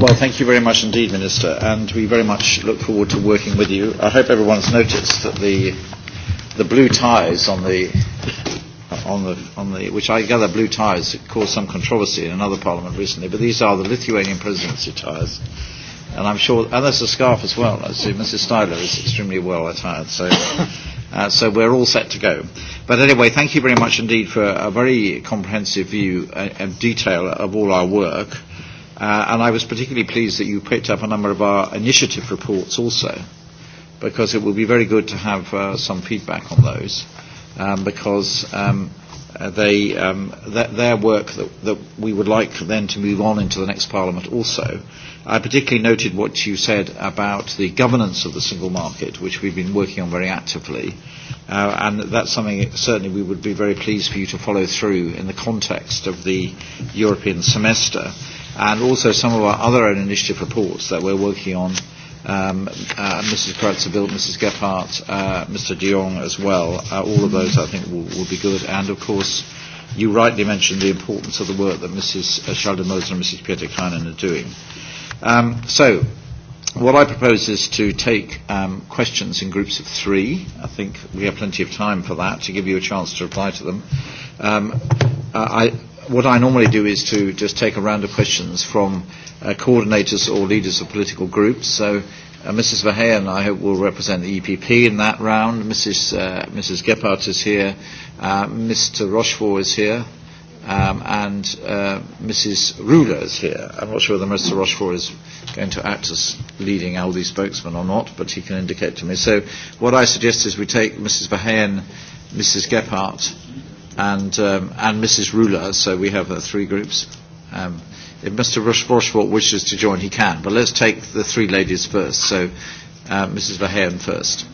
Well, thank you very much indeed, Minister, and we very much look forward to working with you. I hope everyone's noticed that the the blue ties on the on the on the which I gather blue ties caused some controversy in another parliament recently, but these are the Lithuanian presidency ties. And I'm sure, and there's a scarf as well. I see Mrs. Styler is extremely well attired, so uh, so we're all set to go. But anyway, thank you very much indeed for a very comprehensive view uh, and detail of all our work. Uh, and I was particularly pleased that you picked up a number of our initiative reports also, because it will be very good to have uh, some feedback on those, um, because um, uh, they, um, th- their work that, that we would like then to move on into the next Parliament also. I particularly noted what you said about the governance of the single market, which we've been working on very actively, uh, and that's something certainly we would be very pleased for you to follow through in the context of the European semester and also some of our other own initiative reports that we're working on. Um, uh, Mrs. Kratzer-Bilt, Mrs. Gephardt, uh, Mr. de Jong as well. Uh, all of those, I think, will, will be good. And, of course, you rightly mentioned the importance of the work that Mrs. Uh, Schaldemose and Mrs. Pieter Kleinen are doing. Um, so, what I propose is to take um, questions in groups of three. I think we have plenty of time for that to give you a chance to reply to them. Um, uh, I, what I normally do is to just take a round of questions from uh, coordinators or leaders of political groups. So uh, Mrs. Verheyen, I hope, will represent the EPP in that round. Mrs. Uh, Mrs. Gephardt is here. Uh, Mr. Rochefort is here. Um, and uh, Mrs. Ruler is here. I'm not sure whether Mr. Rochefort is going to act as leading ALDI spokesman or not, but he can indicate to me. So what I suggest is we take Mrs. Verheyen, Mrs. Gephardt, and, um, and Mrs. Ruler, so we have the three groups. Um, if Mr. Rochefort wishes to join, he can, but let's take the three ladies first. So, uh, Mrs. Verheyen first.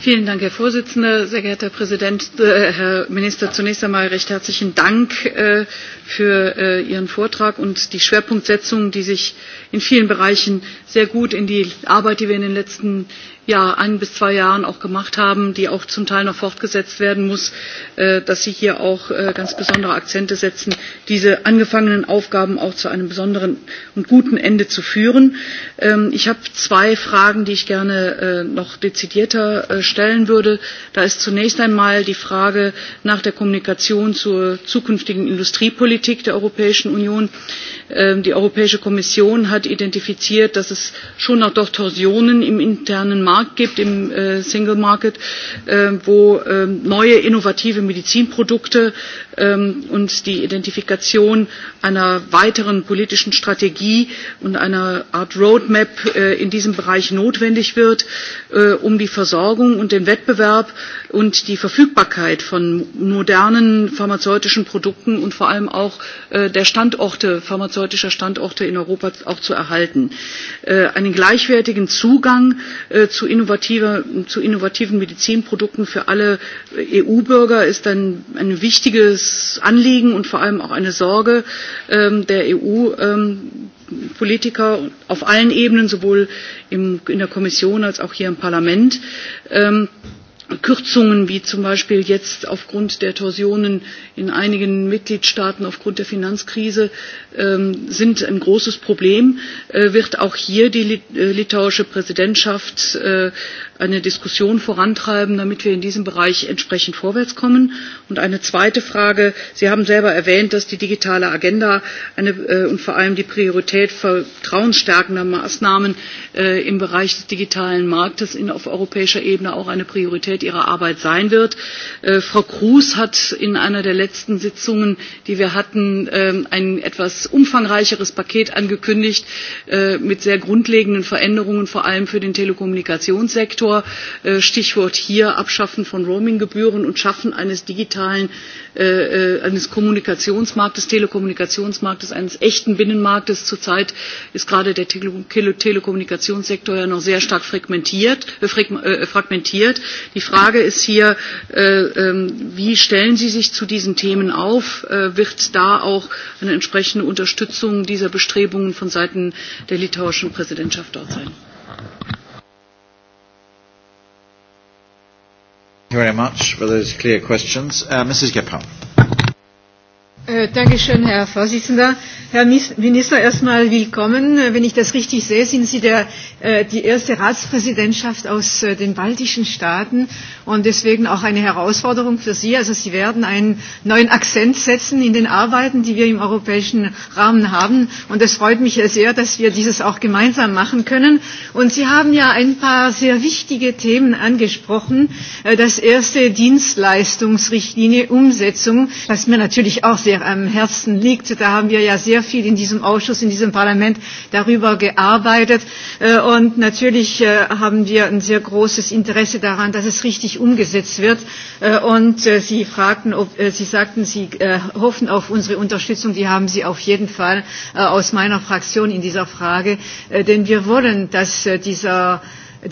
Vielen Dank, Herr Vorsitzender, sehr geehrter Herr Präsident, äh, Herr Minister. Zunächst einmal recht herzlichen Dank äh, für äh, Ihren Vortrag und die Schwerpunktsetzung, die sich in vielen Bereichen sehr gut in die Arbeit, die wir in den letzten ja, ein bis zwei Jahren auch gemacht haben, die auch zum Teil noch fortgesetzt werden muss, äh, dass Sie hier auch äh, ganz besondere Akzente setzen, diese angefangenen Aufgaben auch zu einem besonderen und guten Ende zu führen. Ähm, ich habe zwei Fragen, die ich gerne äh, noch dezidierter äh, stellen würde. Da ist zunächst einmal die Frage nach der Kommunikation zur zukünftigen Industriepolitik der Europäischen Union. Ähm, die Europäische Kommission hat identifiziert, dass es schon noch Torsionen im internen Markt Markt gibt, im äh, Single Market, äh, wo äh, neue innovative Medizinprodukte ähm, und die Identifikation einer weiteren politischen Strategie und einer Art Roadmap äh, in diesem Bereich notwendig wird, äh, um die Versorgung und den Wettbewerb und die Verfügbarkeit von modernen pharmazeutischen Produkten und vor allem auch äh, der Standorte, pharmazeutischer Standorte in Europa auch zu erhalten. Äh, einen gleichwertigen Zugang äh, zu, innovative, zu innovativen Medizinprodukten für alle äh, EU-Bürger ist ein, ein wichtiges großes Anliegen und vor allem auch eine Sorge ähm, der EU. Ähm, Politiker auf allen Ebenen, sowohl im, in der Kommission als auch hier im Parlament. Ähm, Kürzungen wie zum Beispiel jetzt aufgrund der Torsionen in einigen Mitgliedstaaten aufgrund der Finanzkrise ähm, sind ein großes Problem, äh, wird auch hier die äh, litauische Präsidentschaft äh, eine Diskussion vorantreiben, damit wir in diesem Bereich entsprechend vorwärtskommen. Und eine zweite Frage. Sie haben selber erwähnt, dass die digitale Agenda eine, äh, und vor allem die Priorität vertrauensstärkender Maßnahmen äh, im Bereich des digitalen Marktes in, auf europäischer Ebene auch eine Priorität Ihrer Arbeit sein wird. Äh, Frau Cruz hat in einer der letzten Sitzungen, die wir hatten, äh, ein etwas umfangreicheres Paket angekündigt äh, mit sehr grundlegenden Veränderungen, vor allem für den Telekommunikationssektor sektor äh, stichwort hier abschaffen von roaming gebühren und schaffen eines digitalen äh, äh, eines kommunikationsmarktes telekommunikationsmarktes eines echten binnenmarktes. zurzeit ist gerade der telekommunikationssektor ja noch sehr stark fragmentiert. die frage ist hier ähm, wie stellen sie sich zu diesen themen auf? wird da auch eine entsprechende unterstützung dieser bestrebungen von seiten der litauischen präsidentschaft dort sein? Thank you very much for those clear questions. Uh, Mrs. Gephardt. Äh, Dankeschön, Herr Vorsitzender. Herr Minister, erstmal willkommen. Äh, wenn ich das richtig sehe, sind Sie der, äh, die erste Ratspräsidentschaft aus den baltischen Staaten und deswegen auch eine Herausforderung für Sie. Also Sie werden einen neuen Akzent setzen in den Arbeiten, die wir im europäischen Rahmen haben. Und es freut mich sehr, dass wir dieses auch gemeinsam machen können. Und Sie haben ja ein paar sehr wichtige Themen angesprochen. Das erste Dienstleistungsrichtlinie Umsetzung, was mir natürlich auch sehr mir am Herzen liegt. Da haben wir ja sehr viel in diesem Ausschuss, in diesem Parlament darüber gearbeitet. Äh, und natürlich äh, haben wir ein sehr großes Interesse daran, dass es richtig umgesetzt wird. Äh, und Sie fragten, ob, Sie sagten, Sie hoffen auf unsere Unterstützung. Die haben Sie auf jeden Fall aus meiner Fraktion in dieser Frage. Denn wir wollen, dass dieser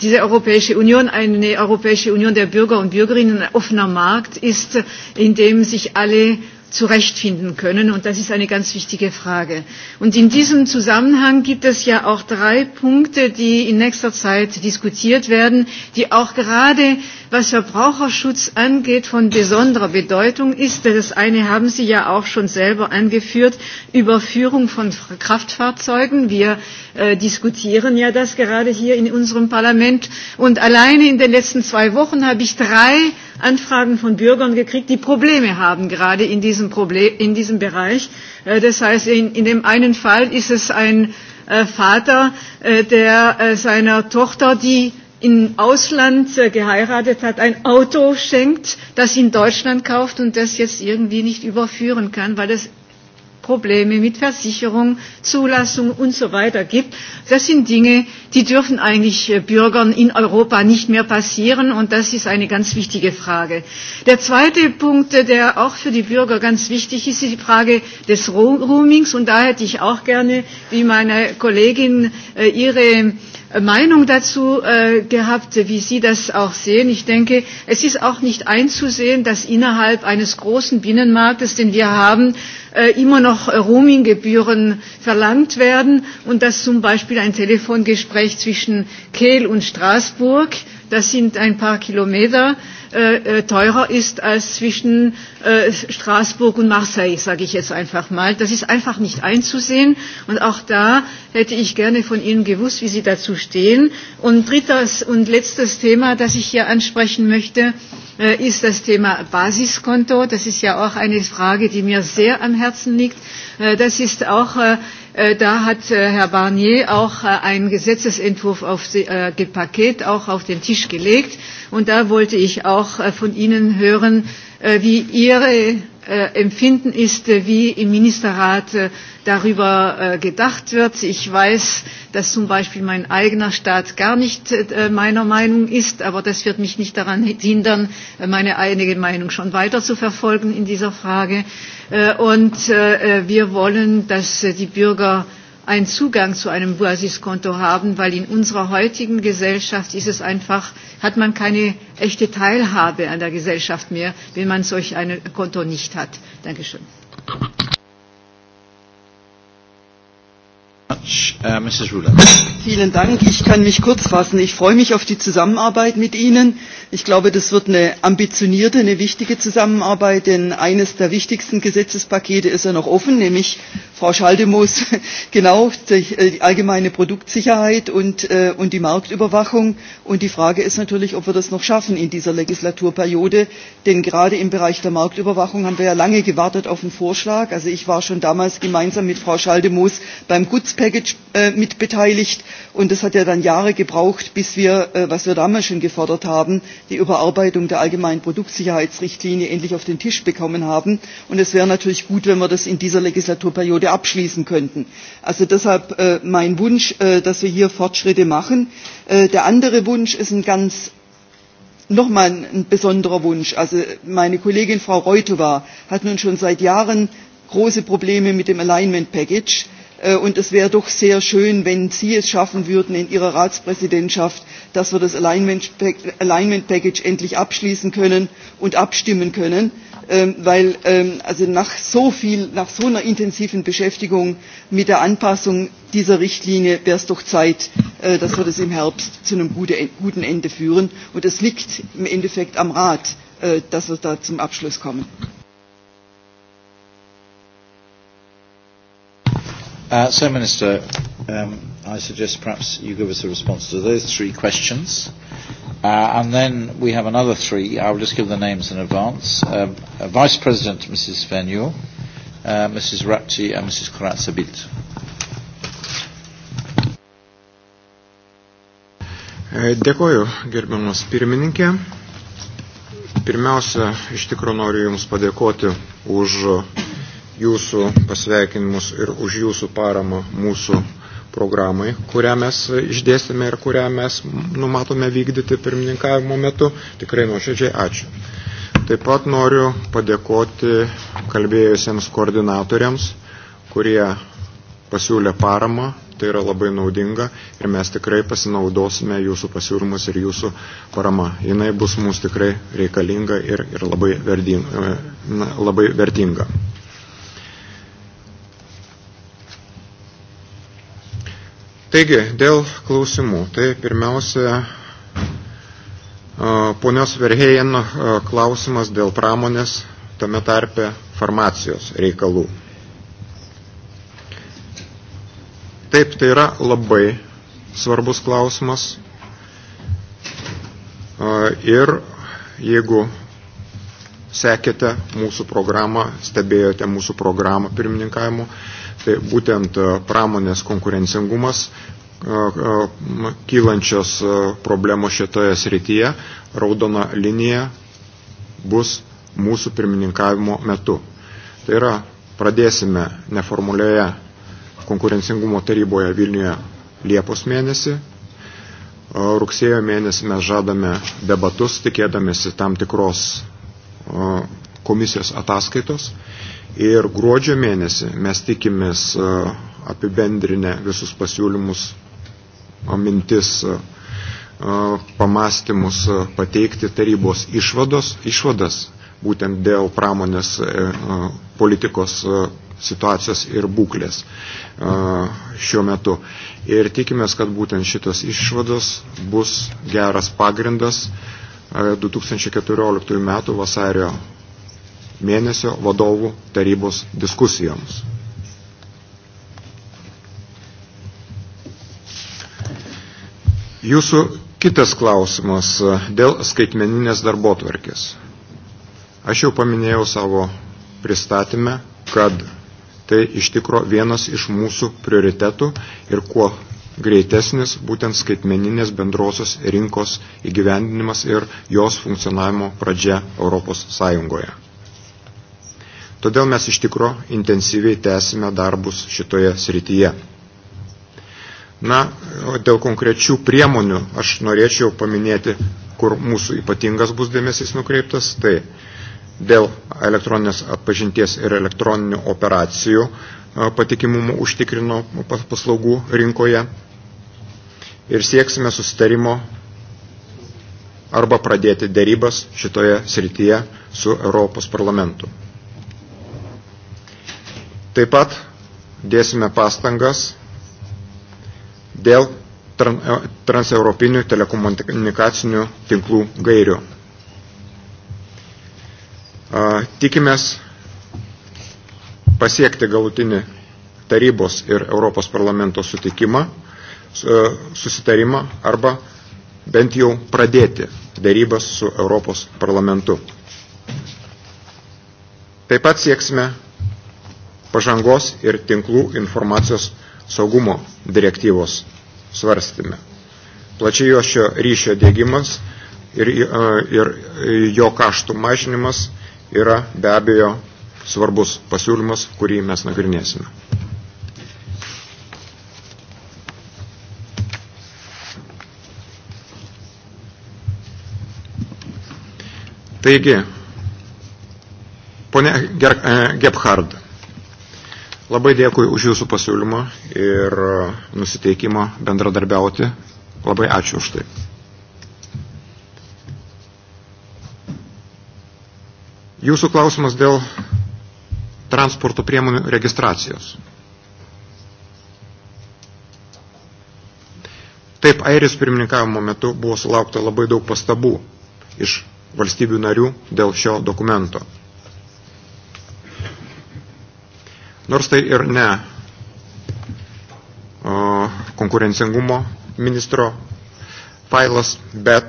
diese Europäische Union eine Europäische Union der Bürger und Bürgerinnen, ein offener Markt ist, in dem sich alle zurechtfinden können. Und das ist eine ganz wichtige Frage. Und in diesem Zusammenhang gibt es ja auch drei Punkte, die in nächster Zeit diskutiert werden, die auch gerade was Verbraucherschutz angeht von besonderer Bedeutung ist. Das eine haben Sie ja auch schon selber angeführt, Überführung von Kraftfahrzeugen. Wir äh, diskutieren ja das gerade hier in unserem Parlament. Und alleine in den letzten zwei Wochen habe ich drei Anfragen von Bürgern gekriegt, die Probleme haben, gerade in diesem, Problem, in diesem Bereich. Äh, das heißt, in, in dem einen Fall ist es ein äh, Vater, äh, der seiner Tochter, die im Ausland geheiratet hat, ein Auto schenkt, das in Deutschland kauft und das jetzt irgendwie nicht überführen kann, weil es Probleme mit Versicherung, Zulassung und so weiter gibt. Das sind Dinge, die dürfen eigentlich äh, Bürgern in Europa nicht mehr passieren und das ist eine ganz wichtige Frage. Der zweite Punkt, äh, der auch für die Bürger ganz wichtig ist, ist die Frage des Roamings und da hätte ich auch gerne, wie meine Kollegin äh, ihre Äh, Meinung dazu äh, gehabt, wie Sie das auch sehen. Ich denke, es ist auch nicht einzusehen, dass innerhalb eines großen Binnenmarktes, den wir haben, äh, immer noch äh, Roaminggebühren verlangt werden und dass zum Beispiel ein Telefongespräch zwischen Kehl und Straßburg äh, das sind ein paar Kilometer, äh, äh, teurer ist als zwischen äh, Straßburg und Marseille, sage ich jetzt einfach mal. Das ist einfach nicht einzusehen. Und auch da hätte ich gerne von Ihnen gewusst, wie Sie dazu stehen. Und drittes und letztes Thema, das ich hier ansprechen möchte, äh, ist das Thema Basiskonto. Das ist ja auch eine Frage, die mir sehr am Herzen liegt. Äh, das ist auch äh, Äh, da hat äh, Herr Barnier auch äh, einen Gesetzesentwurf auf äh, Paket auch auf den Tisch gelegt. Und da wollte ich auch von Ihnen hören, wie Ihre Empfinden ist, wie im Ministerrat darüber gedacht wird. Ich weiß, dass zum Beispiel mein eigener Staat gar nicht meiner Meinung ist, aber das wird mich nicht daran hindern, meine eigene Meinung schon weiter zu verfolgen in dieser Frage. Äh, und äh, wir wollen, dass äh, die Bürger einen Zugang zu einem Basiskonto haben, weil in unserer heutigen Gesellschaft ist es einfach, hat man keine echte Teilhabe an der Gesellschaft mehr, wenn man solch ein Konto nicht hat. Dankeschön. Äh, Vielen Dank. Ich kann mich kurz fassen. Ich freue mich auf die Zusammenarbeit mit Ihnen. Ich glaube, das wird eine ambitionierte, eine wichtige Zusammenarbeit, denn eines der wichtigsten Gesetzespakete ist ja noch offen, nämlich Frau Schaldemos, genau äh, die allgemeine Produktsicherheit und, äh, und die Marktüberwachung. Und die Frage ist natürlich, ob wir das noch schaffen in dieser Legislaturperiode, denn gerade im Bereich der Marktüberwachung haben wir ja lange gewartet auf einen Vorschlag. Also ich war schon damals gemeinsam mit Frau Schaldemos beim GUTS package äh, mit beteiligt und es hat ja dann jahre gebraucht bis wir äh, was wir damals schon gefordert haben die überarbeitung der allgemeinen produktsicherheitsrichtlinie endlich auf den tisch bekommen haben und es wäre natürlich gut wenn wir das in dieser legislaturperiode abschließen könnten. also deshalb äh, mein wunsch äh, dass wir hier fortschritte machen. Äh, der andere wunsch ist ein ganz nochmal ein besonderer wunsch also meine kollegin frau roithov hat nun schon seit jahren große probleme mit dem alignment package. Äh, und es wäre doch sehr schön wenn sie es schaffen würden in ihrer ratspräsidentschaft dass wir das alignment package endlich abschließen können und abstimmen können ähm, weil ähm, nach so einer intensiven beschäftigung mit der anpassung dieser richtlinie wäre es doch zeit äh, dass wir das im herbst zu einem guten ende führen und es liegt im endeffekt am rat äh, dass wir da zum abschluss kommen. Uh, so, Minister, um, I suggest perhaps you give us a response to those three questions. Uh, and then we have another three. I will just give the names in advance. Um, uh, Vice President, Mrs. Vernier, uh, Mrs. Rapti, and Mrs. Corazza-Bildt. E, dėkoju, gerbiamas pirmininkė. Pirmiausia, iš tikrųjų noriu Jums padėkoti už jūsų pasveikinimus ir už jūsų paramą mūsų programai, kurią mes išdėstėme ir kurią mes numatome vykdyti pirmininkavimo metu. Tikrai nuoširdžiai ačiū. Taip pat noriu padėkoti kalbėjusiems koordinatoriams, kurie pasiūlė paramą, tai yra labai naudinga ir mes tikrai pasinaudosime jūsų pasiūlymus ir jūsų parama. Jinai bus mums tikrai reikalinga ir, ir labai, verdin, labai vertinga. Taigi, dėl klausimų. Tai pirmiausia, ponios Verhejen klausimas dėl pramonės, tame tarpe farmacijos reikalų. Taip, tai yra labai svarbus klausimas. Ir jeigu sekėte mūsų programą, stebėjote mūsų programą pirmininkavimo, tai būtent e, pramonės konkurencingumas, e, e, kylančios problemos šitoje srityje, raudona linija bus mūsų pirmininkavimo metu. Tai yra, pradėsime neformulioje konkurencingumo taryboje Vilniuje Liepos mėnesį. Rugsėjo mėnesį mes žadame debatus, tikėdamėsi tam tikros komisijos ataskaitos Ir gruodžio mėnesį mes tikimės e, apibendrinę visus pasiūlymus, mintis, e, e, pamastymus pateikti tarybos išvados, išvadas būtent dėl pramonės politikos situacijos ir būklės šiuo metu. Ir tikimės, kad būtent šitas išvados bus geras pagrindas 2014 metų vasario mėnesio vadovų tarybos diskusijoms. Jūsų kitas klausimas dėl skaitmeninės darbotvarkės. Aš jau paminėjau savo pristatymę, kad tai iš tikro vienas iš mūsų prioritetų ir kuo greitesnis būtent skaitmeninės bendrosios rinkos įgyvendinimas ir jos funkcionavimo pradžia Europos Sąjungoje. Todėl mes iš tikro intensyviai tęsime darbus šitoje srityje. Na, dėl konkrečių priemonių aš norėčiau paminėti, kur mūsų ypatingas bus dėmesys nukreiptas, tai dėl elektroninės atpažinties ir elektroninių operacijų e, patikimumų užtikrino paslaugų rinkoje ir sieksime susitarimo arba pradėti dėrybas šitoje srityje su Europos parlamentu. Taip pat dėsime pastangas dėl e, transeuropinių telekomunikacinių tinklų gairių. Tikimės pasiekti galutinį tarybos ir Europos parlamento sutikimą, e, susitarimą arba bent jau pradėti dėrybas su Europos parlamentu. Taip pat sieksime pažangos ir tinklų informacijos saugumo direktyvos svarstymė. Plačiai jo šio ryšio dėgymas ir, e, ir e, jo kaštų mažinimas yra be abejo svarbus pasiūlymas, kurį mes nagrinėsime. Taigi, ponia e, Gebhard, Labai dėkui už jūsų pasiūlymą ir e, nusiteikimą bendradarbiauti. Labai ačiū už tai. Jūsų klausimas dėl transporto priemonių registracijos. Taip, airis pirmininkavimo metu buvo sulaukta labai daug pastabų iš valstybių narių dėl šio dokumento. nors tai ir ne konkurencingumo ministro failas, bet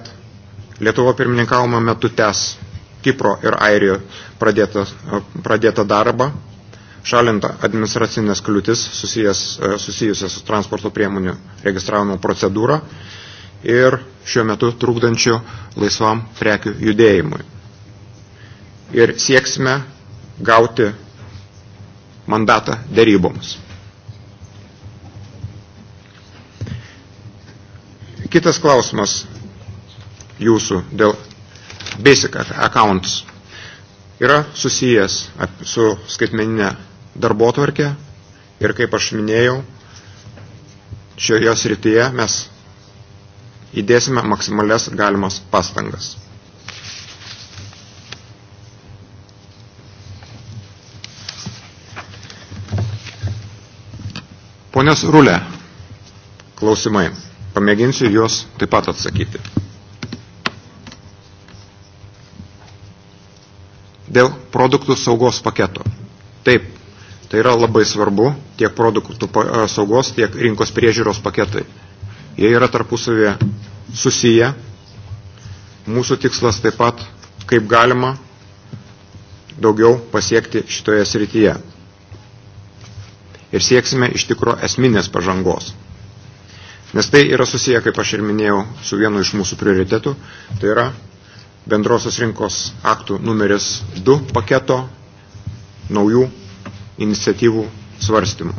Lietuvo pirmininkavimo metu tęs Kipro ir Airijų pradėtą, pradėtą darbą, šalinta administracinės kliūtis susijęs, susijusias su transporto priemonių registravimo procedūra ir šiuo metu trukdančių laisvam prekių judėjimui. Ir sieksime gauti mandatą daryboms. Kitas klausimas jūsų dėl basic accounts yra susijęs su skaitmeninė darbotvarkė ir kaip aš minėjau, šioje srityje mes įdėsime maksimalias galimas pastangas. Ponios Rulė, klausimai. Pamėginsiu juos taip pat atsakyti. Dėl produktų saugos paketo. Taip, tai yra labai svarbu, tiek produktų e, saugos, tiek rinkos priežiūros paketai. Jie yra tarpusavėje susiję. Mūsų tikslas taip pat, kaip galima daugiau pasiekti šitoje srityje ir sieksime iš tikro esminės pažangos. Nes tai yra susiję, kaip aš ir minėjau, su vienu iš mūsų prioritetų, tai yra bendrosios rinkos aktų numeris 2 paketo naujų iniciatyvų svarstymų.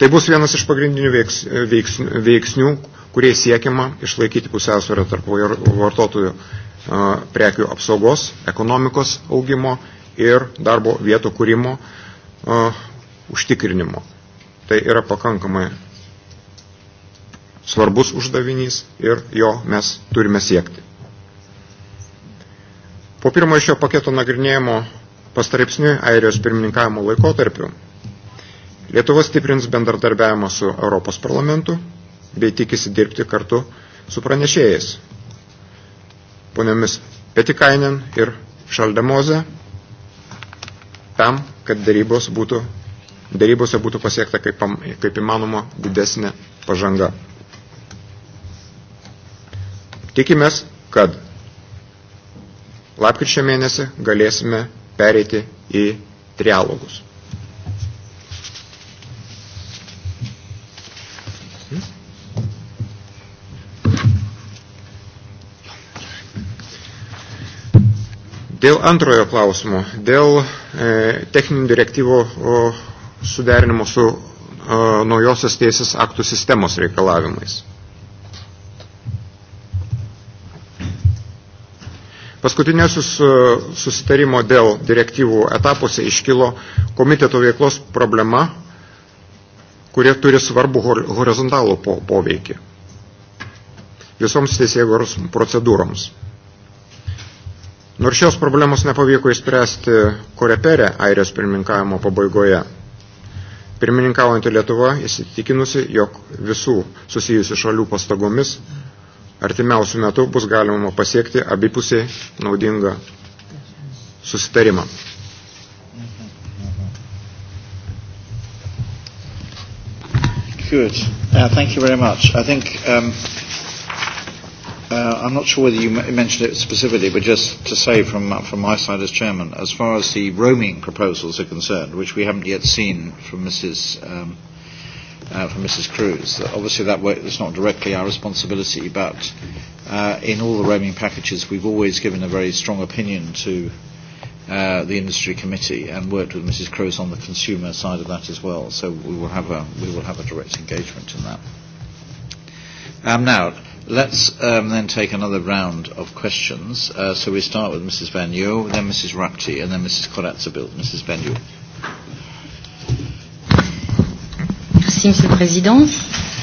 Tai bus vienas iš pagrindinių veiks, veiksnių, veiksnių kurie siekiama išlaikyti pusiausvyrą tarp vartotojų prekių apsaugos, ekonomikos augimo ir darbo vietų kūrimo uh, užtikrinimo. Tai yra pakankamai svarbus uždavinys ir jo mes turime siekti. Po pirmojo šio paketo nagrinėjimo pastaripsniui Airijos pirmininkavimo laikotarpiu Lietuva stiprins bendradarbiavimą su Europos parlamentu bei tikisi dirbti kartu su pranešėjais poniomis Petikainen ir Šaldemoze tam, kad darybos būtų, darybose būtų pasiekta kaip, kaip įmanoma didesnė pažanga. Tikimės, kad lapkričio mėnesį galėsime pereiti į trialogus. Dėl antrojo klausimo, dėl e, techninių direktyvų o, suderinimo su o, naujosios teisės aktų sistemos reikalavimais. Paskutiniosius susitarimo dėl direktyvų etapuose iškilo komiteto veiklos problema, kurie turi svarbų horizontalų poveikį visoms teisėgoros procedūroms. Nors šios problemos nepavyko įspręsti korepere Airijos pirmininkavimo pabaigoje. Pirmininkaujantį Lietuvą įsitikinusi, jog visų susijusių šalių pastagomis artimiausių metų bus galima pasiekti abipusiai naudingą susitarimą. Good. Uh, thank you very much. I think um, Uh, I'm not sure whether you m- mentioned it specifically, but just to say from, from my side as chairman, as far as the roaming proposals are concerned, which we haven't yet seen from Mrs. Um, uh, from Mrs. Cruz, that obviously that work, that's not directly our responsibility, but uh, in all the roaming packages, we've always given a very strong opinion to uh, the industry committee and worked with Mrs. Cruz on the consumer side of that as well. So we will have a, we will have a direct engagement in that. Um, now, Let's um, then take another round of questions. Uh, so we start with Mrs. Van Yu, then Mrs. Rapti, and then Mrs. Koratzabilt. Mrs. Van Yu. Merci, Monsieur le Président.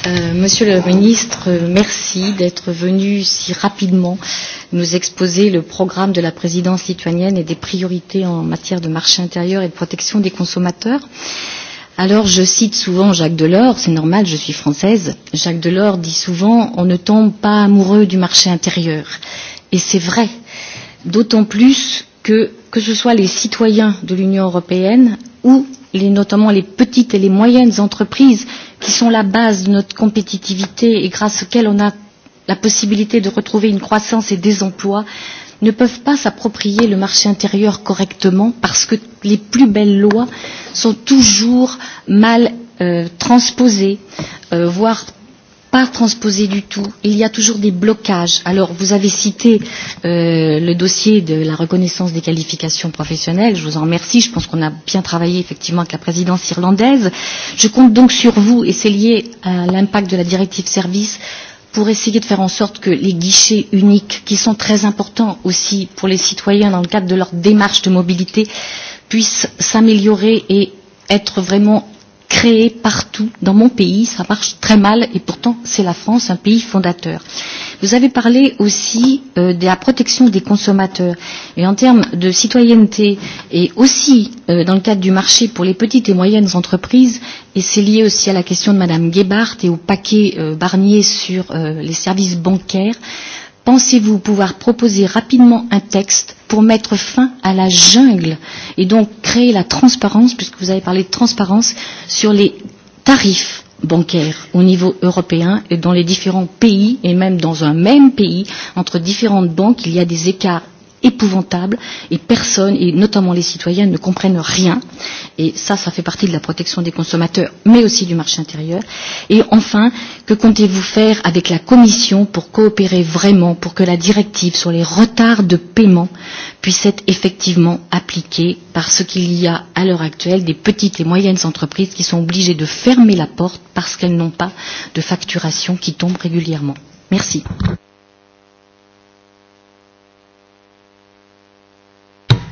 Euh, Monsieur le Ministre, merci d'être venu si rapidement nous exposer le programme de la présidence lituanienne et des priorités en matière de marché intérieur et de protection des consommateurs. Euh, Alors je cite souvent Jacques Delors, c'est normal, je suis française. Jacques Delors dit souvent on ne tombe pas amoureux du marché intérieur. Et c'est vrai, d'autant plus que que ce soit les citoyens de l'Union européenne ou les, notamment les petites et les moyennes entreprises qui sont la base de notre compétitivité et grâce auxquelles on a la possibilité de retrouver une croissance et des emplois, ne peuvent pas s'approprier le marché intérieur correctement parce que les plus belles lois sont toujours mal euh, transposées, euh, voire pas transposé du tout. Il y a toujours des blocages. Alors, vous avez cité euh, le dossier de la reconnaissance des qualifications professionnelles. Je vous en remercie. Je pense qu'on a bien travaillé effectivement avec la présidence irlandaise. Je compte donc sur vous, et c'est lié à l'impact de la directive service, pour essayer de faire en sorte que les guichets uniques, qui sont très importants aussi pour les citoyens dans le cadre de leur démarche de mobilité, puissent s'améliorer et être vraiment créés partout. Dans mon pays, ça marche très mal et pourtant c'est la France, un pays fondateur. Euh, Vous avez parlé aussi euh, de la protection des consommateurs. Et en termes de citoyenneté, et aussi euh, dans le cadre du marché pour les petites et moyennes entreprises, et c'est lié aussi à la question de Madame Gebhardt et au paquet euh, Barnier sur euh, les services bancaires, pensez-vous pouvoir proposer rapidement un texte pour mettre fin à la jungle et donc créer la transparence, puisque vous avez parlé de transparence, sur les tarifs bancaire au niveau européen et dans les différents pays et même dans un même pays entre différentes banques il y a des écarts épouvantable et personne, et notamment les citoyens, ne comprennent rien. Et ça, ça fait partie de la protection des consommateurs, mais aussi du marché intérieur. Et enfin, que comptez-vous faire avec la Commission pour coopérer vraiment, pour que la directive sur les retards de paiement puisse être effectivement appliquée parce qu'il y a à l'heure actuelle des petites et moyennes entreprises qui sont obligées de fermer la porte parce qu'elles n'ont pas de facturation qui tombe régulièrement. Merci.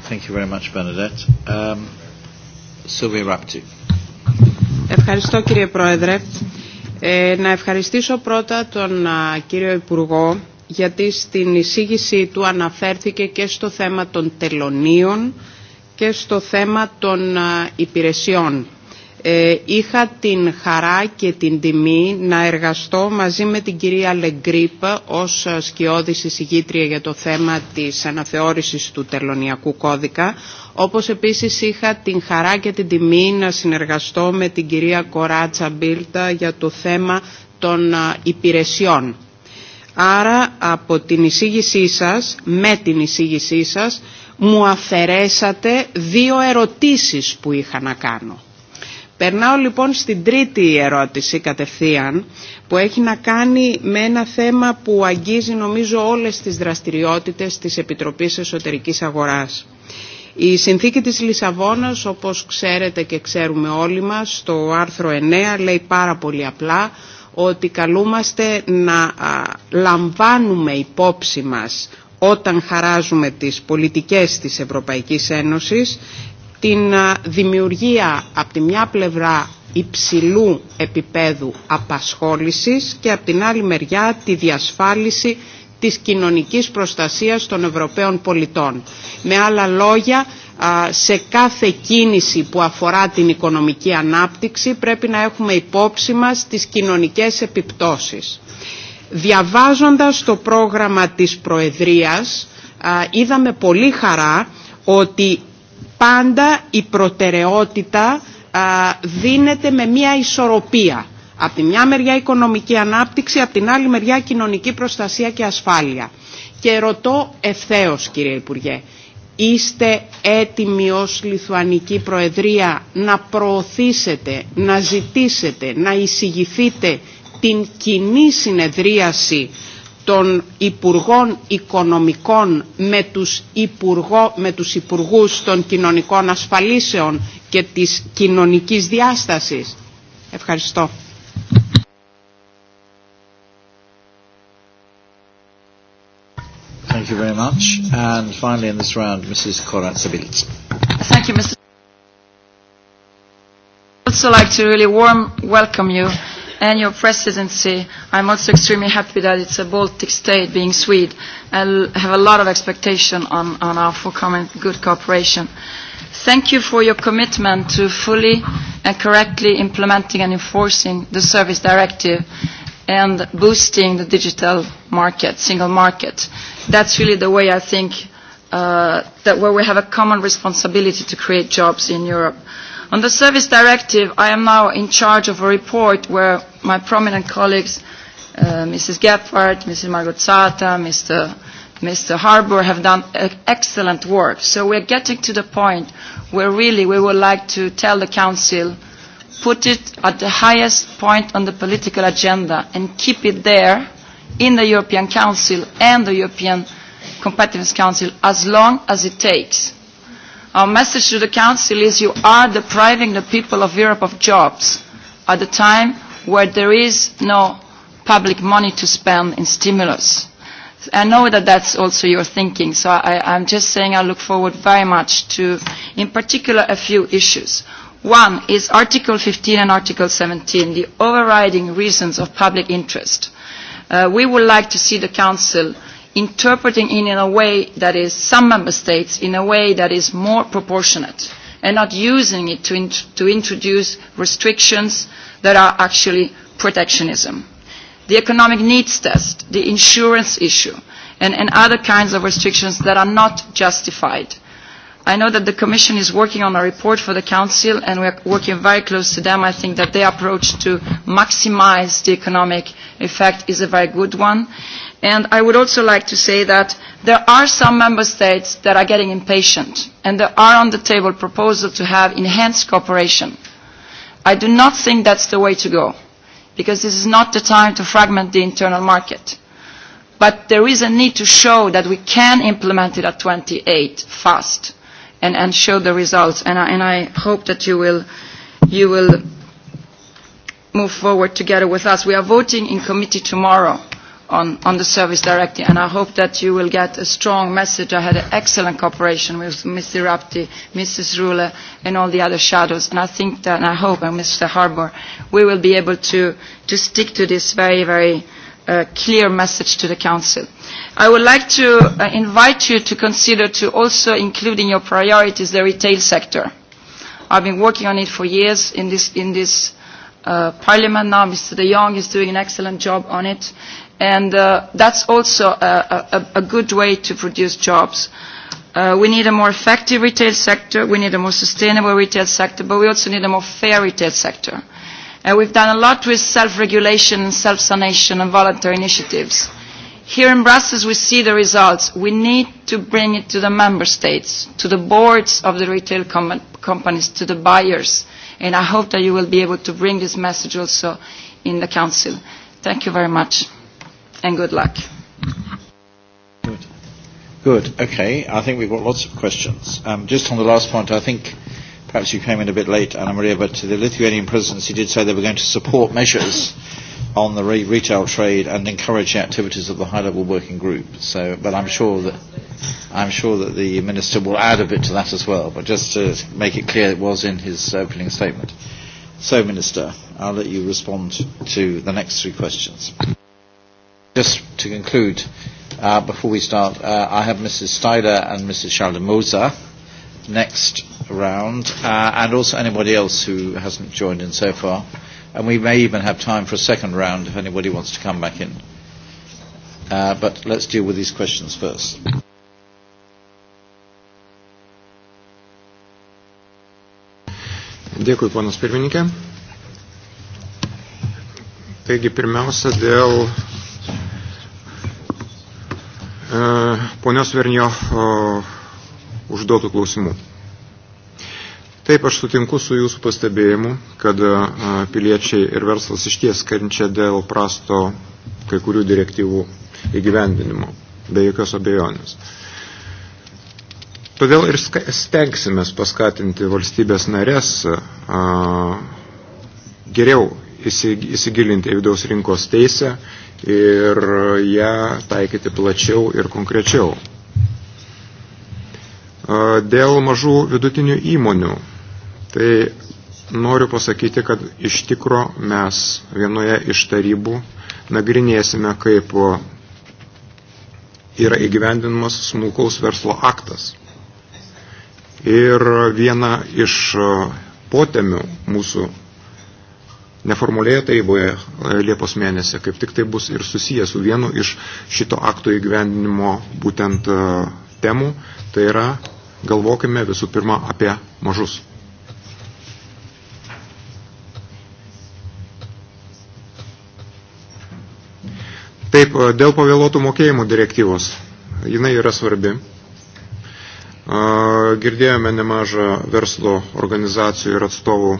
Thank you very much, Bernadette. Um, Sylvia Rapti. Ευχαριστώ κύριε Πρόεδρε. Ε, να ευχαριστήσω πρώτα τον α, κύριο Υπουργό γιατί στην εισήγησή του αναφέρθηκε και στο θέμα των τελωνίων και στο θέμα των α, υπηρεσιών ε, είχα την χαρά και την τιμή να εργαστώ μαζί με την κυρία Λεγκρίπ ως σκιώδης εισηγήτρια για το θέμα της αναθεώρησης του τελωνιακού κώδικα, όπως επίσης είχα την χαρά και την τιμή να συνεργαστώ με την κυρία Κοράτσα Μπίλτα για το θέμα των υπηρεσιών. Άρα από την εισήγησή σας, με την εισήγησή σας, μου αφαιρέσατε δύο ερωτήσεις που είχα να κάνω. Περνάω λοιπόν στην τρίτη ερώτηση κατευθείαν που έχει να κάνει με ένα θέμα που αγγίζει νομίζω όλες τις δραστηριότητες της Επιτροπής Εσωτερικής Αγοράς. Η συνθήκη της Λισαβόνας όπως ξέρετε και ξέρουμε όλοι μας στο άρθρο 9 λέει πάρα πολύ απλά ότι καλούμαστε να α, λαμβάνουμε υπόψη μας όταν χαράζουμε τις πολιτικές της Ευρωπαϊκής Ένωσης την δημιουργία από τη μια πλευρά υψηλού επίπεδου απασχόλησης και από την άλλη μεριά τη διασφάλιση της κοινωνικής προστασίας των Ευρωπαίων πολιτών. Με άλλα λόγια, σε κάθε κίνηση που αφορά την οικονομική ανάπτυξη πρέπει να έχουμε υπόψη μας τις κοινωνικές επιπτώσεις. Διαβάζοντας το πρόγραμμα της Προεδρίας είδαμε πολύ χαρά ότι πάντα η προτεραιότητα α, δίνεται με μια ισορροπία. Από τη μια μεριά οικονομική ανάπτυξη, από την άλλη μεριά κοινωνική προστασία και ασφάλεια. Και ρωτώ ευθέως κύριε Υπουργέ, είστε έτοιμοι ως Λιθουανική Προεδρία να προωθήσετε, να ζητήσετε, να εισηγηθείτε την κοινή συνεδρίαση των Υπουργών Οικονομικών με τους, υπουργό, με τους Υπουργούς των Κοινωνικών Ασφαλίσεων και της κοινωνικής διάστασης. Ευχαριστώ. Thank you very much. And finally in this round, Mrs. Koratsabilt. Thank you, Mr. I'd also like to really warm welcome you and your presidency, I'm also extremely happy that it's a Baltic state, being Swede, and have a lot of expectation on, on our forthcoming good cooperation. Thank you for your commitment to fully and correctly implementing and enforcing the Service Directive and boosting the digital market, single market. That's really the way I think uh, that where we have a common responsibility to create jobs in Europe. Uh, On the Service Directive, I am now in charge of a report where my prominent colleagues, uh, Mrs. Gephardt, Mrs. Margozzata, Mr. Mr. Harbour have done e-, excellent work. So we're getting to the point where really we would like to tell the Council, put it at the highest point on the political agenda and keep it there in the European Council and the European Competitiveness Council as long as it takes Our message to the Council is you are depriving the people of Europe of jobs at a time where there is no public money to spend in stimulus. I know that that's also your thinking, so I, I'm just saying I look forward very much to, in particular, a few issues. One is Article 15 and Article 17, the overriding reasons of public interest. Uh, we would like to see the Council uh, interpreting it in a way that is some member states in a way that is more proportionate and not using it to, int to introduce restrictions that are actually protectionism. The economic needs test, the insurance issue, and, and other kinds of restrictions that are not justified. I know that the Commission is working on a report for the Council and we are working very close to them. I think that their approach to maximize the economic effect is a very good one. Uh, And I would also like to say that there are some member states that are getting impatient, and there are on the table proposals to have enhanced cooperation. I do not think that's the way to go, because this is not the time to fragment the internal market. But there is a need to show that we can implement it at 28 fast and, and show the results. And I, and I hope that you will, you will move forward together with us. We are voting in committee tomorrow on, on the service directive, and I hope that you will get a strong message. I had excellent cooperation with Mr. Rapti, Mrs. Rule, and all the other shadows, and I think that, and I hope, and uh, Mr. Harbour, we will be able to, to stick to this very, very uh, clear message to the Council. I would like to uh, invite you to consider to also include in your priorities the retail sector. I've been working on it for years in this, in this uh, parliament now. Mr. De Jong is doing an excellent job on it and uh, that's also a, a, a good way to produce jobs. Uh, we need a more effective retail sector, we need a more sustainable retail sector, but we also need a more fair retail sector. Uh, we've done a lot with self-regulation and self-sanation and voluntary initiatives. Here in Brussels we see the results. We need to bring it to the member states, to the boards of the retail com companies, to the buyers. And I hope that you will be able to bring this message also in the Council. Thank you very much and good luck. Good. Good. Okay. I think we've got lots of questions. Um, just on the last point, I think perhaps you came in a bit late, Anna Maria, but the Lithuanian presidency did say they were going to support measures on the re- retail trade and encourage the activities of the high-level working group. So, but I'm sure that I'm sure that the minister will add a bit to that as well. But just to make it clear, it was in his opening statement. So, minister, I'll let you respond to the next three questions. Just to conclude, uh, before we start, uh, I have Mrs. Styler and Mrs. Schaldemoser next round, uh, and also anybody else who hasn't joined in so far. And we may even have time for a second round if anybody wants to come back in. Uh, but let's deal with these questions first. Dėkui, ponas pirmininkė. Taigi, pirmiausia, dėl E, ponios Vernio užduotų klausimų. Taip, aš sutinku su jūsų pastebėjimu, kad e, piliečiai ir verslas išties kenčia dėl prasto kai kurių direktyvų įgyvendinimo, be jokios abejonės. Todėl ir stengsimės paskatinti valstybės narės a, e, geriau įsigilinti į vidaus rinkos teisę ir e, ją taikyti plačiau ir konkrečiau. E, dėl mažų vidutinių įmonių, tai noriu pasakyti, kad iš tikro mes vienoje iš tarybų nagrinėsime, kaip yra įgyvendinamas smulkaus verslo aktas. Ir viena iš e, potemių mūsų neformulėje taryboje Liepos mėnesį, kaip tik tai bus ir susiję su vienu iš šito akto įgyvendinimo būtent e, temų, tai yra galvokime visų pirma apie mažus. Taip, e, dėl pavėlotų mokėjimų direktyvos. Jinai yra svarbi. E, girdėjome nemažą verslo organizacijų ir atstovų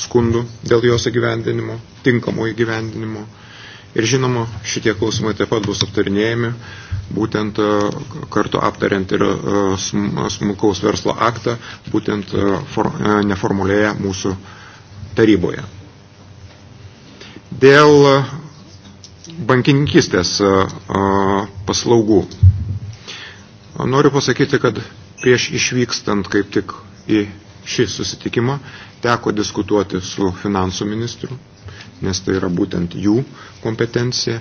skundų dėl jos įgyvendinimo, tinkamo įgyvendinimo. Ir žinoma, šitie klausimai taip pat bus aptarinėjami, būtent e, kartu aptariant ir e, smulkaus verslo aktą, būtent e, for, neformulėje mūsų taryboje. Dėl bankininkistės paslaugų. Noriu pasakyti, kad prieš išvykstant kaip tik į šį susitikimą teko diskutuoti su finansų ministru, nes tai yra būtent jų kompetencija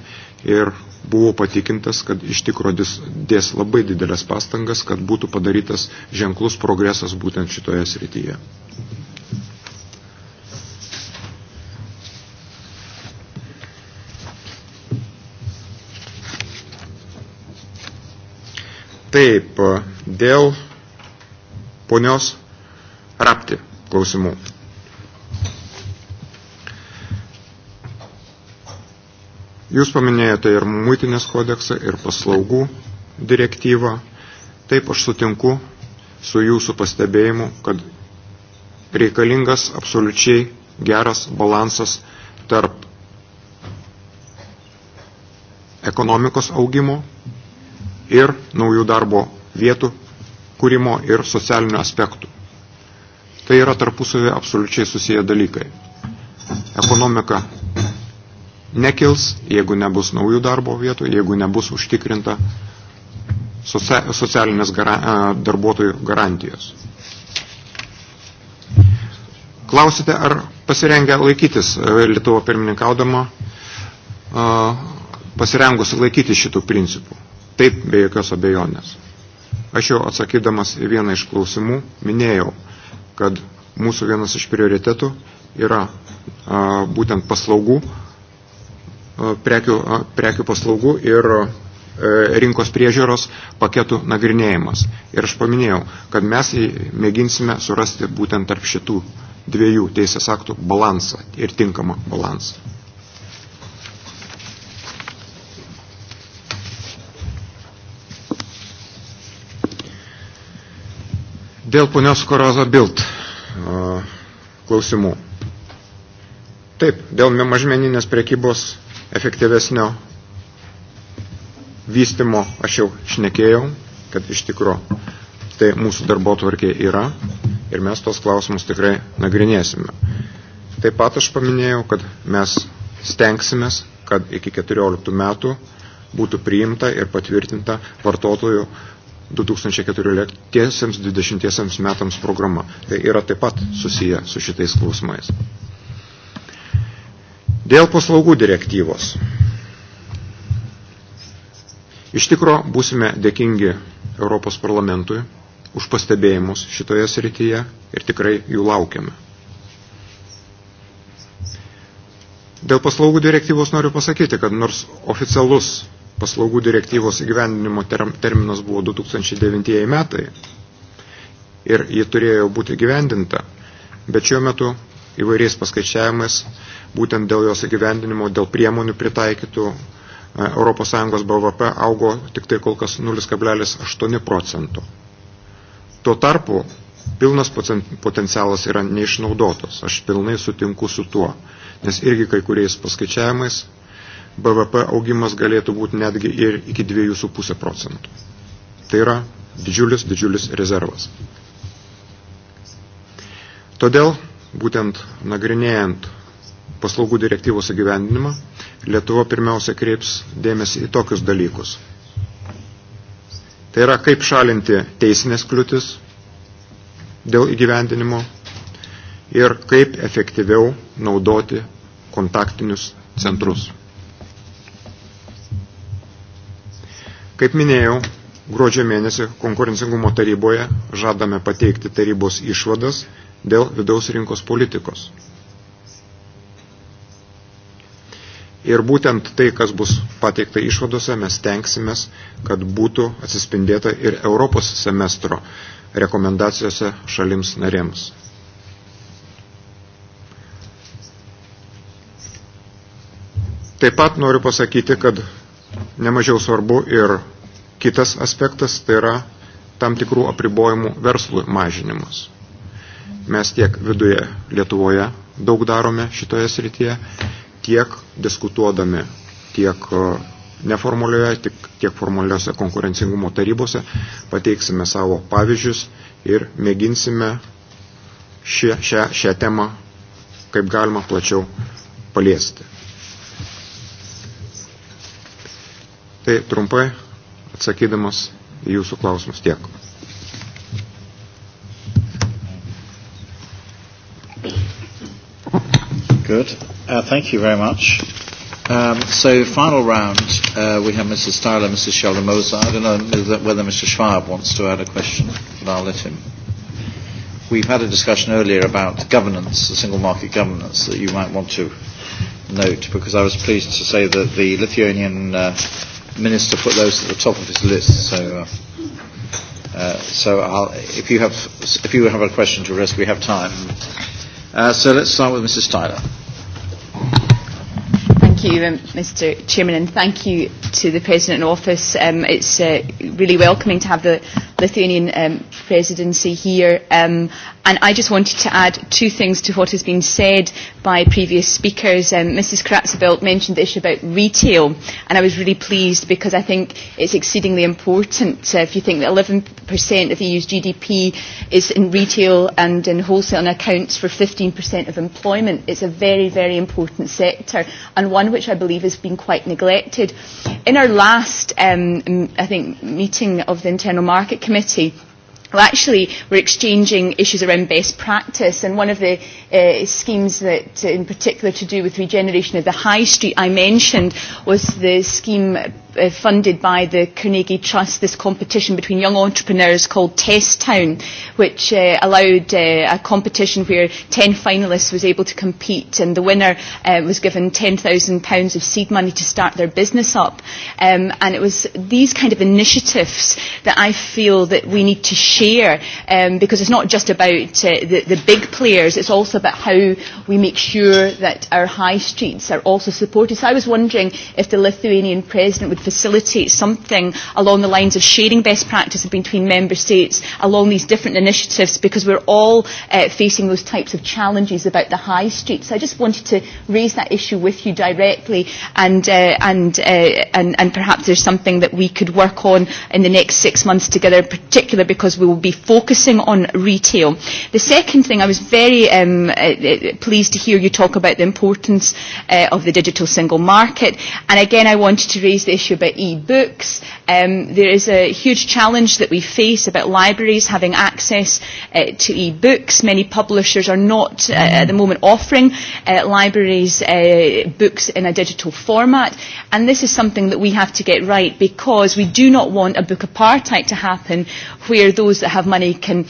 ir buvo patikintas, kad iš tikrųjų dės labai didelės pastangas, kad būtų padarytas ženklus progresas būtent šitoje srityje. Taip, dėl ponios rapti klausimų. Jūs paminėjote ir muitinės kodeksą, ir paslaugų direktyvą. Taip aš sutinku su jūsų pastebėjimu, kad reikalingas absoliučiai geras balansas tarp ekonomikos augimo ir naujų darbo vietų kūrimo ir socialinių aspektų. Tai yra tarpusavė absoliučiai susiję dalykai. Ekonomika nekils, jeigu nebus naujų darbo vietų, jeigu nebus užtikrinta socialinės gara, darbuotojų garantijos. Klausite, ar pasirengę laikytis e, Lietuvo pirmininkaudama, pasirengusi laikyti šitų principų. Taip, be jokios abejonės. Aš jau atsakydamas į vieną iš klausimų minėjau, kad mūsų vienas iš prioritetų yra būtent paslaugų prekių, prekių paslaugų ir e, rinkos priežiūros paketų nagrinėjimas. Ir aš paminėjau, kad mes mėginsime surasti būtent tarp šitų dviejų teisės aktų balansą ir tinkamą balansą. Dėl ponios Korozo Bilt klausimų. Taip, dėl mažmeninės prekybos efektyvesnio vystimo, aš jau šnekėjau, kad iš tikro tai mūsų darbo tvarkė yra ir mes tos klausimus tikrai nagrinėsime. Taip pat aš paminėjau, kad mes stengsimės, kad iki 14 metų būtų priimta ir patvirtinta vartotojų 2014-2020 metams programa. Tai yra taip pat susiję su šitais klausimais. Dėl paslaugų direktyvos. Iš tikro būsime dėkingi Europos parlamentui už pastebėjimus šitoje srityje ir tikrai jų laukiame. Dėl paslaugų direktyvos noriu pasakyti, kad nors oficialus paslaugų direktyvos įgyvendinimo terminas buvo 2009 metai ir ji turėjo būti gyvendinta, bet šiuo metu įvairiais paskaičiavimais būtent dėl jos įgyvendinimo, dėl priemonių pritaikytų ES BVP augo tik tai kol kas 0,8 procento. Tuo tarpu pilnas potencialas yra neišnaudotas. Aš pilnai sutinku su tuo, nes irgi kai kuriais paskaičiavimais BVP augimas galėtų būti netgi ir iki 2,5 procentų. Tai yra didžiulis, didžiulis rezervas. Todėl, būtent nagrinėjant paslaugų direktyvos įgyvendinimą, Lietuva pirmiausia kreips dėmesį į tokius dalykus. Tai yra, kaip šalinti teisinės kliūtis dėl įgyvendinimo ir kaip efektyviau naudoti kontaktinius centrus. Kaip minėjau, gruodžio mėnesį konkurencingumo taryboje žadame pateikti tarybos išvadas dėl vidaus rinkos politikos Ir būtent tai, kas bus pateikta išvadose, mes tenksimės, kad būtų atsispindėta ir Europos semestro rekomendacijose šalims narėms. Taip pat noriu pasakyti, kad nemažiau svarbu ir kitas aspektas, tai yra tam tikrų apribojimų verslui mažinimas. Mes tiek viduje Lietuvoje daug darome šitoje srityje, tiek diskutuodami tiek e, neformalioje, tiek, tiek formaliuose konkurencingumo tarybose, pateiksime savo pavyzdžius ir mėginsime šią, šią, šią temą kaip galima plačiau paliesti. Tai trumpai atsakydamas į jūsų klausimus tiek. Good. Uh, thank you very much. Um, so, final round, uh, we have Mrs. Styler, Mrs. Sheldon Moser. I don't know whether Mr. Schwab wants to add a question, but I'll let him. We've had a discussion earlier about governance, the single market governance, that you might want to note, because I was pleased to say that the Lithuanian uh, minister put those at the top of his list. So, uh, uh, so I'll, if you have if you have a question to risk, we have time. Uh, so let's start with Mrs. Styler. Thank you, um, Mr. Chairman, and thank you to the President in Office. Um, it's uh, really welcoming to have the Lithuanian um, presidency here. Um, and I just wanted to add two things to what has been said by previous speakers. Um, Mrs. Kratzabelt mentioned the issue about retail, and I was really pleased because I think it's exceedingly important. Uh, if you think that 11% of EU's e GDP is in retail and in wholesale and accounts for 15% of employment, it's a very, very important sector and one which I believe has been quite neglected. In our last, um, I think, meeting of the Internal Market committee well, actually, we're exchanging issues around best practice, and one of the uh, schemes that, in particular, to do with regeneration of the high street I mentioned was the scheme uh, funded by the Carnegie Trust this competition between young entrepreneurs called Test Town, which uh, allowed uh, a competition where 10 finalists was able to compete and the winner uh, was given £10,000 of seed money to start their business up. Um, and it was these kind of initiatives that I feel that we need to share um, because it's not just about uh, the, the big players, it's also about how we make sure that our high streets are also supported. So I was wondering if the Lithuanian president would facilitate something along the lines of sharing best practice between member states along these different initiatives because we're all uh, facing those types of challenges about the high street. So I just wanted to raise that issue with you directly and, uh, and, uh, and, and perhaps there's something that we could work on in the next six months together, in particular because we will be focusing on retail. The second thing, I was very um, uh, uh pleased to hear you talk about the importance uh, of the digital single market. And again, I wanted to raise the issue issue about e-books. Um, there is a huge challenge that we face about libraries having access uh, to e-books. Many publishers are not uh, at the moment offering uh, libraries uh, books in a digital format. And this is something that we have to get right because we do not want a book apartheid to happen where those that have money can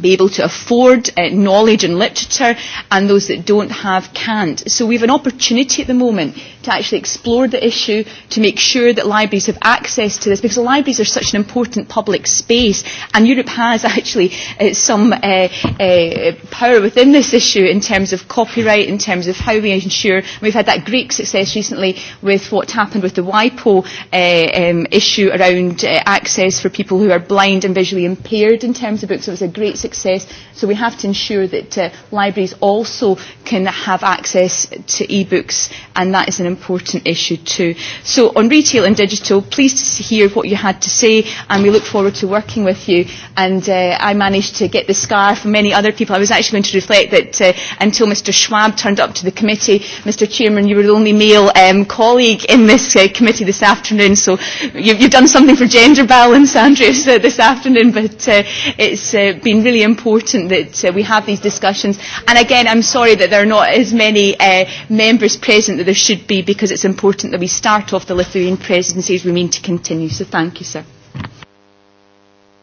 be able to afford uh, knowledge and literature and those that don't have can't. So we have an opportunity at the moment to actually explore the issue to make sure that libraries have access to this because the libraries are such an important public space and Europe has actually uh, some uh, uh, power within this issue in terms of copyright, in terms of how we ensure. We've had that great success recently with what happened with the WIPO uh, um, issue around uh, access for people who are blind and visually impaired in terms of books. So it was a great success. So we have to ensure that uh, libraries also can have access to e-books and that is an important important issue too. So on retail and digital, pleased to hear what you had to say and we look forward to working with you. And uh, I managed to get the scar from many other people. I was actually going to reflect that uh, until Mr Schwab turned up to the committee, Mr Chairman, you were the only male um, colleague in this uh, committee this afternoon. So you've, you've done something for gender balance, Andreas, uh, this afternoon. But uh, it's uh, been really important that uh, we have these discussions. And again, I'm sorry that there are not as many uh, members present that there should be because it's important that we start off the Lithuanian presidency as we mean to continue. So thank you, sir.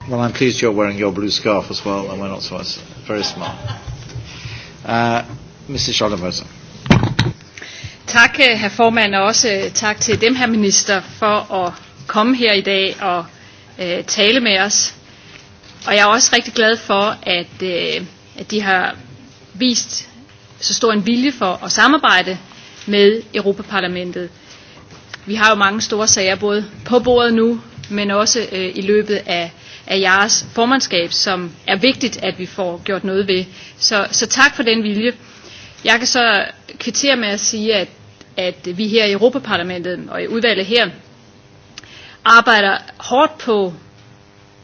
Well, I'm pleased you're wearing your blue scarf as well, and we're not so much. Very smart. Uh, Mrs. Schollenberger. Tak, øh, herr formand, og også øh, tak til dem, herr minister, for at komme her i dag og øh, tale med os. Og jeg er også rigtig glad for, at, øh, at de har vist så stor en vilje for at samarbejde med Europaparlamentet. Vi har jo mange store sager både på bordet nu, men også øh, i løbet af, af jeres formandskab, som er vigtigt, at vi får gjort noget ved. Så, så tak for den vilje. Jeg kan så kvittere med at sige, at, at vi her i Europaparlamentet og i udvalget her arbejder hårdt på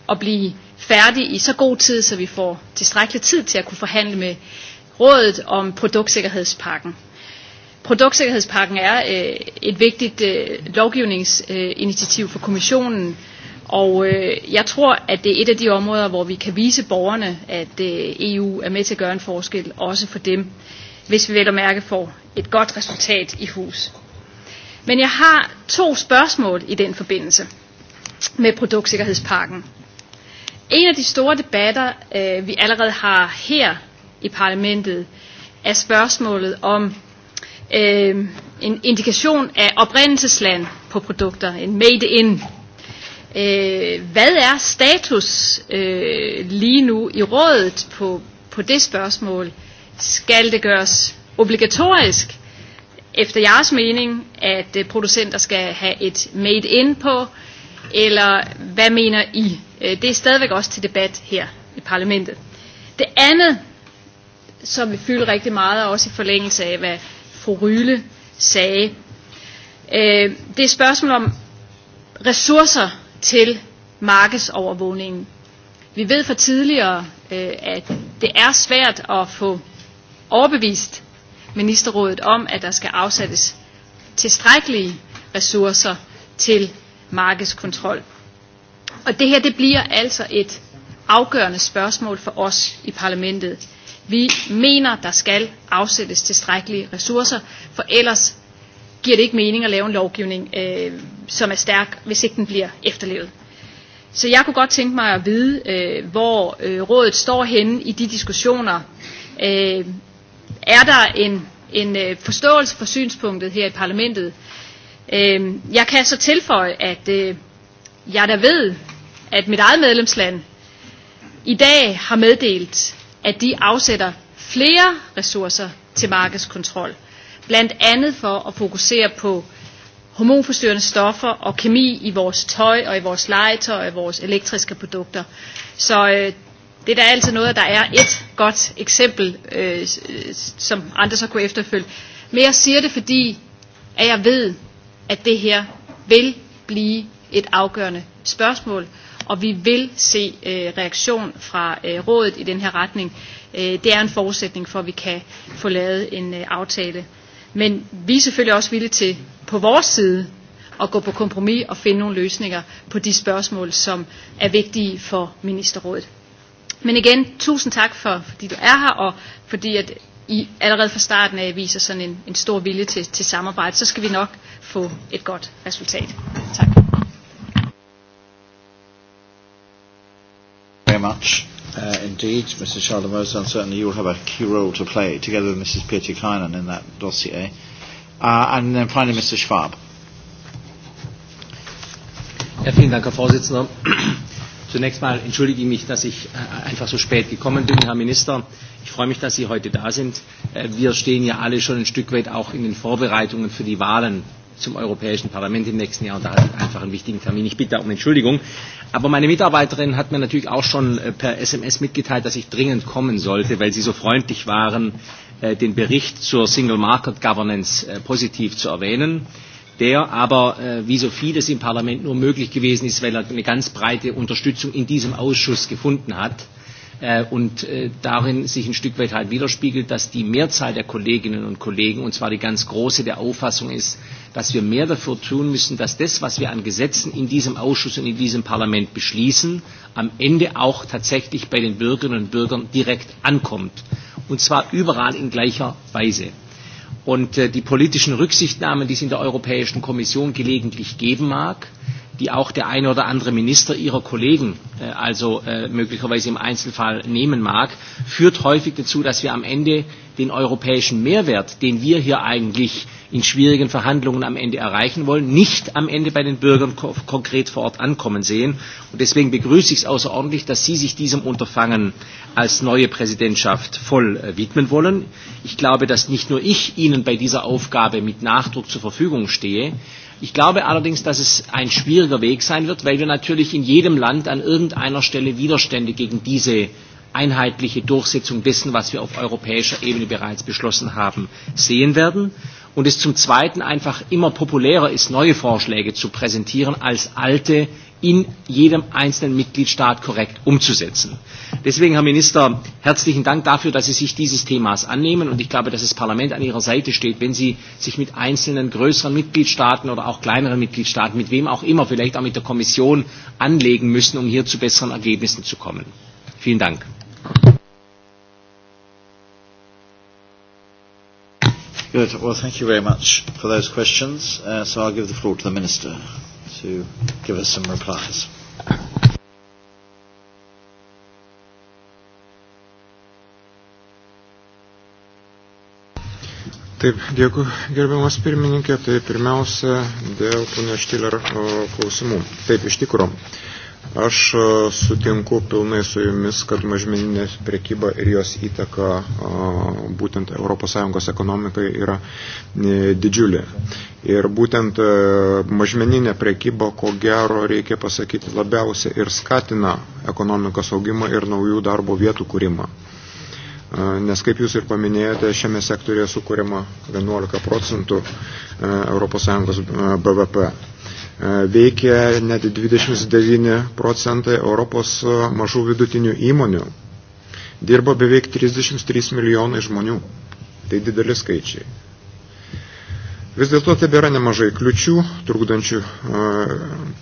at blive færdige i så god tid, så vi får tilstrækkelig tid til at kunne forhandle med rådet om produktsikkerhedspakken. Produktsikkerhedspakken er øh, et vigtigt øh, lovgivningsinitiativ øh, for kommissionen, og øh, jeg tror, at det er et af de områder, hvor vi kan vise borgerne, at øh, EU er med til at gøre en forskel, også for dem, hvis vi vel at mærke får et godt resultat i hus. Men jeg har to spørgsmål i den forbindelse med produktsikkerhedspakken. En af de store debatter, øh, vi allerede har her i parlamentet, er spørgsmålet om øh, en indikation af oprindelsesland på produkter, en made in. Øh, hvad er status øh, lige nu i rådet på, på det spørgsmål? Skal det gøres obligatorisk, efter jeres mening, at øh, producenter skal have et made in på, eller hvad mener I? Øh, det er stadigvæk også til debat her i parlamentet. Det andet, som vi fylder rigtig meget, er også i forlængelse af, hvad fru Ryle sagde. Øh, det er et spørgsmål om ressourcer til markedsovervågningen. Vi ved fra tidligere, øh, at det er svært at få overbevist ministerrådet om, at der skal afsættes tilstrækkelige ressourcer til markedskontrol. Og det her det bliver altså et afgørende spørgsmål for os i parlamentet. Vi mener, der skal afsættes tilstrækkelige ressourcer, for ellers giver det ikke mening at lave en lovgivning, øh, som er stærk, hvis ikke den bliver efterlevet. Så jeg kunne godt tænke mig at vide, øh, hvor øh, rådet står henne i de diskussioner. Øh, er der en, en øh, forståelse for synspunktet her i parlamentet? Øh, jeg kan så tilføje, at øh, jeg da ved, at mit eget medlemsland i dag har meddelt, at de afsætter flere ressourcer til markedskontrol. Blandt andet for at fokusere på hormonforstyrrende stoffer og kemi i vores tøj og i vores legetøj og i vores elektriske produkter. Så øh, det er da altid noget, der er et godt eksempel, øh, som andre så kunne efterfølge. Men jeg siger det, fordi at jeg ved, at det her vil blive et afgørende spørgsmål og vi vil se øh, reaktion fra øh, rådet i den her retning. Øh, det er en forudsætning for, at vi kan få lavet en øh, aftale. Men vi er selvfølgelig også villige til på vores side at gå på kompromis og finde nogle løsninger på de spørgsmål, som er vigtige for ministerrådet. Men igen, tusind tak for, fordi du er her, og fordi at I allerede fra starten af viser sådan en, en stor vilje til, til samarbejde, så skal vi nok få et godt resultat. Tak. much uh, indeed, Mrs. Charlemose, and certainly you will have a key role to play together with Mrs. Peter Kleinen in that dossier. Uh, and then finally, Mr. Schwab. Ja, vielen Dank, Herr Vorsitzender. Zunächst mal entschuldige ich mich, dass ich äh, einfach so spät gekommen bin, Herr Minister. Ich freue mich, dass Sie heute da sind. Äh, wir stehen ja alle schon ein Stück weit auch in den Vorbereitungen für die Wahlen zum Europäischen Parlament im nächsten Jahr und da hatte ich einfach einen wichtigen Termin. Ich bitte um Entschuldigung. Aber meine Mitarbeiterin hat mir natürlich auch schon äh, per SMS mitgeteilt, dass ich dringend kommen sollte, weil Sie so freundlich waren, äh, den Bericht zur Single Market Governance äh, positiv zu erwähnen der aber, äh, wie so vieles im Parlament nur möglich gewesen ist, weil er eine ganz breite Unterstützung in diesem Ausschuss gefunden hat. Äh, äh, und äh, darin sich ein Stück weit halt widerspiegelt, dass die Mehrzahl der Kolleginnen und Kollegen, und zwar die ganz große, der Auffassung ist, dass wir mehr dafür tun müssen, dass das, was wir an Gesetzen in diesem Ausschuss und in diesem Parlament beschließen, am Ende auch tatsächlich bei den Bürgerinnen und Bürgern direkt ankommt. Und zwar überall in gleicher Weise. Und äh, die politischen Rücksichtnahmen, die es in der Europäischen Kommission gelegentlich geben mag, äh, die auch der eine oder andere Minister ihrer Kollegen äh, also äh, möglicherweise im Einzelfall nehmen mag, führt häufig dazu, dass wir am Ende den europäischen Mehrwert, den wir hier eigentlich in schwierigen Verhandlungen am Ende erreichen wollen, nicht am Ende bei den Bürgern ko konkret vor Ort ankommen sehen. Und deswegen begrüße ich es außerordentlich, dass Sie sich diesem Unterfangen als neue Präsidentschaft voll äh, widmen wollen. Ich glaube, dass nicht nur ich Ihnen bei dieser Aufgabe mit Nachdruck zur Verfügung stehe, Ich glaube allerdings, dass es ein schwieriger Weg sein wird, weil wir natürlich in jedem Land an irgendeiner Stelle Widerstände gegen diese einheitliche Durchsetzung dessen, was wir auf europäischer Ebene bereits beschlossen haben, sehen werden. Und es zum Zweiten einfach immer populärer ist, neue Vorschläge zu präsentieren, als alte in jedem einzelnen Mitgliedstaat korrekt umzusetzen. Deswegen, Herr Minister, herzlichen Dank dafür, dass Sie sich dieses Themas annehmen. Und ich glaube, dass das Parlament an Ihrer Seite steht, wenn Sie sich mit einzelnen größeren Mitgliedstaaten oder auch kleineren Mitgliedstaaten, mit wem auch immer, vielleicht auch mit der Kommission anlegen müssen, um hier zu besseren Ergebnissen zu kommen. Vielen Dank. Good. Well, thank you very much for those questions. Uh, so I'll give the floor to the Minister to give us some replies. Taip, dėkui, gerbiamas pirmininkė. Tai pirmiausia, dėl ponio Štiler klausimų. Taip, iš tikrųjų. Aš e, sutinku pilnai su jumis, kad mažmeninė prekyba ir jos įtaka e, būtent ES ekonomikai yra e, didžiulė. Ir būtent mažmeninė prekyba, ko gero, reikia pasakyti, labiausiai ir skatina ekonomikos augimą ir naujų darbo vietų kūrimą. Nes, kaip jūs ir paminėjote, šiame sektorėje sukūrima 11 procentų ES BVP. E, veikia net 29 procentai Europos e, mažų vidutinių įmonių. Dirba beveik 33 milijonai žmonių. Tai dideli skaičiai. Vis dėlto tebėra nemažai kliučių, trukdančių e,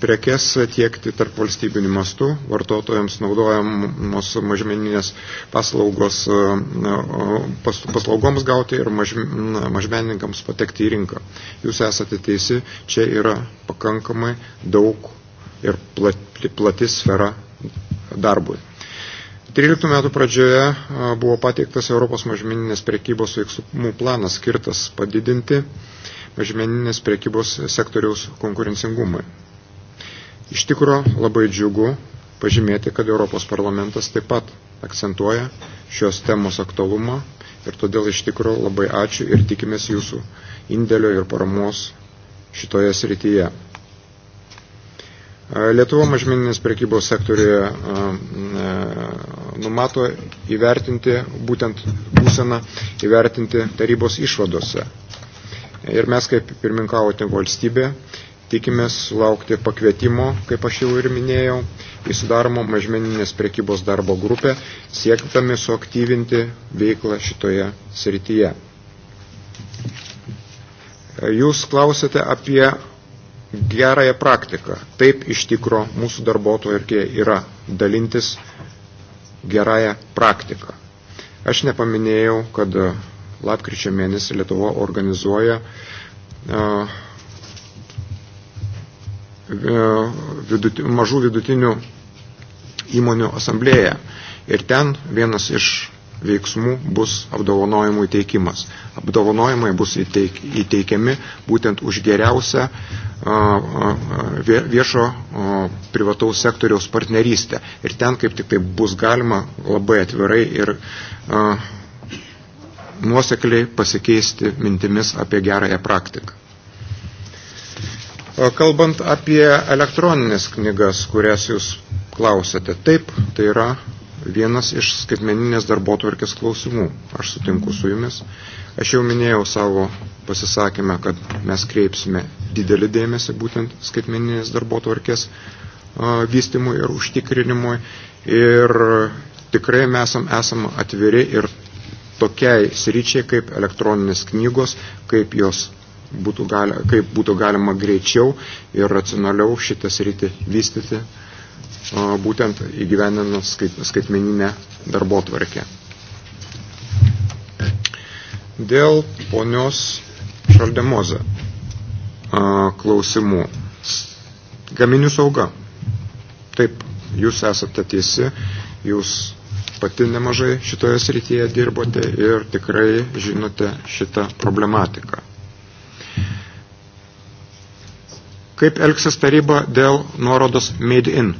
prekes tiekti tarp valstybinių mastų, vartotojams naudojamos mažmeninės paslaugos e, paslaugoms gauti ir mažmenininkams patekti į rinką. Jūs esate teisi, čia yra pakankamai daug ir plati sfera darbui. 13 metų pradžioje e, buvo pateiktas Europos mažmeninės prekybos veiksmų planas skirtas padidinti mažmeninės priekybos sektoriaus konkurencingumui. Iš tikro labai džiugu pažymėti, kad Europos parlamentas taip pat akcentuoja šios temos aktualumą ir todėl iš tikro labai ačiū ir tikimės jūsų indėlio ir paramos šitoje srityje. Lietuvo mažmeninės prekybos sektorijoje e, numato įvertinti būtent būseną, įvertinti tarybos išvadose, Ir mes kaip pirminkauti valstybė tikimės sulaukti pakvietimo, kaip aš jau ir minėjau, į sudaromą mažmeninės prekybos darbo grupę, siektami suaktyvinti veiklą šitoje srityje. Jūs klausėte apie gerąją praktiką. Taip iš tikro mūsų darbotvarkė yra dalintis gerąją praktiką. Aš nepaminėjau, kad lapkričio mėnesį Lietuva organizuoja viduti, mažų vidutinių įmonių asamblėje. Ir ten vienas iš veiksmų bus apdovanojimų įteikimas. Apdovanojimai bus įteik, įteikiami būtent už geriausią viešo privataus sektoriaus partnerystę. Ir ten kaip tik tai bus galima labai atvirai ir a, nuosekliai pasikeisti mintimis apie gerąją praktiką. Kalbant apie elektroninės knygas, kurias jūs klausėte, taip, tai yra vienas iš skaitmeninės darbotvarkės klausimų. Aš sutinku su jumis. Aš jau minėjau savo pasisakymę, kad mes kreipsime didelį dėmesį būtent skaitmeninės darbotvarkės vystimui ir užtikrinimui. Ir tikrai mes esam, esam atviri ir tokiai sričiai kaip elektroninės knygos, kaip jos būtų, gali, kaip būtų galima greičiau ir racionaliau šitą sritį vystyti, būtent įgyveninant skait, skaitmeninę darbo tvarkę. Dėl ponios Šaldemoza klausimų. Gaminių sauga. Taip, jūs esate tiesi, jūs pati nemažai šitoje srityje dirbote ir tikrai žinote šitą problematiką. Kaip elgsis taryba dėl nuorodos made in?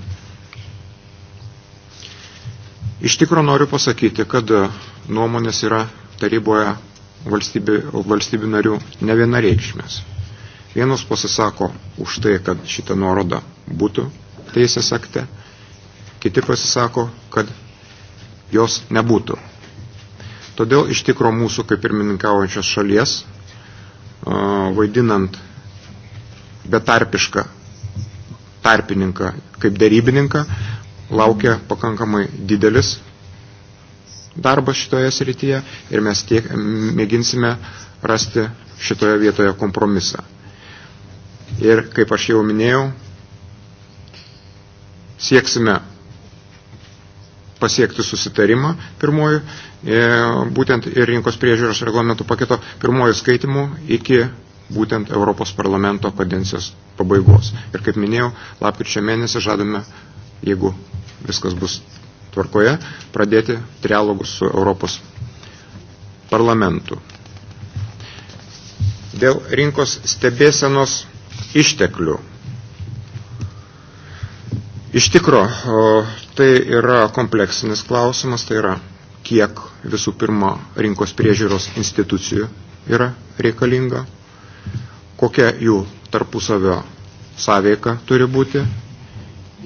Iš tikro noriu pasakyti, kad nuomonės yra taryboje valstybių, valstybių narių ne vienareikšmės. Vienos pasisako už tai, kad šita nuoroda būtų teisės akte, kiti pasisako, kad jos nebūtų. Todėl iš tikro mūsų kaip ir mininkaujančios šalies, vaidinant betarpišką tarpininką kaip darybininką, laukia pakankamai didelis darbas šitoje srityje ir mes tiek mėginsime rasti šitoje vietoje kompromisą. Ir kaip aš jau minėjau, sieksime pasiekti susitarimą pirmojų, e, būtent ir rinkos priežiūros reglamentų paketo pirmojų skaitimų iki būtent Europos parlamento kadencijos pabaigos. Ir kaip minėjau, lapkričio mėnesį žadame, jeigu viskas bus tvarkoje, pradėti trialogus su Europos parlamentu. Dėl rinkos stebėsenos išteklių Iš tikro, tai yra kompleksinis klausimas, tai yra kiek visų pirma rinkos priežiūros institucijų yra reikalinga, kokia jų tarpusavio sąveika turi būti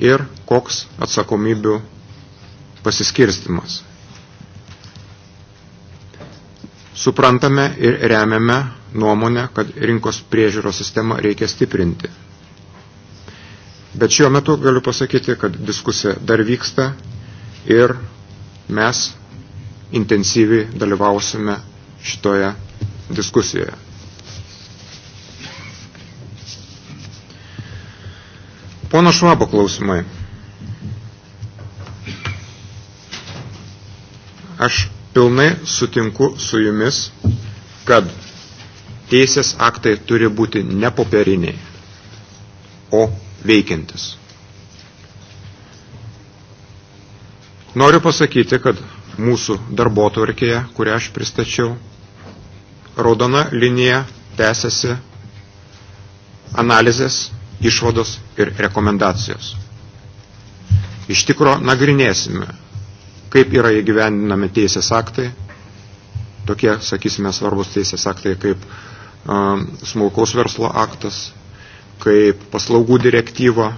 ir koks atsakomybių pasiskirstimas. Suprantame ir remiame nuomonę, kad rinkos priežiūros sistemą reikia stiprinti, Bet šiuo metu galiu pasakyti, kad diskusija dar vyksta ir mes intensyviai dalyvausime šitoje diskusijoje. Pono Švabo klausimai. Aš pilnai sutinku su jumis, kad teisės aktai turi būti ne popieriniai, o veikiantis. Noriu pasakyti, kad mūsų darbotvarkėje, kurią aš pristačiau, raudona linija tęsiasi analizės, išvados ir rekomendacijos. Iš tikro nagrinėsime, kaip yra įgyvendinami teisės aktai, tokie, sakysime, svarbus teisės aktai kaip um, smulkaus verslo aktas, kaip paslaugų direktyvą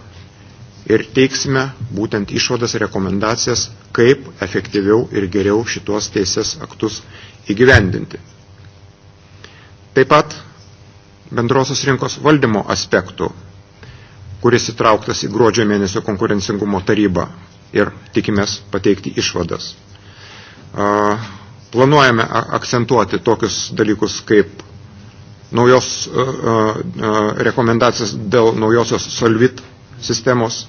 ir teiksime būtent išvadas ir rekomendacijas, kaip efektyviau ir geriau šitos teisės aktus įgyvendinti. Taip pat bendrosios rinkos valdymo aspektų, kuris įtrauktas į gruodžio mėnesio konkurencingumo tarybą ir tikimės pateikti išvadas. Planuojame akcentuoti tokius dalykus kaip naujos e, e, e, rekomendacijas dėl naujosios Solvit sistemos,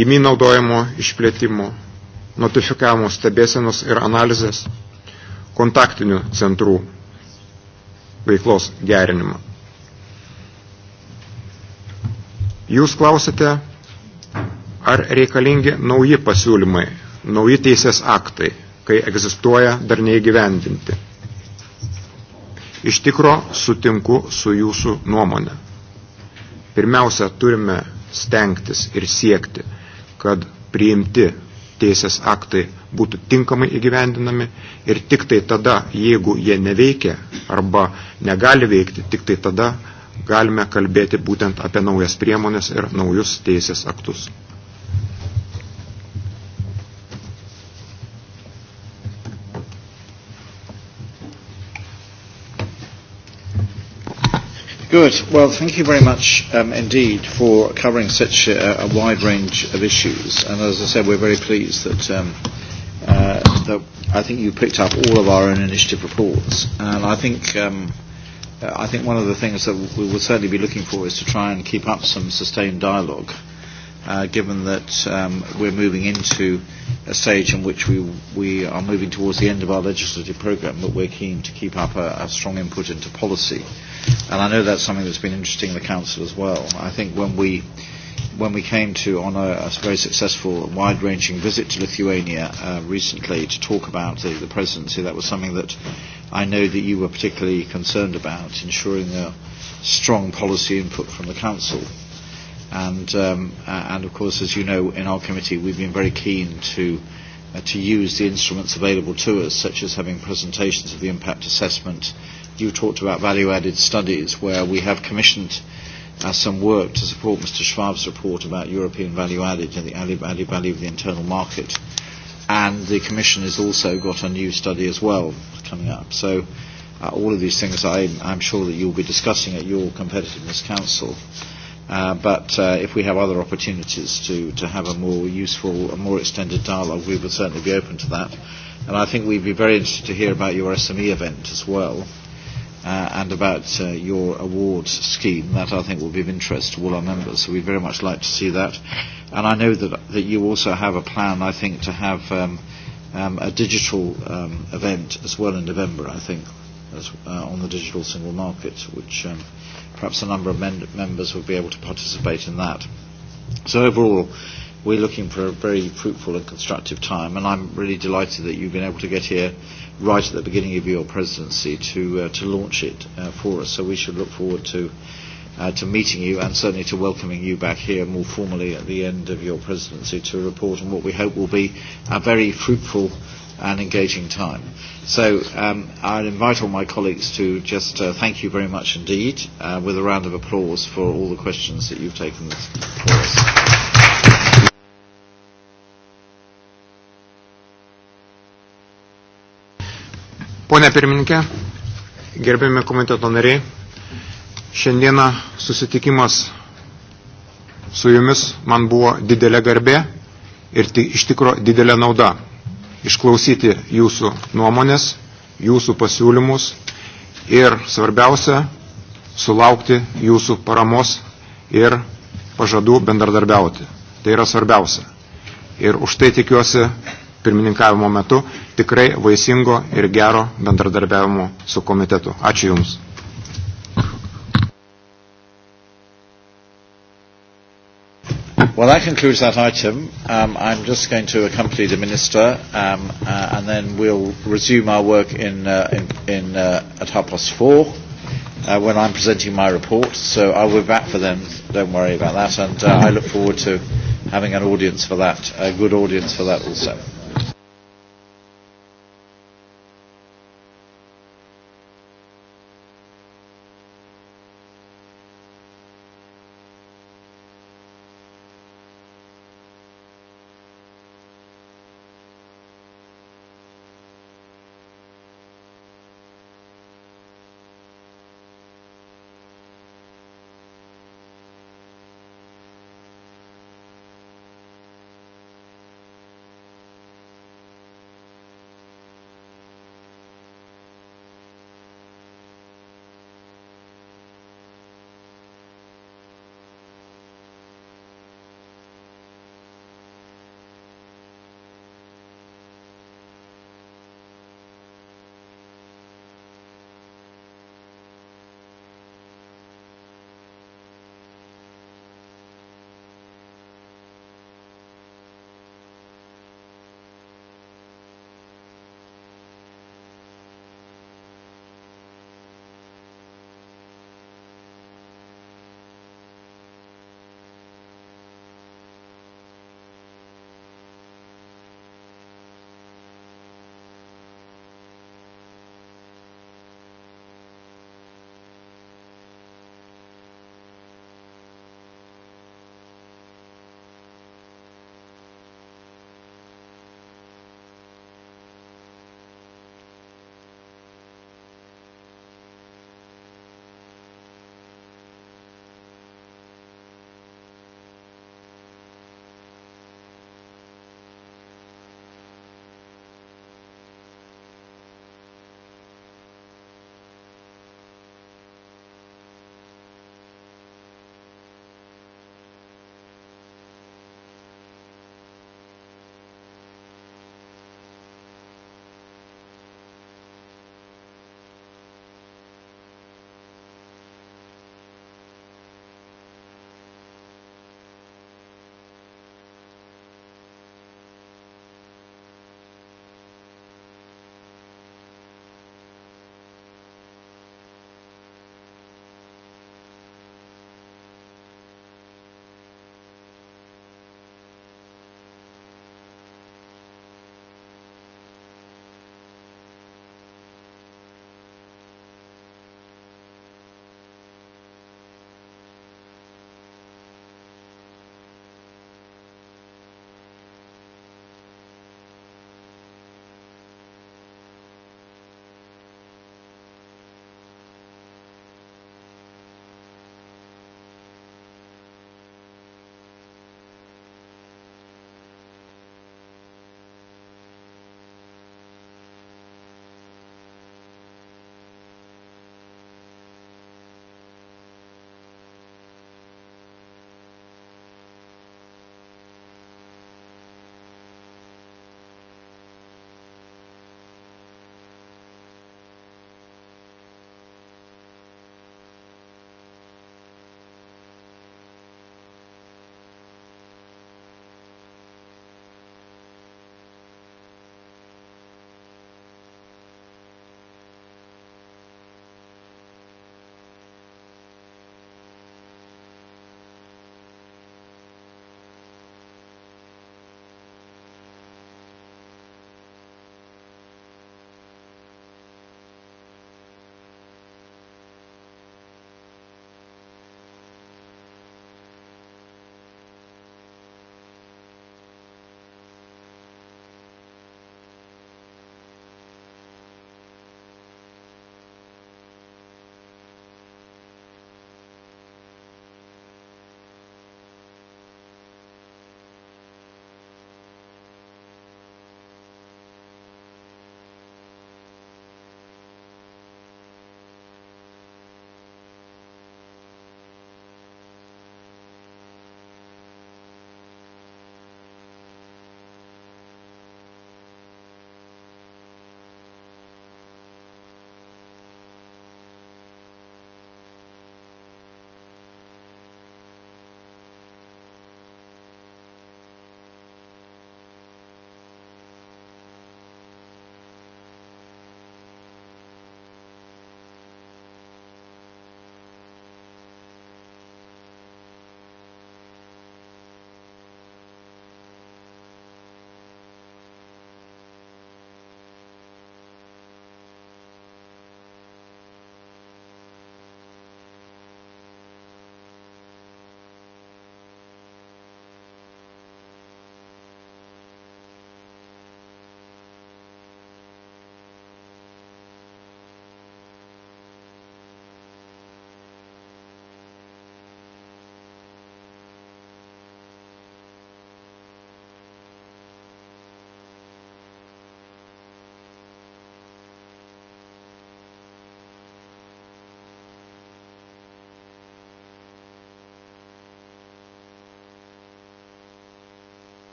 įmi naudojimo išplėtimo, notifikavimo stebėsenos ir analizės, kontaktinių centrų veiklos gerinimą. Jūs klausite, ar reikalingi nauji pasiūlymai, nauji teisės aktai, kai egzistuoja dar neįgyvendinti. Iš tikro sutinku su jūsų nuomonė. Pirmiausia, turime stengtis ir siekti, kad priimti teisės aktai būtų tinkamai įgyvendinami ir tik tai tada, jeigu jie neveikia arba negali veikti, tik tai tada galime kalbėti būtent apie naujas priemonės ir naujus teisės aktus. Good. Well, thank you very much um, indeed for covering such a, a wide range of issues. And as I said, we're very pleased that, um, uh, that I think you picked up all of our own initiative reports. And I think, um, I think one of the things that we will certainly be looking for is to try and keep up some sustained dialogue. Uh, uh, given that um, we're moving into a stage in which we, we are moving towards the end of our legislative programme, but we're keen to keep up a, a strong input into policy. And I know that's something that's been interesting in the Council as well. I think when we, when we came to, on a, a very successful, wide-ranging visit to Lithuania uh, recently to talk about the, the presidency, that was something that I know that you were particularly concerned about, ensuring a strong policy input from the Council. Uh, And, um, uh, and of course, as you know, in our committee, we've been very keen to, uh, to use the instruments available to us, such as having presentations of the impact assessment. You talked about value-added studies, where we have commissioned uh, some work to support Mr. Schwab's report about European value-added and the added value of the internal market. And the Commission has also got a new study as well coming up. So uh, all of these things I, I'm sure that you'll be discussing at your Competitiveness Council. Uh, Uh, but uh, if we have other opportunities to, to have a more useful, a more extended dialogue, we would certainly be open to that. And I think we'd be very interested to hear about your SME event as well uh, and about uh, your awards scheme. That I think will be of interest to all our members. So we'd very much like to see that. And I know that, that you also have a plan, I think, to have um, um, a digital um, event as well in November, I think, as, uh, on the digital single market, which um, – perhaps a number of mem- members will be able to participate in that. So overall, we're looking for a very fruitful and constructive time, and I'm really delighted that you've been able to get here right at the beginning of your presidency to uh, to launch it uh, for us. So we should look forward to uh, to meeting you and certainly to welcoming you back here more formally at the end of your presidency to report on what we hope will be a very fruitful and engaging time. So um, I'd invite all my colleagues to just uh, thank you very much indeed uh, with a round of applause for all the questions that you've taken this, for us. Pone pirmininkė, gerbėme komiteto nariai, šiandieną susitikimas su jumis man buvo didelė garbė ir iš tikro didelė nauda išklausyti jūsų nuomonės, jūsų pasiūlymus ir svarbiausia sulaukti jūsų paramos ir pažadų bendradarbiauti. Tai yra svarbiausia. Ir už tai tikiuosi pirmininkavimo metu tikrai vaisingo ir gero bendradarbiavimo su komitetu. Ačiū Jums. Well, that concludes that item. Um, I'm just going to accompany the Minister, um, uh, and then we'll resume our work in, uh, in, in, uh, at half past four uh, when I'm presenting my report. So I will be back for them. Don't worry about that. And uh, I look forward to having an audience for that, a good audience for that also.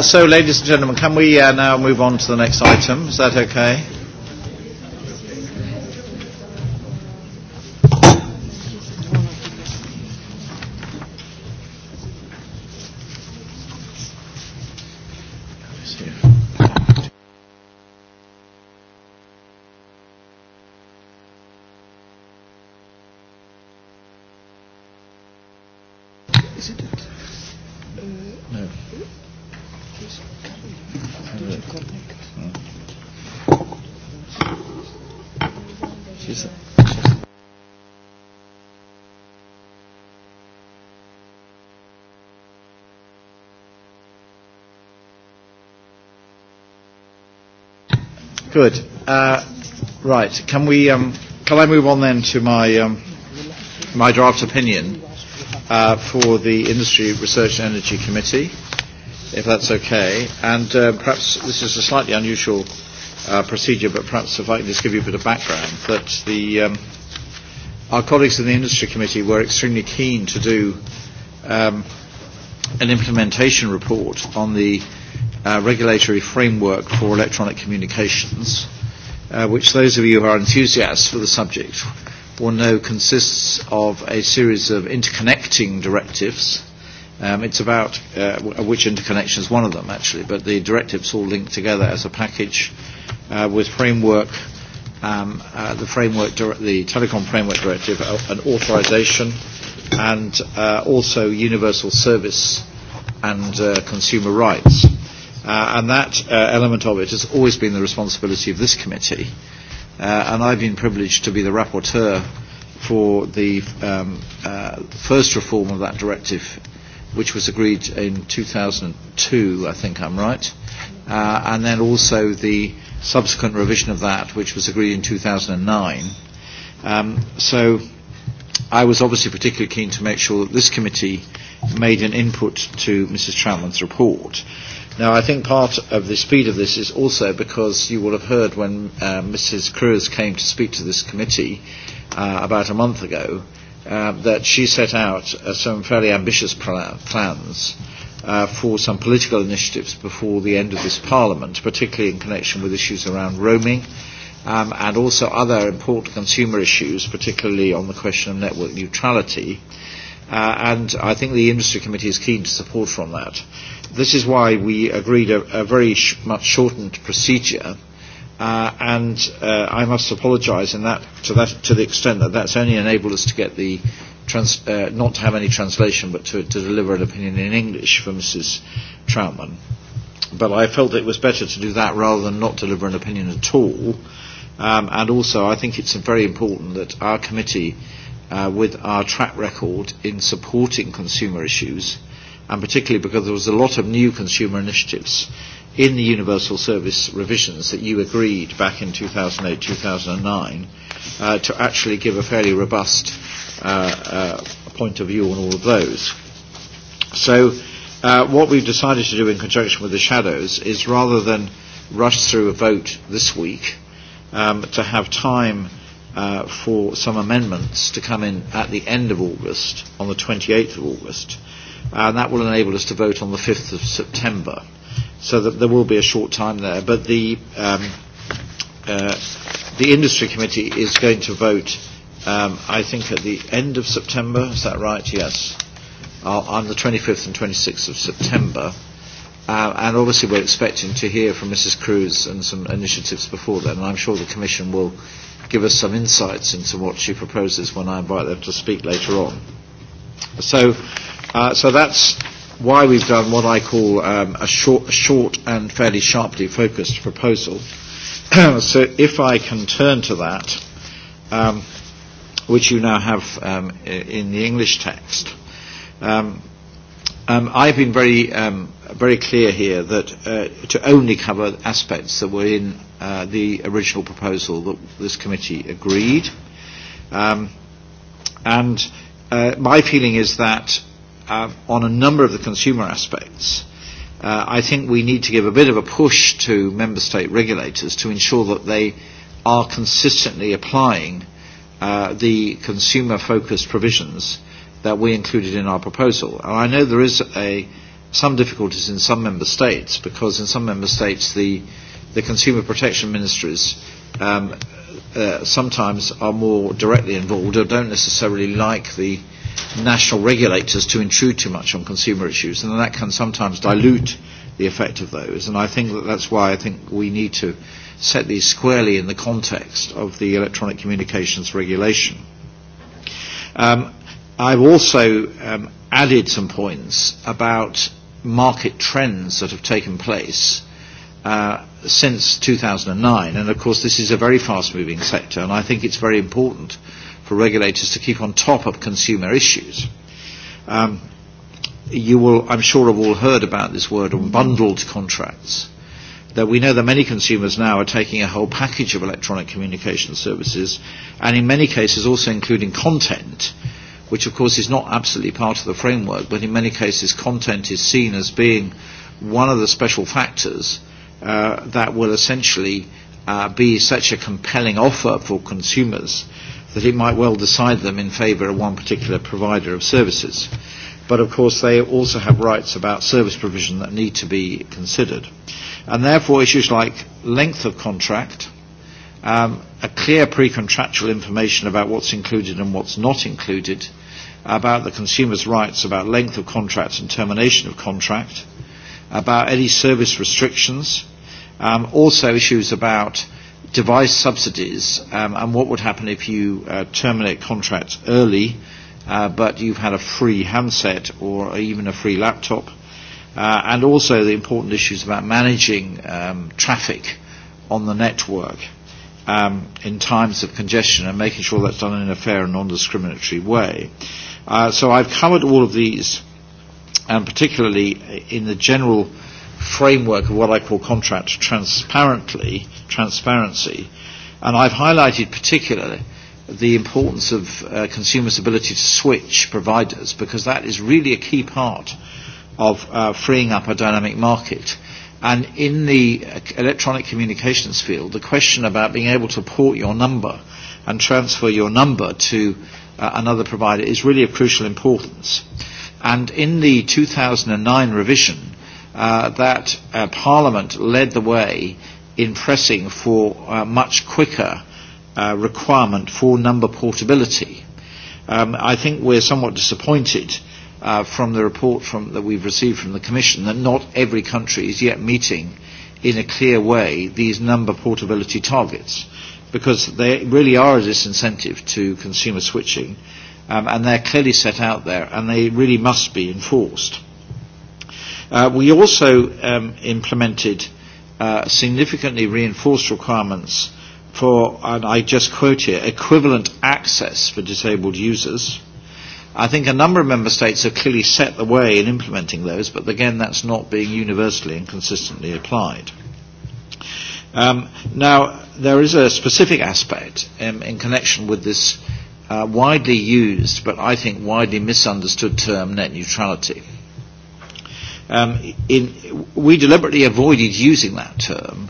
Uh, so, ladies and gentlemen, can we uh, now move on to the next item? Is that okay? Good. Uh, right. Can we? Um, can I move on then to my um, my draft opinion uh, for the Industry Research and Energy Committee, if that's okay? And uh, perhaps this is a slightly unusual uh, procedure, but perhaps if I can just give you a bit of background that the um, our colleagues in the Industry Committee were extremely keen to do um, an implementation report on the uh, regulatory framework for electronic communications, uh, which those of you who are enthusiasts for the subject will know consists of a series of interconnecting directives. Um, it's about uh, w- which interconnection is one of them, actually, but the directives all linked together as a package uh, with framework, um, uh, the framework, dir- the telecom framework directive, uh, an authorization, and uh, also universal service and uh, consumer rights. Uh, Uh, and that uh, element of it has always been the responsibility of this committee. Uh, and I've been privileged to be the rapporteur for the um, uh, first reform of that directive, which was agreed in 2002, I think I'm right, uh, and then also the subsequent revision of that, which was agreed in 2009. Um, so I was obviously particularly keen to make sure that this committee made an input to Mrs. Troutman's report. Uh, Now, I think part of the speed of this is also because you will have heard when uh, Mrs. Cruz came to speak to this committee uh, about a month ago uh, that she set out uh, some fairly ambitious pl- plans uh, for some political initiatives before the end of this Parliament, particularly in connection with issues around roaming um, and also other important consumer issues, particularly on the question of network neutrality. Uh, and I think the Industry Committee is keen to support from that. This is why we agreed a, a very sh- much shortened procedure. Uh, and uh, I must apologise in that to that to the extent that that's only enabled us to get the trans- uh, not to have any translation, but to, to deliver an opinion in English for Mrs. Troutman. But I felt it was better to do that rather than not deliver an opinion at all. Um, and also, I think it's very important that our committee, uh, with our track record in supporting consumer issues, uh, and particularly because there was a lot of new consumer initiatives in the universal service revisions that you agreed back in 2008, 2009, uh, to actually give a fairly robust uh, uh, point of view on all of those. So uh, what we've decided to do in conjunction with the shadows is rather than rush through a vote this week, um, to have time uh, for some amendments to come in at the end of August, on the 28th of August, uh, and that will enable us to vote on the 5th of September. So that there will be a short time there, but the um, uh, the industry committee is going to vote. Um, I think at the end of September. Is that right? Yes, uh, on the 25th and 26th of September. Uh, and obviously, we're expecting to hear from Mrs. Cruz and some initiatives before then. And I'm sure the Commission will give us some insights into what she proposes when I invite them to speak later on. So, Uh, so that's why we've done what I call um, a short, short and fairly sharply focused proposal. so if I can turn to that, um, which you now have um, in the English text, um, um, I've been very, um, very clear here that uh, to only cover aspects that were in uh, the original proposal that this committee agreed. Um, and uh, my feeling is that uh, on a number of the consumer aspects, uh, I think we need to give a bit of a push to member state regulators to ensure that they are consistently applying uh, the consumer focused provisions that we included in our proposal. And I know there is a, some difficulties in some member states because in some member states the, the consumer protection ministries um, uh, sometimes are more directly involved or don't necessarily like the national regulators to intrude too much on consumer issues, and that can sometimes dilute the effect of those. And I think that that's why I think we need to set these squarely in the context of the electronic communications regulation. Um, I've also um, added some points about market trends that have taken place uh, since 2009. And of course, this is a very fast moving sector, and I think it's very important for regulators to keep on top of consumer issues. Um, you will, I'm sure, have all heard about this word on bundled contracts. That we know that many consumers now are taking a whole package of electronic communication services, and in many cases also including content, which of course is not absolutely part of the framework, but in many cases content is seen as being one of the special factors uh, that will essentially uh, be such a compelling offer for consumers that it might well decide them in favour of one particular provider of services. But of course, they also have rights about service provision that need to be considered. And therefore, issues like length of contract, um, a clear pre-contractual information about what's included and what's not included, about the consumer's rights about length of contract and termination of contract, about any service restrictions, Um, also issues about device subsidies um, and what would happen if you uh, terminate contracts early, uh, but you've had a free handset or even a free laptop. Uh, and also the important issues about managing um, traffic on the network um, in times of congestion and making sure that's done in a fair and non-discriminatory way. Uh, so I've covered all of these, and um, particularly in the general uh, framework of what I call contract transparently, transparency. And I've highlighted particularly the importance of uh, consumers' ability to switch providers because that is really a key part of uh, freeing up a dynamic market. And in the uh, electronic communications field, the question about being able to port your number and transfer your number to uh, another provider is really of crucial importance. And in the 2009 revision, uh, that uh, Parliament led the way in pressing for uh, much quicker uh, requirement for number portability. Um, I think we're somewhat disappointed uh, from the report from, that we've received from the Commission that not every country is yet meeting in a clear way these number portability targets because they really are a disincentive to consumer switching um, and they're clearly set out there and they really must be enforced. Uh, we also um, implemented uh, significantly reinforced requirements for, and I just quote here, equivalent access for disabled users. I think a number of member states have clearly set the way in implementing those, but again, that's not being universally and consistently applied. Um, now, there is a specific aspect um, in connection with this uh, widely used, but I think widely misunderstood term, net neutrality. Uh, Um, in, we deliberately avoided using that term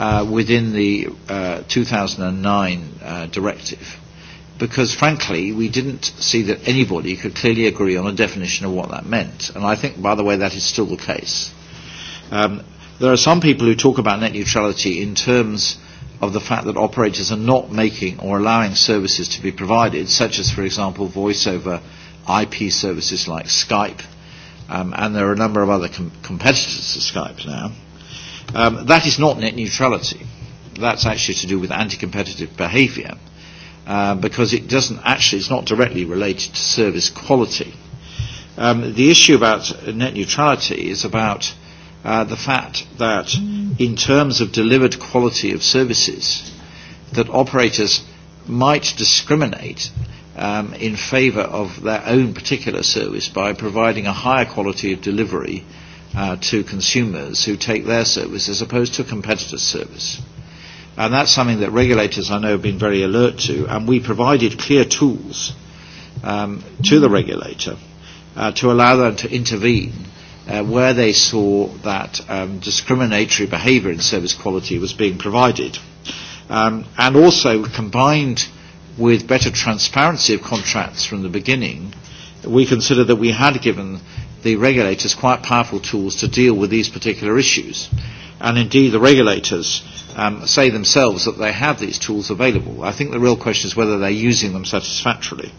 uh, within the uh, 2009 uh, directive because, frankly, we didn't see that anybody could clearly agree on a definition of what that meant. And I think, by the way, that is still the case. Um, there are some people who talk about net neutrality in terms of the fact that operators are not making or allowing services to be provided, such as, for example, voice over IP services like Skype um, and there are a number of other com- competitors to Skype now. Um, that is not net neutrality. That's actually to do with anti-competitive behaviour, uh, um, because it doesn't actually, it's not directly related to service quality. Um, the issue about net neutrality is about uh, the fact that in terms of delivered quality of services, that operators might discriminate um, in favour of their own particular service by providing a higher quality of delivery uh, to consumers who take their service as opposed to a competitor's service. And that's something that regulators, I know, have been very alert to, and we provided clear tools um, to the regulator uh, to allow them to intervene uh, where they saw that um, discriminatory behaviour in service quality was being provided. Um, and also combined with better transparency of contracts from the beginning, we consider that we had given the regulators quite powerful tools to deal with these particular issues. And indeed, the regulators um, say themselves that they have these tools available. I think the real question is whether they're using them satisfactorily.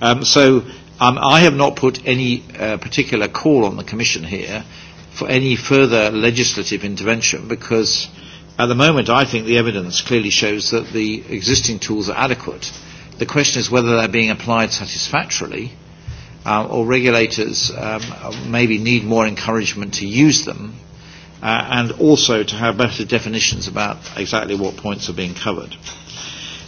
Um, so um, I have not put any uh, particular call on the Commission here for any further legislative intervention because At the moment, I think the evidence clearly shows that the existing tools are adequate. The question is whether they're being applied satisfactorily, uh, or regulators um, maybe need more encouragement to use them, uh, and also to have better definitions about exactly what points are being covered.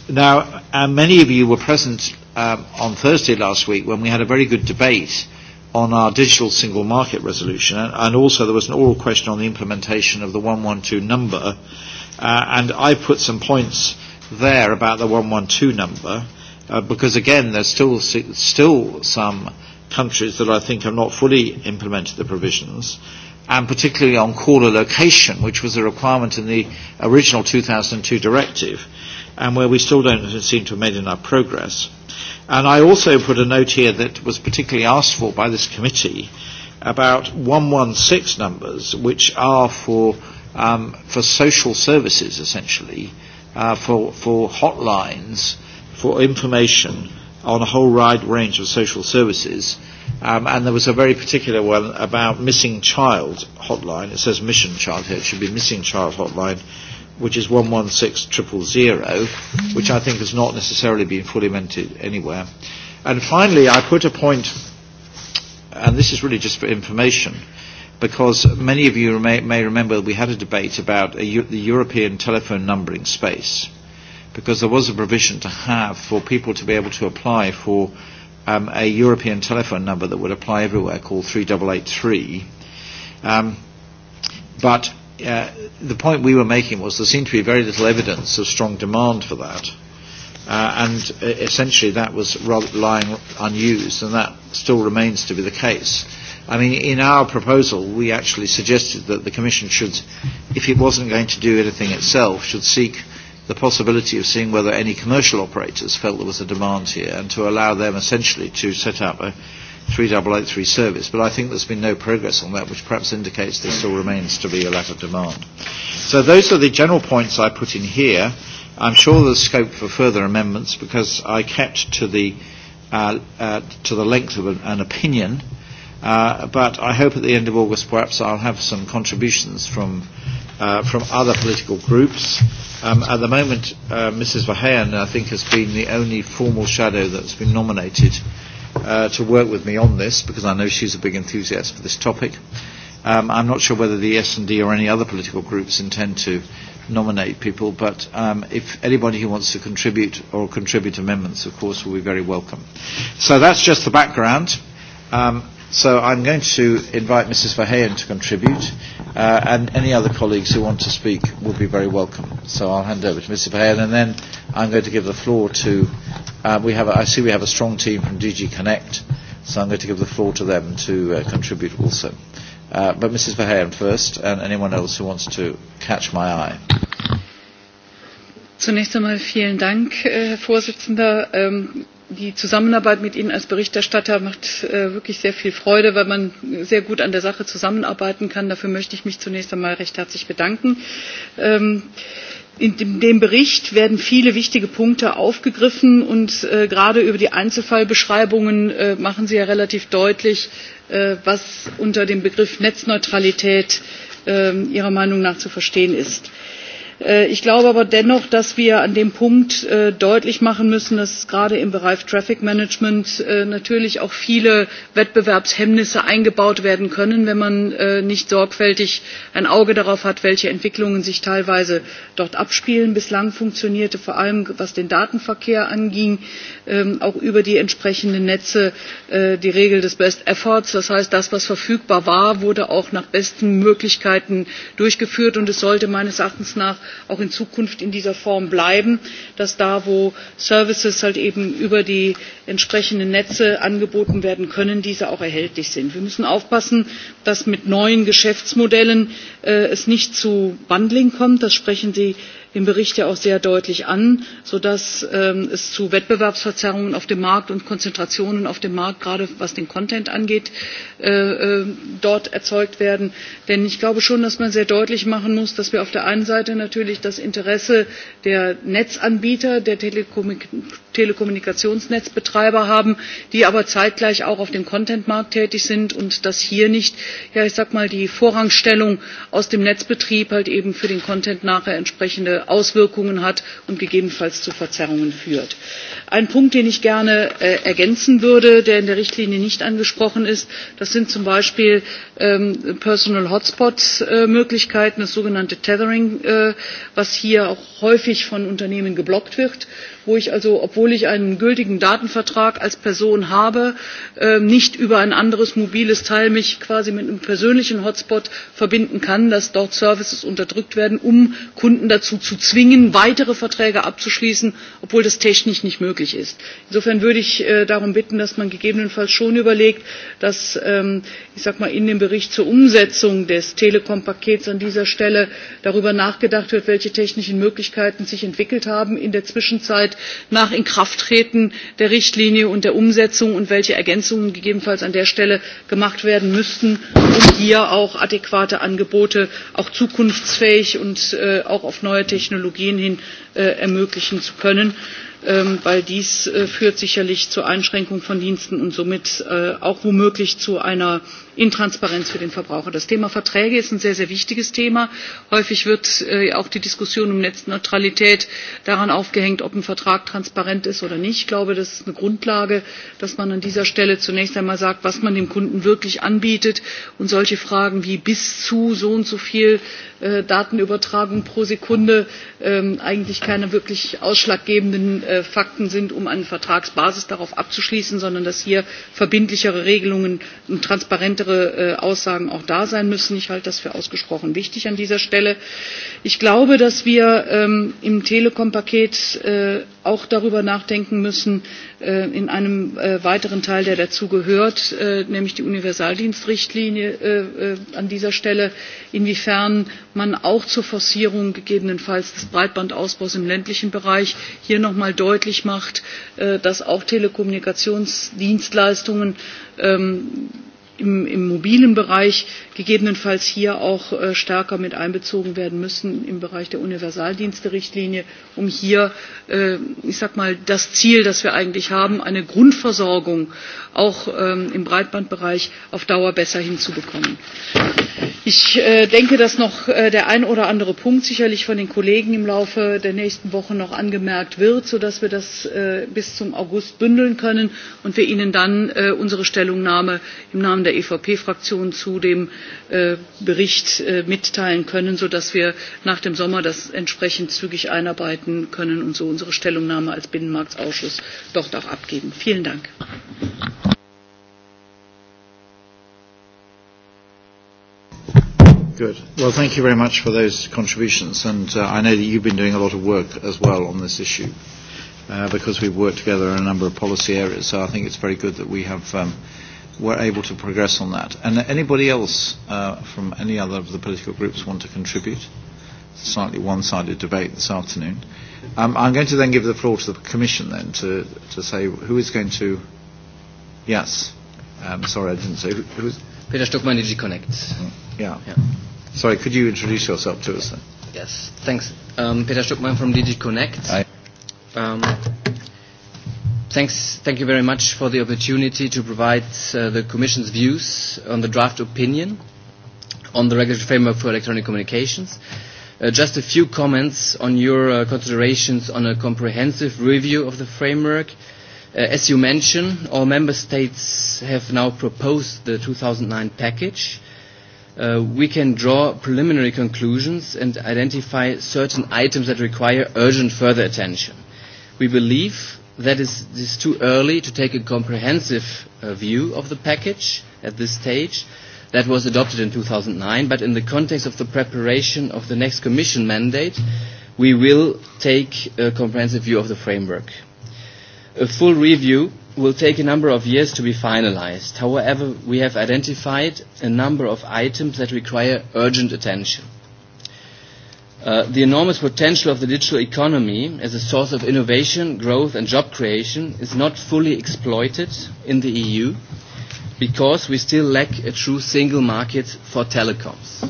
Now, uh, many of you were present um, on Thursday last week when we had a very good debate uh, on our digital single market resolution, and, and also there was an oral question on the implementation of the 112 number, uh, and I put some points there about the 112 number, uh, because again, there's still, still some countries that I think have not fully implemented the provisions, and particularly on caller location, which was a requirement in the original 2002 directive, and where we still don't seem to have made enough progress. Uh, And I also put a note here that was particularly asked for by this committee about 116 numbers, which are for, um, for social services essentially, uh, for, for hotlines, for information on a whole wide range of social services. Um, and there was a very particular one about missing child hotline. It says mission child here. It should be missing child hotline which is 116000, which I think has not necessarily been fully mentioned anywhere. And finally, I put a point, and this is really just for information, because many of you may, may remember we had a debate about a, the European telephone numbering space, because there was a provision to have for people to be able to apply for um, a European telephone number that would apply everywhere called 3883. Um, but uh, the point we were making was there seemed to be very little evidence of strong demand for that. Uh, and uh, essentially that was lying unused, and that still remains to be the case. I mean, in our proposal, we actually suggested that the Commission should, if it wasn't going to do anything itself, should seek the possibility of seeing whether any commercial operators felt there was a demand here and to allow them essentially to set up a, 3083 service, but I think there's been no progress on that, which perhaps indicates there still remains to be a lack of demand. So those are the general points I put in here. I'm sure there's scope for further amendments because I kept to the, uh, uh, to the length of an, an opinion, uh, but I hope at the end of August perhaps I'll have some contributions from uh, from other political groups. Um, at the moment, uh, Mrs. Verheyen, I think, has been the only formal shadow that's been nominated uh, to work with me on this because I know she's a big enthusiast for this topic. Um, I'm not sure whether the S&D or any other political groups intend to nominate people, but um, if anybody who wants to contribute or contribute amendments, of course, will be very welcome. So that's just the background. Um, So I'm going to invite Mrs. Verheyen to contribute, uh, and any other colleagues who want to speak would be very welcome. So I'll hand over to Mrs. Verheyen, and then I'm going to give the floor to. Uh, we have a, I see we have a strong team from DG Connect, so I'm going to give the floor to them to uh, contribute also. Uh, but Mrs. Verheyen first, and anyone else who wants to catch my eye. Zunächst einmal vielen Dank, Herr äh, Vorsitzender. Ähm, die Zusammenarbeit mit Ihnen als Berichterstatter macht äh, wirklich sehr viel Freude, weil man sehr gut an der Sache zusammenarbeiten kann. Dafür möchte ich mich zunächst einmal recht herzlich bedanken. Ähm, in dem bericht werden viele wichtige punkte aufgegriffen und äh, gerade über die einzelfallbeschreibungen äh, machen sie ja relativ deutlich äh, was unter dem begriff netzneutralität ähm, ihrer meinung nach zu verstehen ist Äh, ich glaube aber dennoch dass wir an dem punkt äh, deutlich machen müssen dass es gerade im bereich traffic management äh, natürlich auch viele wettbewerbshemmnisse eingebaut werden können wenn man nicht sorgfältig ein auge darauf hat welche entwicklungen sich teilweise dort abspielen. bislang funktionierte vor allem was den datenverkehr anging Ähm, auch über die entsprechenden netze äh, die regel des best efforts das heißt das was verfügbar war wurde auch nach besten möglichkeiten durchgeführt und es sollte meines erachtens nach auch in zukunft in dieser form bleiben dass da wo services halt eben über die entsprechenden netze angeboten werden können diese auch erhältlich sind. wir müssen aufpassen dass es mit neuen geschäftsmodellen äh, nicht zu bundling kommt das sprechen sie im Bericht ja auch sehr deutlich an, sodass ähm, es zu Wettbewerbsverzerrungen auf dem Markt und Konzentrationen auf dem Markt, gerade was den Content angeht, äh, äh, dort erzeugt werden. Denn ich glaube schon, dass man sehr deutlich machen muss, dass wir auf der einen Seite natürlich das Interesse der Netzanbieter, der Telekommunikationsanbieter, telekommunikationsnetzbetreiber haben die aber zeitgleich auch auf dem content markt tätig sind und dass hier nicht ja ich sag mal die vorrangstellung aus dem netzbetrieb halt eben für den content nachher entsprechende auswirkungen hat und gegebenenfalls zu verzerrungen führt. ein punkt den ich gerne äh, ergänzen würde der in der richtlinie nicht angesprochen ist das sind zum beispiel ähm, personal hotspots äh, möglichkeiten das sogenannte tethering äh, was hier auch häufig von unternehmen geblockt wird wo ich also obwohl ich einen gültigen datenvertrag als person habe ähm, nicht über ein anderes mobiles teil mich quasi mit einem persönlichen hotspot verbinden kann dass dort services unterdrückt werden um kunden dazu zu zwingen weitere verträge abzuschließen obwohl das technisch nicht möglich ist. insofern würde ich äh, darum bitten dass man gegebenenfalls schon überlegt dass ähm, ich sag mal in dem bericht zur umsetzung des telekom pakets an dieser stelle darüber nachgedacht wird welche technischen möglichkeiten sich entwickelt haben in der zwischenzeit zeit nach inkrafttreten der richtlinie und der umsetzung und welche ergänzungen gegebenenfalls an der stelle gemacht werden müssten um hier auch adäquate angebote auch zukunftsfähig und äh, auch auf neue technologien hin äh, ermöglichen zu können ähm, weil dies äh, führt sicherlich zu einschränkungen von diensten und somit auch womöglich zu einer intransparenz für den verbraucher. das thema verträge ist ein sehr sehr wichtiges thema. häufig wird äh, auch die diskussion um netzneutralität daran aufgehängt ob ein vertrag transparent ist oder nicht. ich glaube das ist eine grundlage dass man an dieser stelle zunächst einmal sagt was man dem kunden wirklich anbietet und solche fragen wie bis zu so und so viel äh, datenübertragung pro sekunde ähm, eigentlich keine wirklich ausschlaggebenden äh, fakten sind um eine vertragsbasis darauf abzuschließen sondern dass hier verbindlichere regelungen und transparentere weitere äh, Aussagen auch da sein müssen. Ich halte das für ausgesprochen wichtig an dieser Stelle. Ich glaube, dass wir ähm, im Telekom-Paket äh, auch darüber nachdenken müssen, äh, in einem äh, weiteren Teil, der dazugehört, äh, nämlich die Universaldienstrichtlinie äh, äh, an dieser Stelle, inwiefern man auch zur Forcierung gegebenenfalls des Breitbandausbaus im ländlichen Bereich hier nochmal deutlich macht, äh, dass auch Telekommunikationsdienstleistungen ähm, im, im mobilen Bereich gegebenenfalls hier auch äh, stärker mit einbezogen werden müssen im Bereich der Universaldienste-Richtlinie, um hier, äh, ich sag mal, das Ziel, das wir eigentlich haben, eine Grundversorgung auch ähm, im Breitbandbereich auf Dauer besser hinzubekommen. Äh, ich äh, denke dass noch äh, der ein oder andere punkt sicherlich von den kollegen im laufe der nächsten wochen noch angemerkt wird sodass wir das äh, bis zum august bündeln können und wir ihnen dann äh, unsere stellungnahme im namen der evp fraktion zu dem äh, bericht äh, mitteilen können sodass wir nach dem sommer das entsprechend zügig einarbeiten können und so unsere stellungnahme als binnenmarktausschuss dort auch abgeben. vielen dank! Good. Well, thank you very much for those contributions, and uh, I know that you've been doing a lot of work as well on this issue, uh, because we've worked together in a number of policy areas. So I think it's very good that we have um, were able to progress on that. And anybody else uh, from any other of the political groups want to contribute? Slightly one-sided debate this afternoon. Um, I'm going to then give the floor to the Commission then to, to say who is going to. Yes, um, sorry, I didn't say who, who is. Peter Stuckmann, DG Connect. Yeah. yeah. Sorry, could you introduce yourself to us then? Yes, thanks. Um, Peter Stuckmann from DG Connect. Hi. Um, thanks, thank you very much for the opportunity to provide uh, the Commission's views on the draft opinion on the regulatory framework for electronic communications. Uh, just a few comments on your uh, considerations on a comprehensive review of the framework uh, Uh, as you mentioned, all member states have now proposed the 2009 package. Uh, we can draw preliminary conclusions and identify certain items that require urgent further attention. We believe that is, it is too early to take a comprehensive uh, view of the package at this stage. That was adopted in 2009, but in the context of the preparation of the next Commission mandate, we will take a comprehensive view of the framework. Mm-hmm A full review will take a number of years to be finalized. However, we have identified a number of items that require urgent attention. Uh, the enormous potential of the digital economy as a source of innovation, growth and job creation is not fully exploited in the EU because we still lack a true single market for telecoms.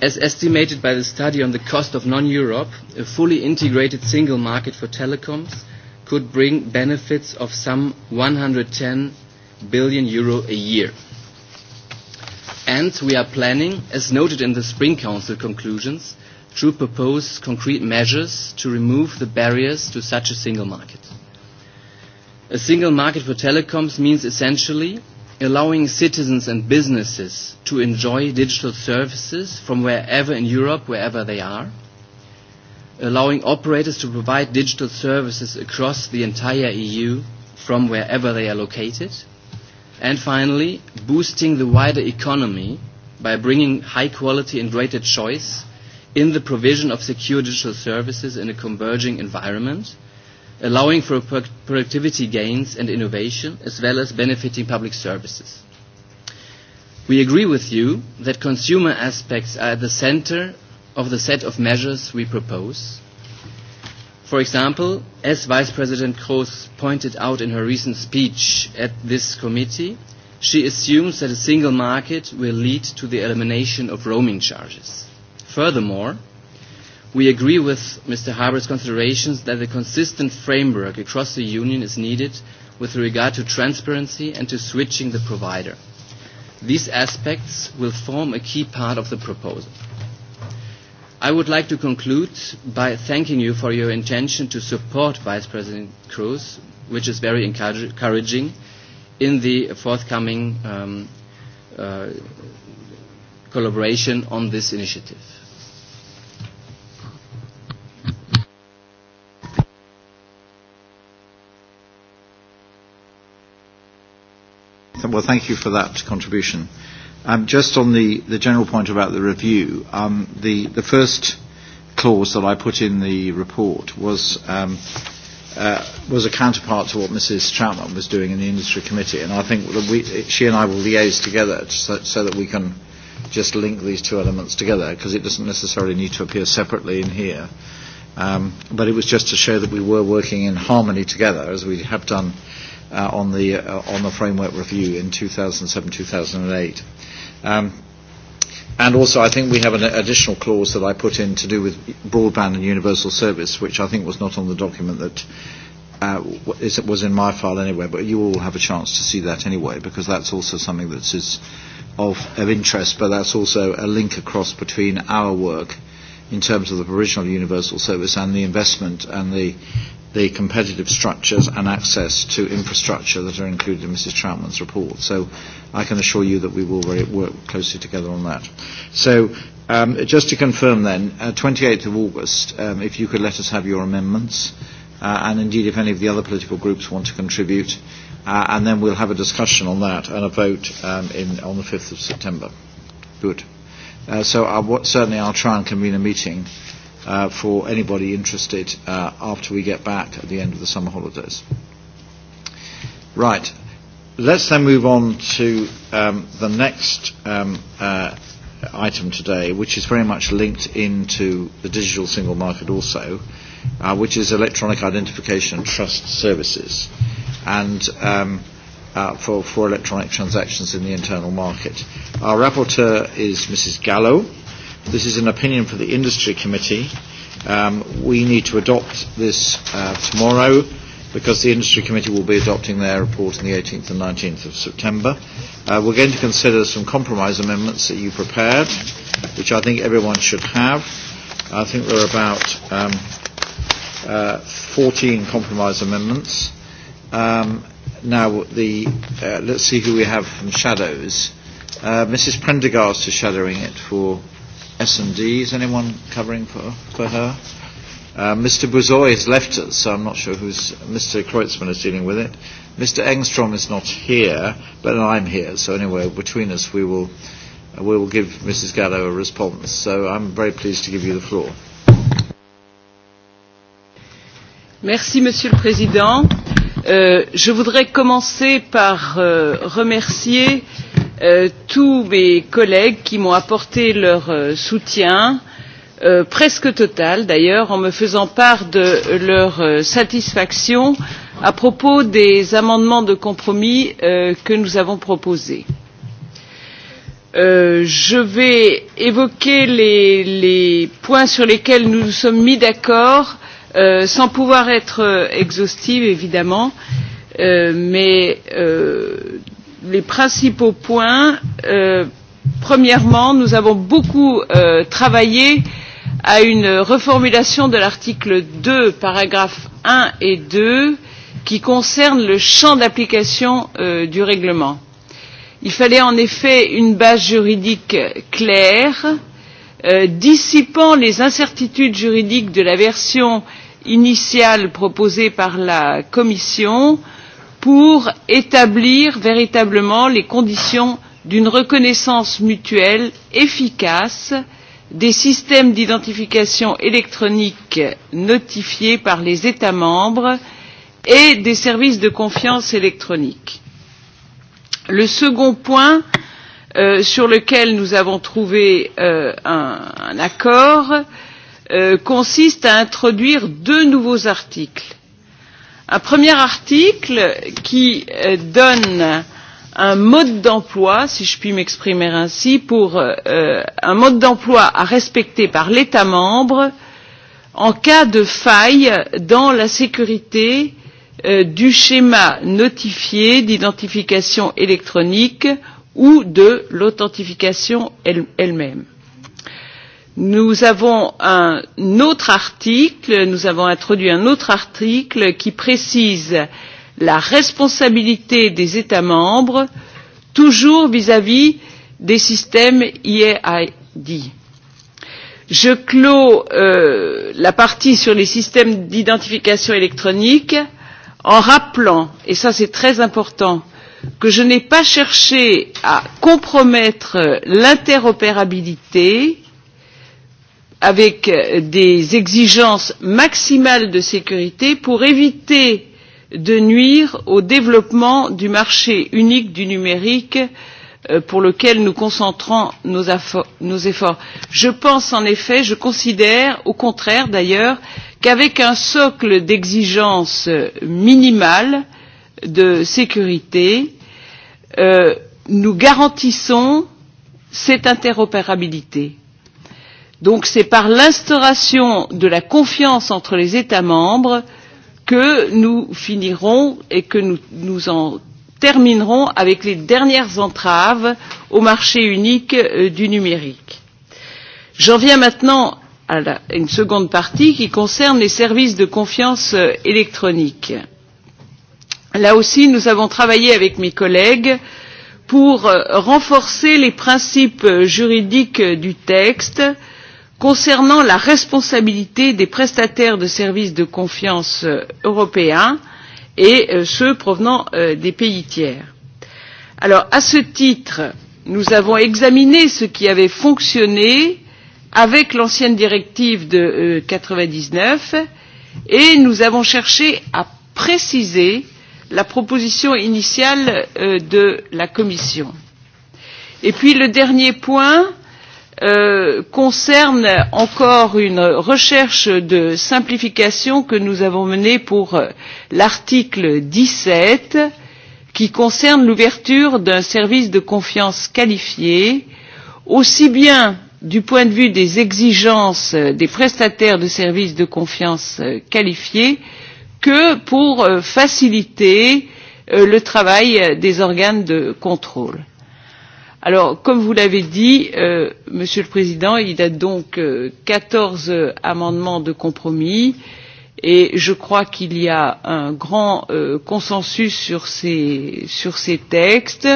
As estimated by the study on the cost of non-Europe, a fully integrated single market for telecoms – could bring benefits of some 110 billion euro a year. And we are planning, as noted in the Spring Council conclusions, to propose concrete measures to remove the barriers to such a single market. A single market for telecoms means essentially allowing citizens and businesses to enjoy digital services from wherever in Europe, wherever they are, allowing operators to provide digital services across the entire EU from wherever they are located. And finally, boosting the wider economy by bringing high quality and greater choice in the provision of secure digital services in a converging environment, allowing for productivity gains and innovation, as well as benefiting public services. We agree with you that consumer aspects are at the center of the set of measures we propose. For example, as Vice President Kroes pointed out in her recent speech at this committee, she assumes that a single market will lead to the elimination of roaming charges. Furthermore, we agree with Mr. Harbour's considerations that a consistent framework across the Union is needed with regard to transparency and to switching the provider. These aspects will form a key part of the proposal. I would like to conclude by thanking you for your intention to support Vice President Cruz, which is very encouraging, in the forthcoming um, uh, collaboration on this initiative. Well, thank you for that contribution. Um, just on the, the general point about the review, um, the, the first clause that I put in the report was um, uh, was a counterpart to what Mrs. Troutman was doing in the industry committee, and I think that we, she and I will liaise together so, so that we can just link these two elements together because it doesn't necessarily need to appear separately in here. Um, but it was just to show that we were working in harmony together as we have done uh, on the uh, on the framework review in 2007-2008. Um, and also, I think we have an additional clause that I put in to do with broadband and universal service, which I think was not on the document that uh, is, was in my file anyway. But you all have a chance to see that anyway, because that's also something that is of, of interest. But that's also a link across between our work in terms of the provisional universal service and the investment and the the competitive structures and access to infrastructure that are included in Mrs. Troutman's report. So I can assure you that we will very, work closely together on that. So um, just to confirm then, uh, 28th of August, um, if you could let us have your amendments, uh, and indeed if any of the other political groups want to contribute, uh, and then we'll have a discussion on that and a vote um, in, on the 5th of September. Good. Uh, so I'll, certainly I'll try and convene a meeting uh, for anybody interested uh, after we get back at the end of the summer holidays. Right. Let's then move on to um, the next um, uh, item today, which is very much linked into the digital single market also, uh, which is electronic identification and trust services, and um, uh, for, for electronic transactions in the internal market. Our rapporteur is Mrs. Gallo. This is an opinion for the Industry Committee. Um, we need to adopt this uh, tomorrow because the Industry Committee will be adopting their report on the 18th and 19th of September. Uh, we're going to consider some compromise amendments that you prepared, which I think everyone should have. I think there are about um, uh, 14 compromise amendments. Um, now, the, uh, let's see who we have from shadows. Uh, Mrs. Prendergast is shadowing it for S&D. Is anyone covering for, for her? Uh, Mr. Buzoy has left us, so I'm not sure who's. Mr. Kreutzmann is dealing with it. Mr. Engstrom is not here, but I'm here. So anyway, between us, we will uh, we will give Mrs. Gallo a response. So I'm very pleased to give you the floor. Merci, Monsieur le Président. Euh, je voudrais commencer par euh, remercier euh, euh, tous mes collègues qui m'ont apporté leur euh, soutien euh, presque total d'ailleurs en me faisant part de leur euh, satisfaction à propos des amendements de compromis euh, que nous avons proposés. Euh, je vais évoquer les, les points sur lesquels nous nous sommes mis d'accord sans pouvoir être exhaustive évidemment mais les principaux points. Euh, premièrement, nous avons beaucoup euh, travaillé à une reformulation de l'article 2, paragraphes 1 et 2, qui concerne le champ d'application euh, du règlement. Il fallait en effet une base juridique claire, euh, dissipant les incertitudes juridiques de la version initiale proposée par la Commission, euh, pour établir véritablement les conditions d'une reconnaissance mutuelle efficace des systèmes d'identification électronique notifiés par les états membres et des services de confiance électronique. le second point euh, sur lequel nous avons trouvé euh, un, un accord euh, consiste à introduire deux nouveaux articles un premier article qui euh, donne un mode d'emploi si je puis m'exprimer ainsi pour euh, un mode d'emploi à respecter par l'état membre en cas de faille dans la sécurité euh, du schéma notifié d'identification électronique ou de l'authentification elle, elle même nous avons un autre article nous avons introduit un autre article qui précise la responsabilité des états membres toujours vis à vis des systèmes iaid. je clos euh, la partie sur les systèmes d'identification électronique en rappelant et ça c'est très important que je n'ai pas cherché à compromettre l'interopérabilité avec euh, des exigences maximales de sécurité pour éviter de nuire au développement du marché unique du numérique euh, pour lequel nous concentrons nos, nos efforts. Je pense en effet, je considère au contraire d'ailleurs qu'avec un socle d'exigences euh, minimales de sécurité, euh, nous garantissons cette interopérabilité donc c'est par l'instauration de la confiance entre les états membres que nous finirons et que nous, nous en terminerons avec les dernières entraves au marché unique euh, du numérique. j'en viens maintenant à la, une seconde partie qui concerne les services de confiance euh, électronique. là aussi nous avons travaillé avec mes collègues pour euh, renforcer les principes euh, juridiques euh, du texte et concernant la responsabilité des prestataires de services de confiance euh, européens et euh, ceux provenant euh, des pays tiers. Alors, à ce titre nous avons examiné ce qui avait fonctionné avec l'ancienne directive de quatre vingt dix neuf et nous avons cherché à préciser la proposition initiale de la commission. et puis le dernier point euh, concerne encore une recherche de simplification que nous avons menée pour euh, l'article dix sept qui concerne l'ouverture d'un service de confiance qualifié aussi bien du point de vue des exigences des prestataires de services de confiance qualifiés que pour euh, faciliter euh, le travail des organes de contrôle Alors, comme vous l'avez dit euh, monsieur le président il y a donc euh, quatorze euh, amendements de compromis et je crois qu'il y a un grand euh, consensus sur ces, sur ces textes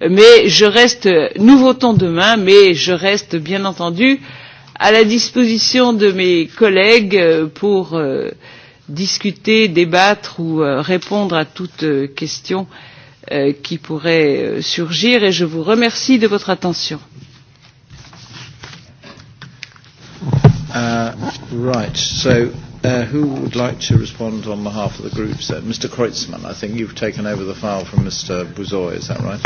mais je reste nous votons demain mais je reste bien entendu à la disposition de mes collègues euh, pour euh, discuter débattre ou répondre à toute question qui euh, qui pourraient euh, surgir et je vous remercie de votre attention. Uh, right. So, uh, who would like to respond on behalf of the groups? Uh, Mr. Kreutzmann, I think you've taken over the file from Mr. Bouzoy, is that right?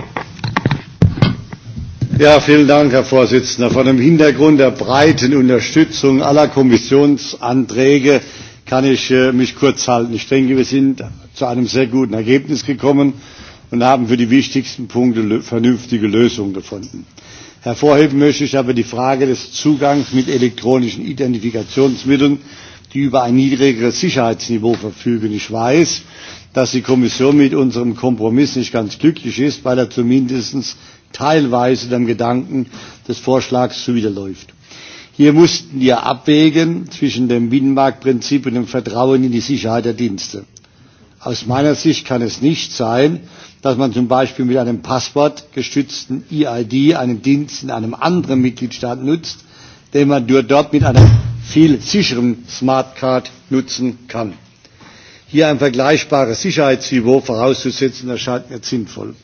Ja, vielen Dank, Herr Vorsitzender. Vor dem Hintergrund der breiten Unterstützung aller Kommissionsanträge kann ich äh, mich kurz halten. Ich denke, wir sind zu einem sehr guten Ergebnis gekommen. Äh, und haben für die wichtigsten Punkte vernünftige Lösungen gefunden. Hervorheben möchte ich aber die Frage des Zugangs mit elektronischen Identifikationsmitteln, die über ein niedrigeres Sicherheitsniveau verfügen. Ich weiß, dass die Kommission mit unserem Kompromiss nicht ganz glücklich ist, weil er zumindest teilweise dem Gedanken des Vorschlags zuwiderläuft. Hier mussten wir abwägen zwischen dem Binnenmarktprinzip und dem Vertrauen in die Sicherheit der Dienste. Aus meiner Sicht kann es nicht sein, dass man zum Beispiel mit einem passwortgestützten EID einen Dienst in einem anderen Mitgliedstaat nutzt, den man nur dort mit einer viel sicheren Smart Card nutzen kann. Hier ein vergleichbares Sicherheitsniveau vorauszusetzen, erscheint mir sinnvoll.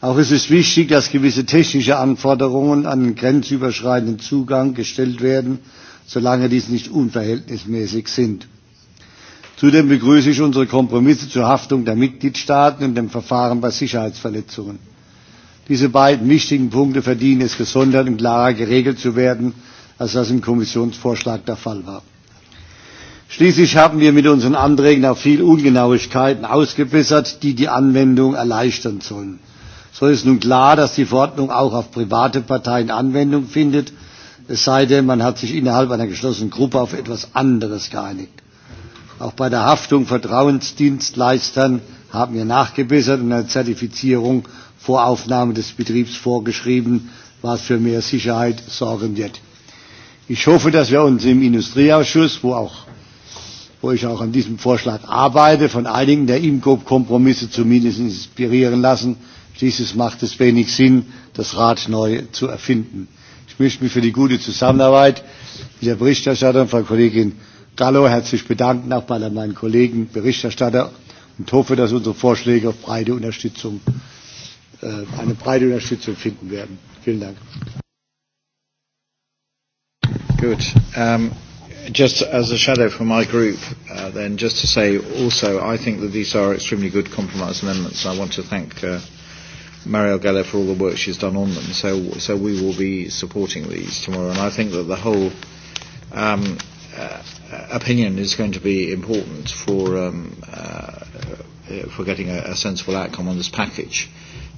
Auch ist es wichtig, dass gewisse technische Anforderungen an den grenzüberschreitenden Zugang gestellt werden, solange dies nicht unverhältnismäßig sind. Zudem begrüße ich unsere Kompromisse zur Haftung der Mitgliedstaaten und dem Verfahren bei Sicherheitsverletzungen. Diese beiden wichtigen Punkte verdienen es gesondert und klarer geregelt zu werden, als das im Kommissionsvorschlag der Fall war. Schließlich haben wir mit unseren Anträgen auch viele Ungenauigkeiten ausgebessert, die die Anwendung erleichtern sollen. So ist nun klar, dass die Verordnung auch auf private Parteien Anwendung findet, es sei denn, man hat sich innerhalb einer geschlossenen Gruppe auf etwas anderes geeinigt. Auch bei der Haftung Vertrauensdienstleistern haben wir nachgebessert und eine Zertifizierung vor Aufnahme des Betriebs vorgeschrieben, was für mehr Sicherheit sorgen wird. Ich hoffe, dass wir uns im Industrieausschuss, wo, auch, wo ich auch an diesem Vorschlag arbeite, von einigen der IMCO-Kompromisse zumindest inspirieren lassen. Schließlich macht es wenig Sinn, das Rad neu zu erfinden. Ich möchte mich für die gute Zusammenarbeit mit der Berichterstatterin, Frau Kollegin Gallo herzlich bedanken, auch bei meinen Kollegen Berichterstatter und hoffe, dass unsere Vorschläge auf breite Unterstützung, äh, eine breite Unterstützung finden werden. Vielen Dank. Good. Um, just as a shadow for my group, uh, then just to say also, I think that these are extremely good compromise amendments. I want to thank uh, Marielle Geller for all the work she's done on them. So, so we will be supporting these tomorrow. And I think that the whole um, uh, opinion is going to be important for um, uh, uh, for getting a, a sensible outcome on this package.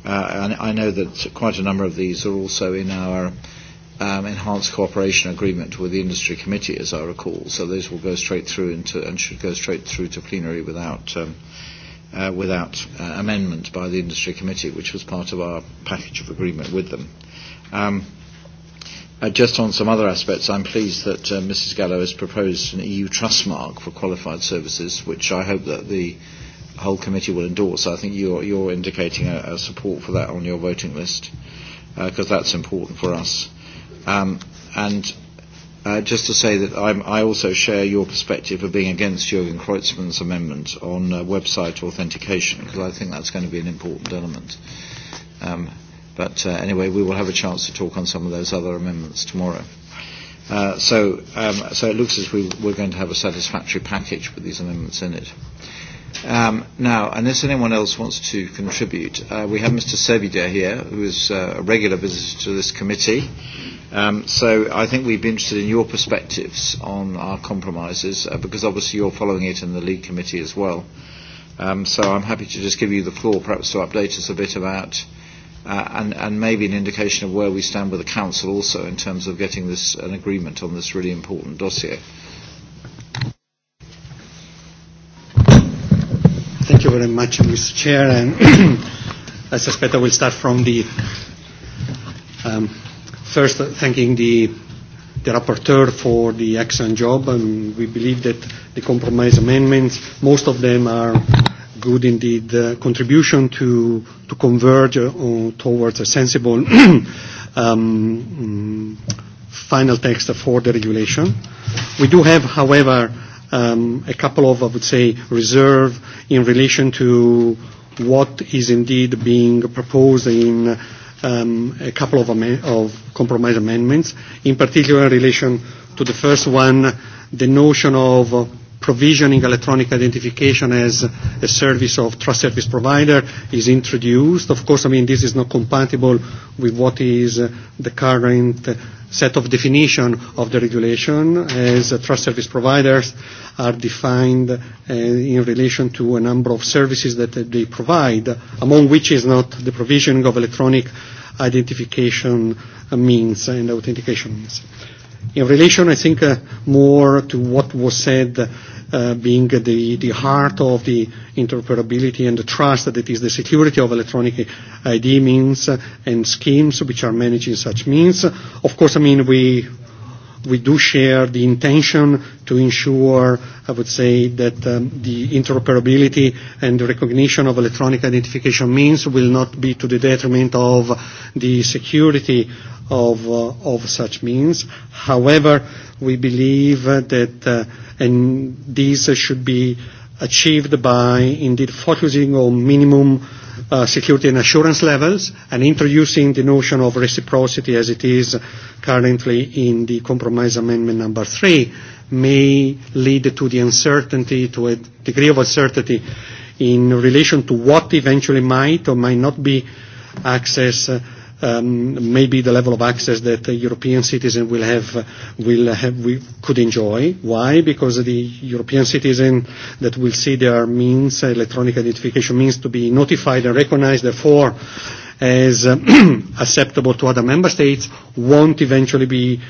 Uh, and I know that quite a number of these are also in our um, enhanced cooperation agreement with the industry committee, as I recall. So those will go straight through into and should go straight through to plenary without. Um, uh, without uh, amendment by the industry committee, which was part of our package of agreement with them. Um, Uh, just on some other aspects, I'm pleased that uh, Mrs. Gallo has proposed an EU trust mark for qualified services, which I hope that the whole committee will endorse. I think you're, you're indicating a, a support for that on your voting list, because uh, that's important for us. Um, and uh, just to say that I'm, I also share your perspective of being against Jürgen Kreutzmann's amendment on uh, website authentication, because I think that's going to be an important element. Um, But uh, anyway, we will have a chance to talk on some of those other amendments tomorrow. Uh, so, um, so it looks as we, we're going to have a satisfactory package with these amendments in it. Um, now, unless anyone else wants to contribute, uh, we have Mr. Sevida here, who is uh, a regular visitor to this committee. Um, so I think we'd be interested in your perspectives on our compromises, uh, because obviously you're following it in the lead committee as well. Um, so I'm happy to just give you the floor, perhaps to update us a bit about uh, uh, and, and maybe an indication of where we stand with the Council also in terms of getting this, an agreement on this really important dossier. Thank you very much, Mr. Chair. And I suspect I will start from the um, first uh, thanking the the rapporteur for the excellent job, and we believe that the compromise amendments, most of them are good indeed uh, contribution to, to converge uh, towards a sensible um, mm, final text for the regulation. We do have, however, um, a couple of, I would say, reserve in relation to what is indeed being proposed in um, a couple of, am- of compromise amendments, in particular in relation to the first one, the notion of provisioning electronic identification as a service of trust service provider is introduced. Of course, I mean, this is not compatible with what is uh, the current uh, set of definition of the regulation as uh, trust service providers are defined uh, in relation to a number of services that uh, they provide, among which is not the provisioning of electronic identification means and authentication means. Uh, In relation, I think, uh, more to what was said uh, being the, the heart of the interoperability and the trust that it is the security of electronic ID means uh, and schemes which are managed in such means. Of course, I mean, we we do share the intention to ensure, I would say, that um, the interoperability and the recognition of electronic identification means will not be to the detriment of the security of, uh, of such means. However, we believe that, uh, and these should be achieved by indeed focusing on minimum uh, uh, security and assurance levels and introducing the notion of reciprocity as it is currently in the compromise amendment number three may lead to the uncertainty, to a degree of uncertainty in relation to what eventually might or might not be access uh, um, maybe the level of access that a European citizen will have, uh, will have, we could enjoy. Why? Because the European citizen that will see their means, uh, electronic identification means to be notified and recognized, therefore, as uh, acceptable to other member states, won't eventually be,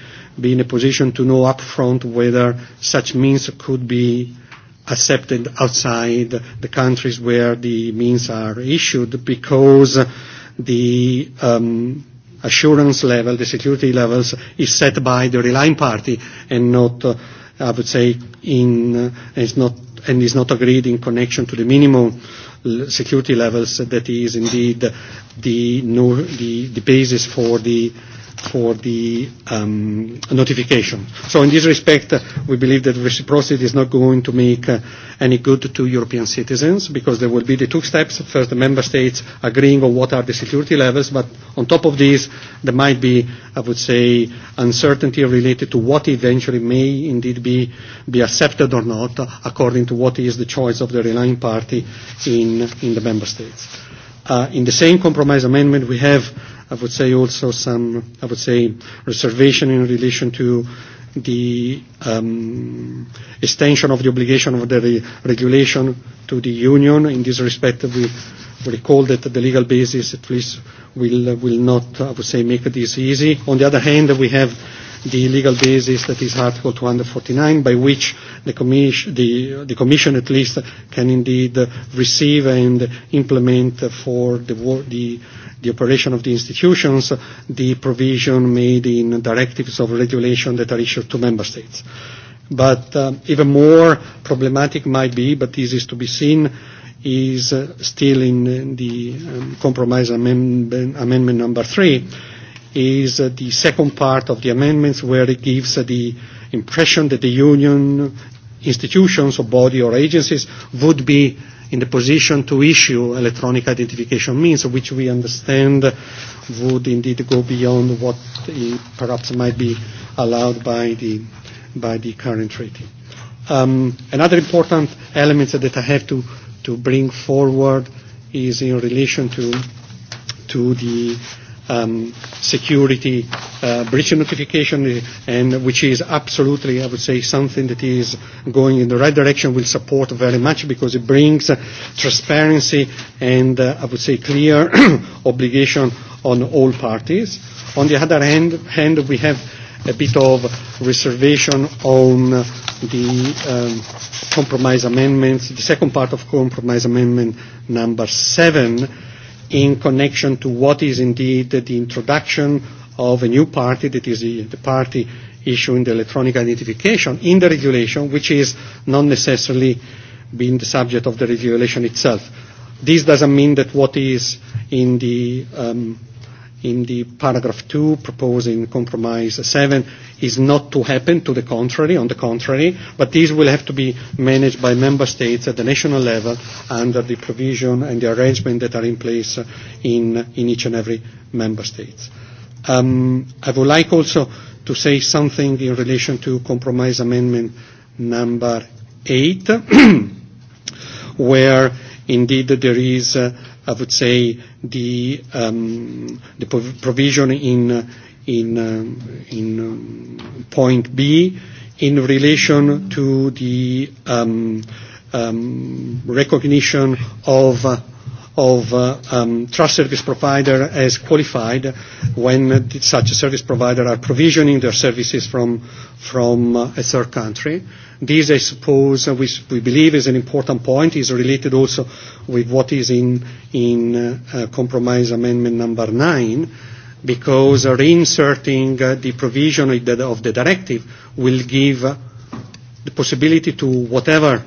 be in a position to know upfront whether such means could be accepted outside the countries where the means are issued because uh, the um, assurance level, the security levels, is set by the relying party and not, uh, I would say, in, uh, it's not, and is not agreed in connection to the minimum security levels that is indeed the, no, the, the basis for the uh, for the um, notification. So in this respect, uh, we believe that reciprocity is not going to make uh, any good to European citizens because there will be the two steps. First, the member states agreeing on what are the security levels, but on top of this, there might be, I would say, uncertainty related to what eventually may indeed be, be accepted or not according to what is the choice of the relying party in, in the member states. Uh, in the same compromise amendment, we have I would say also some, I would say, reservation in relation to the um, extension of the obligation of the re- regulation to the union. In this respect, we recall that the legal basis, at least, will, will not, I would say, make this easy. On the other hand, we have the legal basis that is Article 249, by which the, commis- the, the Commission at least can indeed receive and implement for the, wor- the, the operation of the institutions the provision made in directives of regulation that are issued to Member States. But uh, even more problematic might be, but this is to be seen, is uh, still in the um, compromise amend- amendment number three, is uh, the second part of the amendments where it gives uh, the impression that the union institutions or body or agencies would be in the position to issue electronic identification means, which we understand would indeed go beyond what uh, perhaps might be allowed by the, by the current treaty. Um, another important element that I have to, to bring forward is in relation to, to the um, security uh, breach notification, uh, and which is absolutely, I would say, something that is going in the right direction. Will support very much because it brings uh, transparency and uh, I would say clear obligation on all parties. On the other hand, hand we have a bit of reservation on uh, the um, compromise amendments, the second part of compromise amendment number seven in connection to what is indeed the introduction of a new party, that is the, the party issuing the electronic identification in the regulation, which is not necessarily being the subject of the regulation itself. This doesn't mean that what is in the um, in the paragraph 2 proposing compromise 7 is not to happen, to the contrary, on the contrary, but these will have to be managed by member states at the national level under the provision and the arrangement that are in place uh, in, in each and every member state. Um, I would like also to say something in relation to compromise amendment number 8, where indeed there is uh, I would say, the, um, the provision in, in, um, in um, point B in relation to the um, um, recognition of uh, of uh, um, trust service provider as qualified when such a service provider are provisioning their services from, from uh, a third country. Uh, This, I suppose, uh, we, we believe is an important point, is related also with what is in, in uh, uh, Compromise Amendment number 9, because uh, reinserting uh, the provision of the, of the directive will give uh, the possibility to whatever,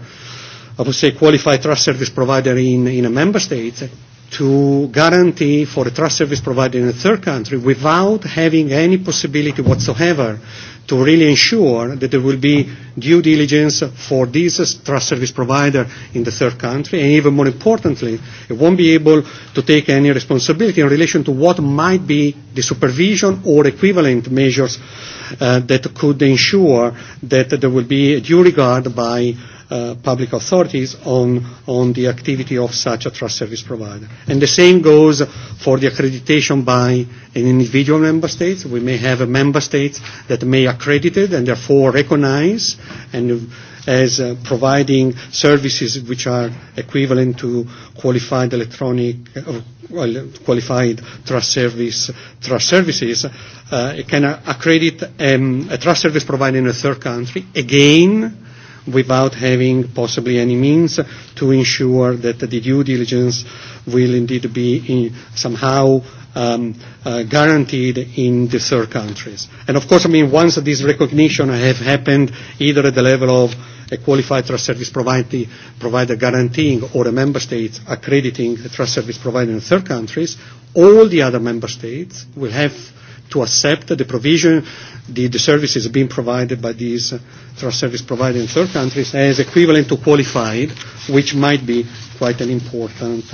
I would say, qualified trust service provider in, in a member state to guarantee for a trust service provider in a third country without having any possibility whatsoever to really ensure that there will be due diligence for this trust service provider in the third country and even more importantly it won't be able to take any responsibility in relation to what might be the supervision or equivalent measures uh, that could ensure that there will be a due regard by uh, uh, public authorities on, on the activity of such a trust service provider. And the same goes for the accreditation by an individual member state. We may have a member state that may accredit it and therefore recognize and as uh, providing services which are equivalent to qualified electronic, uh, well, qualified trust service, trust services, uh, it can accredit um, a trust service provider in a third country, again without having possibly any means to ensure that the due diligence will indeed be in eh, somehow um, uh, guaranteed in the third countries. And of course, I mean, once this recognition have happened, either at the level of a qualified trust service provider, provider guaranteeing or a member state accrediting a trust service provider in third countries, all the other member states will have to accept the provision the, the services being provided by these uh, trust service providers in third countries as equivalent to qualified, which might be quite an important,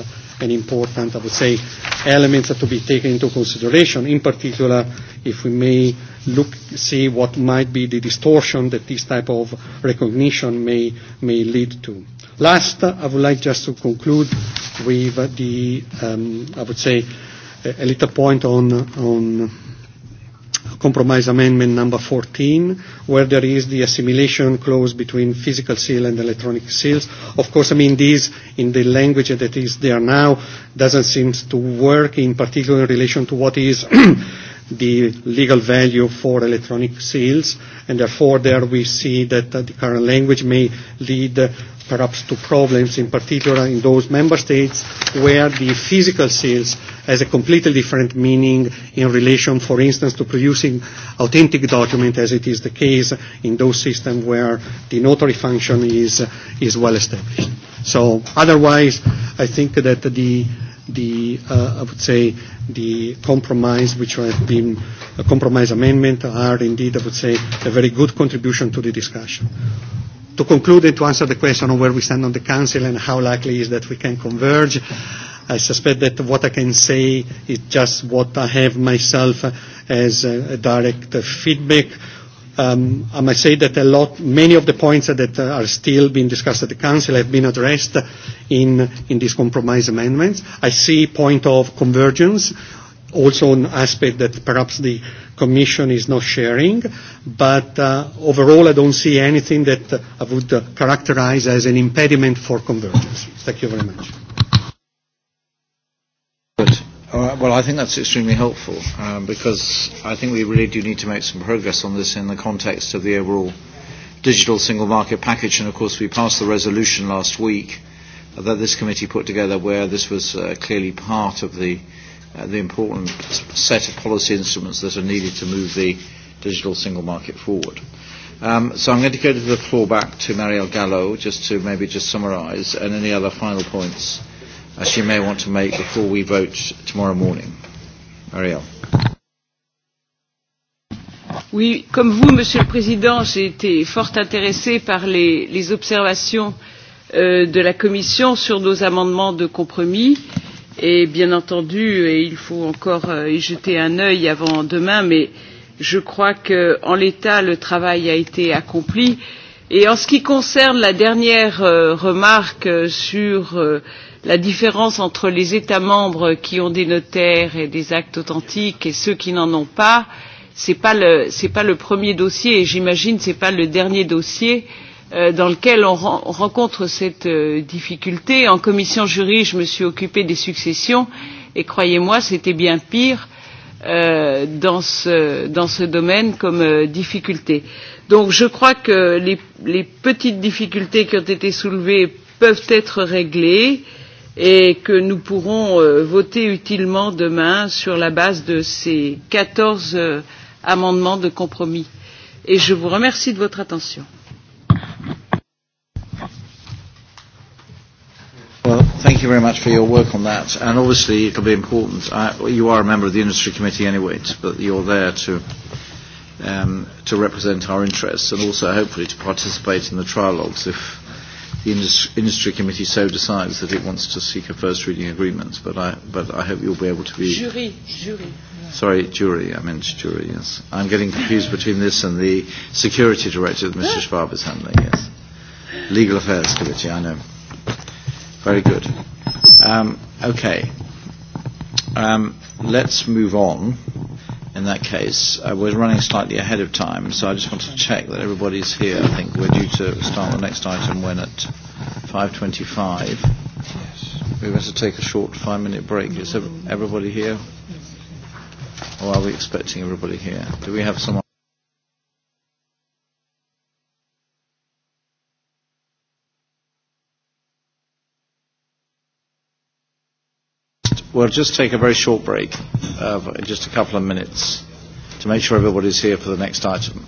an important, I would say, element to be taken into consideration. In particular, if we may look, see what might be the distortion that this type of recognition may, may lead to. Last, I would like just to conclude with the, um, I would say, a, a little point on, on compromise amendment number 14, where there is the assimilation clause between physical seal and electronic seals. Of course, I mean, this, in the language that is there now, doesn't seem to work, in particular in relation to what is the legal value for electronic seals, and therefore there we see that uh, the current language may lead uh, perhaps to problems, in particular in those member states where the physical sales has a completely different meaning in relation, for instance, to producing authentic document, as it is the case in those systems where the notary function is, is well established. So otherwise, I think that the, the uh, I would say, the compromise which have been a compromise amendment are indeed, I would say, a very good contribution to the discussion to conclude and to answer the question on where we stand on the council and how likely is that we can converge, I suspect that what I can say is just what I have myself uh, as a, a direct uh, feedback. Um, I must say that a lot, many of the points that uh, are still being discussed at the Council have been addressed in, in these compromise amendments. I see point of convergence also an aspect that perhaps the Commission is not sharing, but uh, overall I don't see anything that uh, I would uh, characterize as an impediment for convergence. Thank you very much. Good. All right, well, I think that's extremely helpful um, because I think we really do need to make some progress on this in the context of the overall digital single market package. And of course, we passed the resolution last week that this committee put together where this was uh, clearly part of the uh, uh, the important set of policy instruments that are needed to move the digital single market forward. Um, so I'm going to go to the floor back to Marielle Gallo just to maybe just summarise and any other final points uh, she may want to make before we vote tomorrow morning. Marielle. Oui, comme vous, Monsieur le Président, j'ai été fort intéressée par les, les observations euh, de la Commission sur nos amendements de compromis. Euh, et bien entendu et il faut encore euh, y jeter un œil avant demain mais je crois qu'en l'état le travail a été accompli et en ce qui concerne la dernière euh, remarque euh, sur euh, la différence entre les états membres qui ont des notaires et des actes authentiques et ceux qui n'en ont pas ce n'est pas, pas le premier dossier et j'imagine ce n'est pas le dernier dossier euh, Euh, dans lequel on, re on rencontre cette euh, difficulté. En commission jury, je me suis occupée des successions et croyez-moi, c'était bien pire euh, dans, ce, dans ce domaine comme euh, difficulté. Donc je crois que les, les petites difficultés qui ont été soulevées peuvent être réglées et que nous pourrons euh, voter utilement demain sur la base de ces 14 euh, amendements de compromis. Et je vous remercie de votre attention. Thank you very much for your work on that. And obviously, it'll be important. I, you are a member of the industry committee anyway, but you're there to um, to represent our interests and also hopefully to participate in the trialogues if the industry, industry committee so decides that it wants to seek a first reading agreement. But I, but I hope you'll be able to be. Jury, jury. Sorry, jury. I meant jury. Yes, I'm getting confused between this and the security director that Mr. Schwab is handling. Yes, legal affairs committee. I know. Very good. Um, okay. Um, let's move on. In that case, uh, we're running slightly ahead of time, so I just want to check that everybody's here. I think we're due to start the next item when at 5:25. Yes. We're going to take a short five-minute break. Is everybody here? Or are we expecting everybody here? Do we have someone? We'll just take a very short break, uh, just a couple of minutes, to make sure everybody's here for the next item.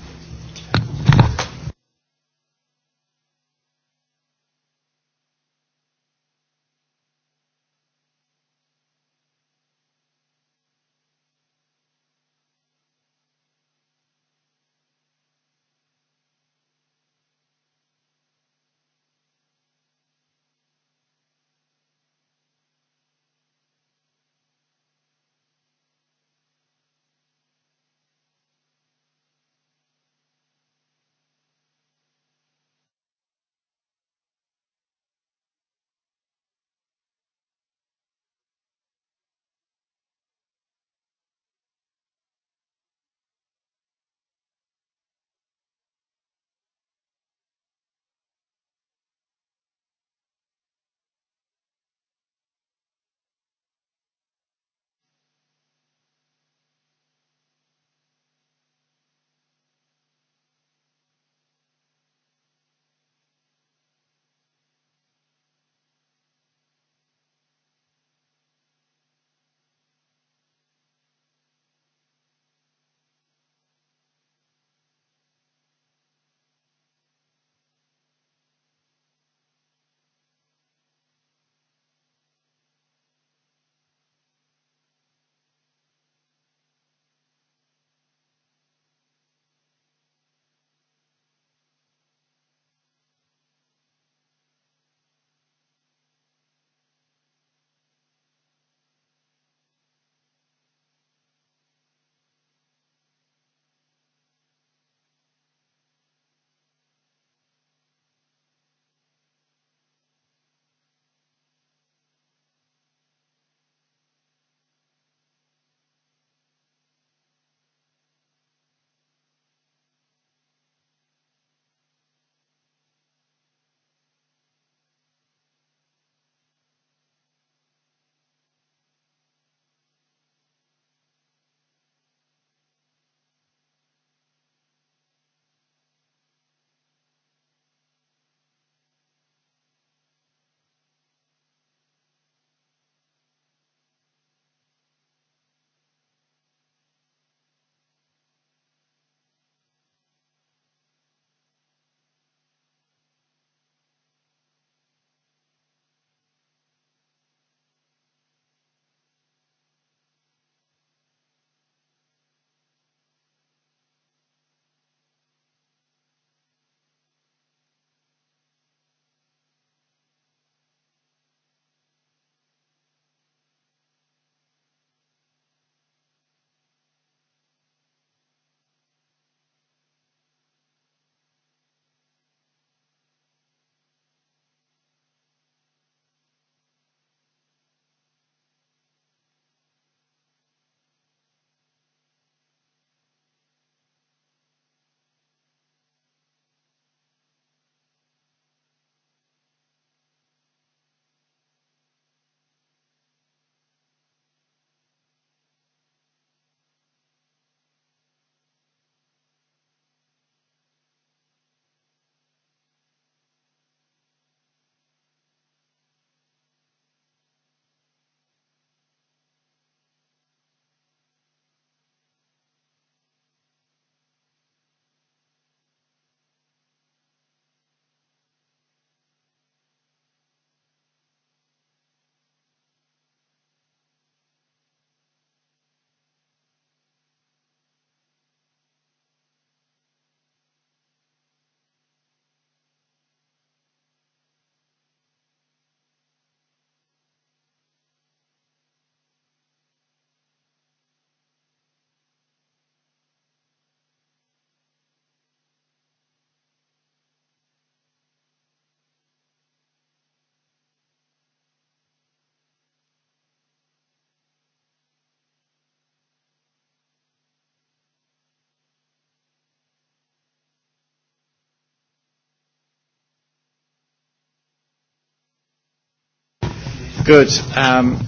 Good. Um,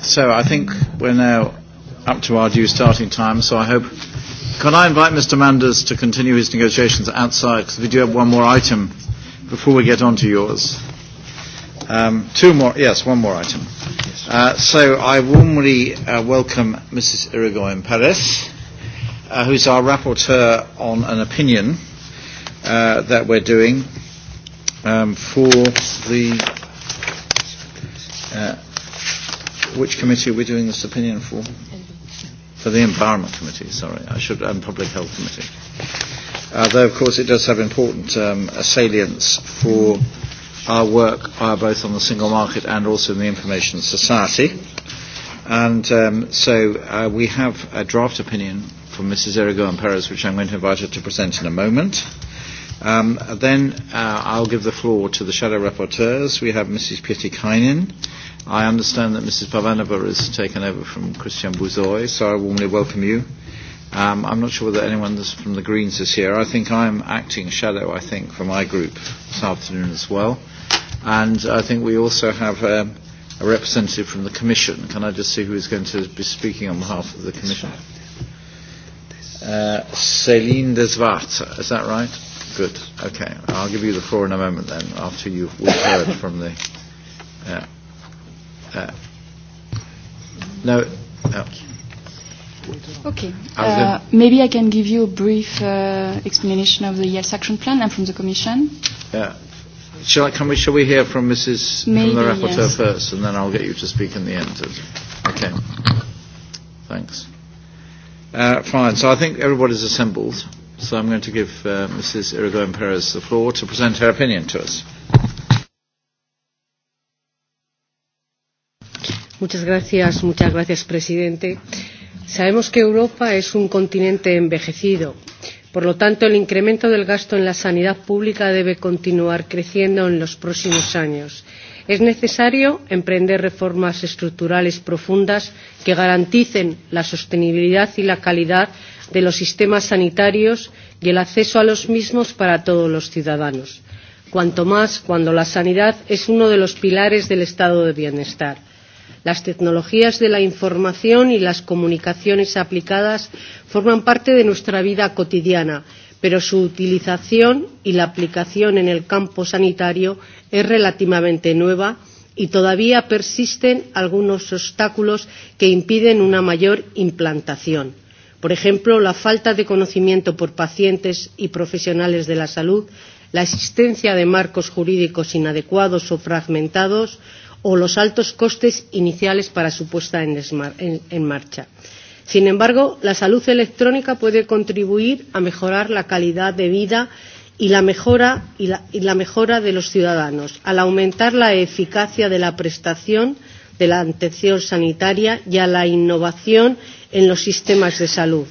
so I think we're now up to our due starting time, so I hope... Can I invite Mr Manders to continue his negotiations outside, because we do have one more item before we get on to yours. Um, two more, yes, one more item. Uh, so I warmly uh, welcome Mrs. Irigoyen Perez, uh, who's our rapporteur on an opinion uh, that we're doing um, for the Uh, which committee are we doing this opinion for? For the Environment Committee, sorry. I should, um, Public Health Committee. Uh, though, of course, it does have important um, uh, salience for our work uh, both on the single market and also in the information society. And um, so uh, we have a draft opinion from Mrs. Erigo Perez, which I'm going to invite her to present in a moment. Uh, Um, then uh, I'll give the floor to the shadow rapporteurs. We have Mrs. Pietikainen. I understand that Mrs. Pavanova has taken over from Christian Bouzoy, so I warmly welcome you. Um, I'm not sure whether anyone from the Greens is here. I think I'm acting shadow, I think, for my group this afternoon as well. And I think we also have um, a representative from the Commission. Can I just see who is going to be speaking on behalf of the Commission? Uh, Céline Desvart, is that right? Good. Okay. I'll give you the floor in a moment then, after you've heard from the. Uh, uh, no. Uh, Okay. Uh, maybe I can give you a brief uh, explanation of the Yale's action plan and from the Commission. Yeah. Shall, I, can we, shall we hear from Mrs. Maybe, from the rapporteur yes. first, and then I'll get you to speak in the end. Okay. Thanks. Uh, fine. So I think everybody's assembled. So I'm going to give uh, Mrs. Irigoyen Perez the floor to present her opinion to us. Muchas gracias, muchas gracias, presidente. Sabemos que Europa es un continente envejecido. Por lo tanto, el incremento del gasto en la sanidad pública debe continuar creciendo en los próximos años. Eh, es necesario emprender reformas estructurales profundas que garanticen la sostenibilidad y la calidad de los sistemas sanitarios y el acceso a los mismos para todos los ciudadanos, cuanto más cuando la sanidad es uno de los pilares del estado de bienestar. Las tecnologías de la información y las comunicaciones aplicadas forman parte de nuestra vida cotidiana pero su utilización y la aplicación en el campo sanitario es relativamente nueva y todavía persisten algunos obstáculos que impiden una mayor implantación. Por ejemplo, la falta de conocimiento por pacientes y profesionales de la salud, la existencia de marcos jurídicos inadecuados o fragmentados o los altos costes iniciales para su puesta en, en, en marcha. Eh, Sin embargo, la salud electrónica puede contribuir a mejorar la calidad de vida y la mejora, y la, y la mejora de los ciudadanos, al aumentar la eficacia de la prestación de la atención sanitaria y a la innovación en los sistemas de salud.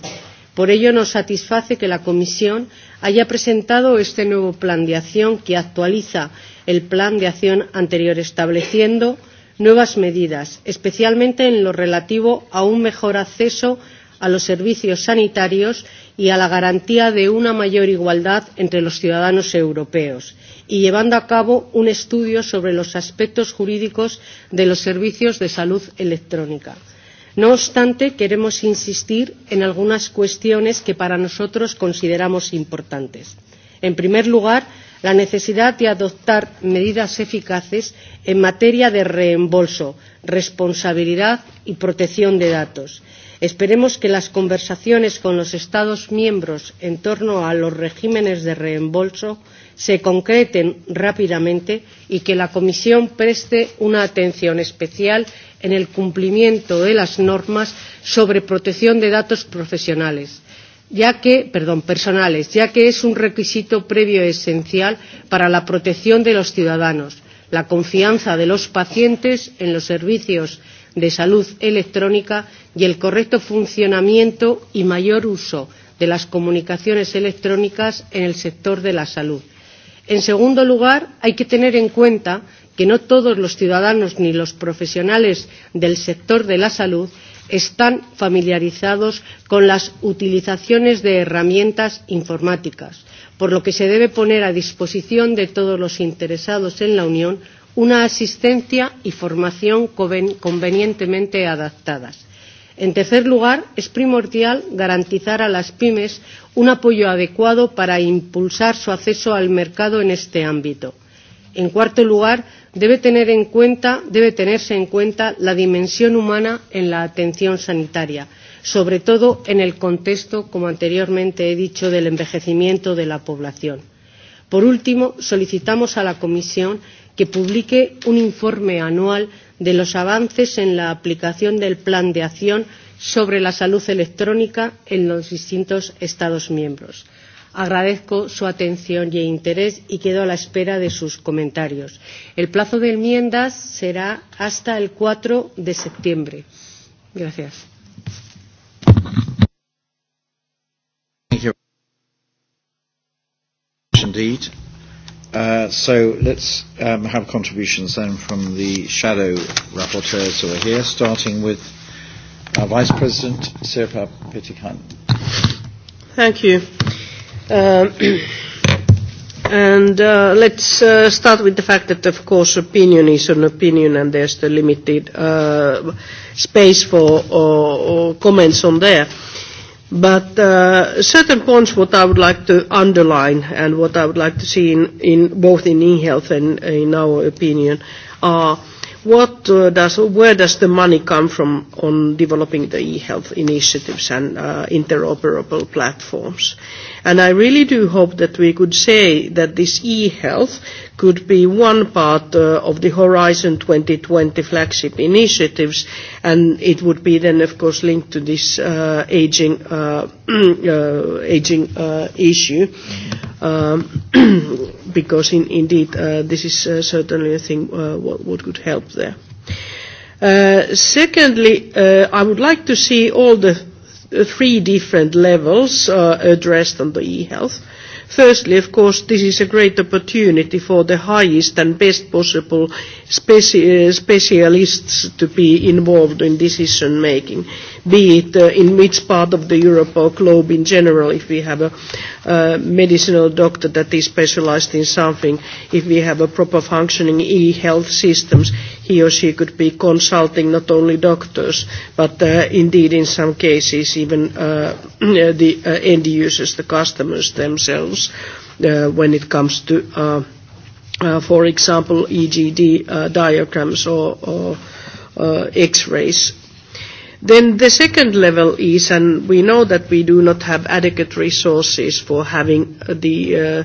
Por ello, nos satisface que la Comisión haya presentado este nuevo plan de acción que actualiza el plan de acción anterior, estableciendo nuevas medidas, especialmente en lo relativo a un mejor acceso a los servicios sanitarios y a la garantía de una mayor igualdad entre los ciudadanos europeos y llevando a cabo un estudio sobre los aspectos jurídicos de los servicios de salud electrónica. No obstante, queremos insistir en algunas cuestiones que para nosotros consideramos importantes. En primer lugar, la necesidad de adoptar medidas eficaces en materia de reembolso, responsabilidad y protección de datos. Esperemos que las conversaciones con los Estados miembros en torno a los regímenes de reembolso se concreten rápidamente y que la Comisión preste una atención especial en el cumplimiento de las normas sobre protección de datos profesionales ya que, perdón, personales, ya que es un requisito previo esencial para la protección de los ciudadanos, la confianza de los pacientes en los servicios de salud electrónica y el correcto funcionamiento y mayor uso de las comunicaciones electrónicas en el sector de la salud. En segundo lugar, hay que tener en cuenta que no todos los ciudadanos ni los profesionales del sector de la salud están familiarizados con las utilizaciones de herramientas informáticas, por lo que se debe poner a disposición de todos los interesados en la Unión una asistencia y formación convenientemente adaptadas. En tercer lugar, es primordial garantizar a las pymes un apoyo adecuado para impulsar su acceso al mercado en este ámbito. En cuarto lugar, debe, tener en cuenta, debe tenerse en cuenta la dimensión humana en la atención sanitaria, sobre todo en el contexto, como anteriormente he dicho, del envejecimiento de la población. Por último, solicitamos a la Comisión que publique un informe anual de los avances en la aplicación del Plan de Acción sobre la Salud Electrónica en los distintos Estados miembros Agradezco su atención y interés y quedo a la espera de sus comentarios. El plazo de enmiendas será hasta el 4 de septiembre. Gracias. Thank you. Indeed. Uh, so let's um, have contributions then from the shadow rapporteurs who are here, starting with our uh, Vice President, Sirpa Pitikainen. Thank you. Uh, and uh, let's uh, start with the fact that, of course, opinion is an opinion, and there's the limited uh, space for or, uh, or comments on there. But uh, certain points what I would like to underline and what I would like to see in, in both in e-health and in our opinion are what uh, does, where does the money come from on developing the e-health initiatives and uh, interoperable platforms? And I really do hope that we could say that this e-health could be one part uh, of the Horizon 2020 flagship initiatives, and it would be then, of course, linked to this uh, aging, uh, uh, aging uh, issue, um, because in, indeed uh, this is uh, certainly a thing uh, what, what could help there. Uh, secondly, uh, I would like to see all the Uh, three different levels uh, addressed on the e-health. Firstly, of course, this is a great opportunity for the highest and best possible speci- uh, specialists to be involved in decision making be it uh, in which part of the Europe or globe in general, if we have a uh, medicinal doctor that is specialized in something, if we have a proper functioning e-health systems, he or she could be consulting not only doctors, but uh, indeed in some cases even uh, the uh, end users, the customers themselves, uh, when it comes to, uh, uh, for example, EGD uh, diagrams or, or uh, X-rays Then the second level is, and we know that we do not have adequate resources for having uh, the uh,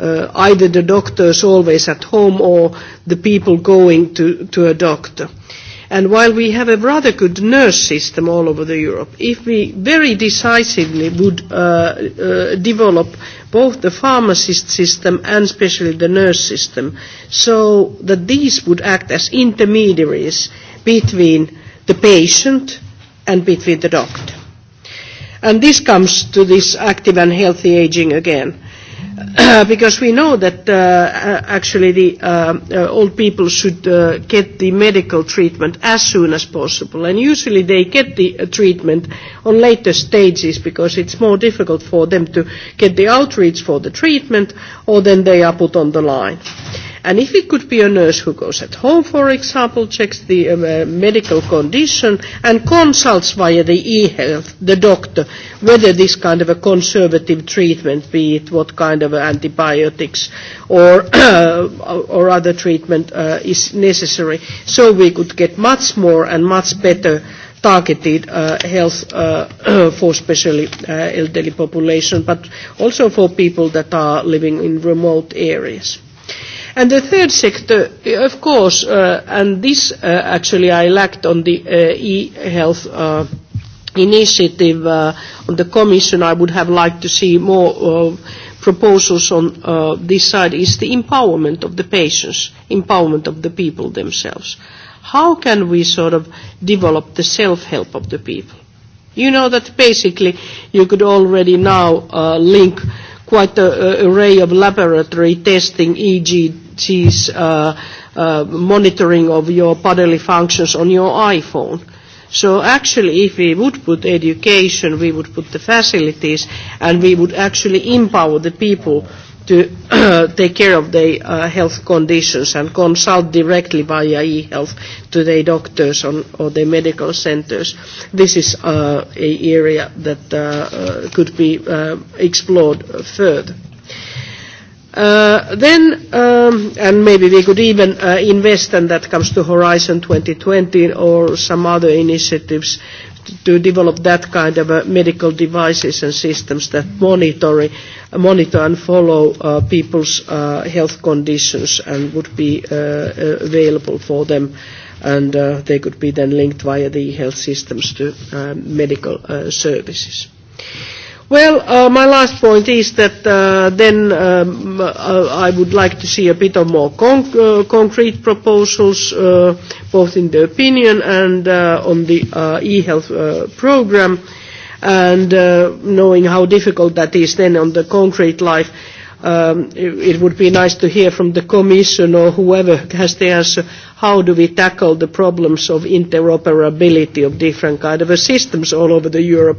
uh, either the doctors always at home or the people going to, to a doctor. And while we have a rather good nurse system all over the Europe, if we very decisively would uh, uh, develop both the pharmacist system and especially the nurse system, so that these would act as intermediaries between the patient and bit with the doctor. And this comes to this active and healthy aging again. Uh, because we know that uh, uh, actually the uh, uh, old people should uh, get the medical treatment as soon as possible. And usually they get the uh, treatment on later stages because it's more difficult for them to get the outreach for the treatment or then they are put on the line. Uh, And if it could be a nurse who goes at home, for example, checks the um, uh, medical condition and consults via the e-health, the doctor, whether this kind of a conservative treatment, be it what kind of antibiotics or, or other treatment uh, is necessary, so we could get much more and much better targeted uh, health uh, for especially uh, elderly population, but also for people that are living in remote areas. And the third sector, eh, of course, uh, and this uh, actually I lacked on the uh, e-health uh, initiative uh, on the Commission, I would have liked to see more uh, proposals on uh, this side, is the empowerment of the patients, empowerment of the people themselves. How can we sort of develop the self-help of the people? You know that basically you could already now uh, link quite an array of laboratory testing, e.g activities, uh, uh, monitoring of your bodily functions on your iPhone. So actually, if we would put education, we would put the facilities, and we would actually empower the people to uh, take care of their uh, health conditions and consult directly via e-health to their doctors on, or their medical centers. This is uh, an area that uh, uh, could be uh, explored further. Uh, then, um, and maybe we could even uh, invest, and that comes to Horizon 2020 or some other initiatives to, to develop that kind of uh, medical devices and systems that monitor, uh, monitor and follow uh, people's uh, health conditions and would be uh, uh, available for them. And uh, they could be then linked via the health systems to uh, medical uh, services. Uh, Well, uh, my last point is that uh, then um, uh, I would like to see a bit of more conc uh, concrete proposals, uh, both in the opinion and uh, on the uh, e-health uh, program, and uh, knowing how difficult that is then on the concrete life. Um, it, it would be nice to hear from the Commission or whoever has the answer how do we tackle the problems of interoperability of different kind of systems all over the Europe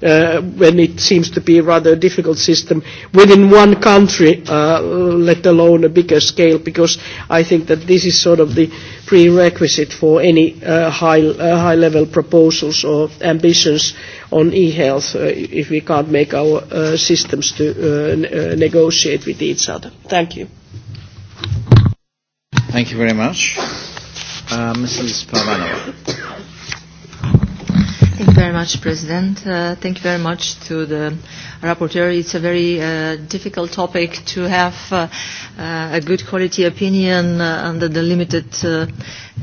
uh, when it seems to be rather a difficult system within one country, uh, let alone a bigger scale, because I think that this is sort of the prerequisite for any uh, high, uh, high level proposals or ambitions on e-health uh, if we can't make our uh, systems to uh, n- uh, negotiate with each other. Thank you. Thank you. Thank you very much. Uh, Mrs. Parvanova. Thank you very much, President. Uh, thank you very much to the rapporteur. It's a very uh, difficult topic to have uh, uh, a good quality opinion uh, under the limited uh,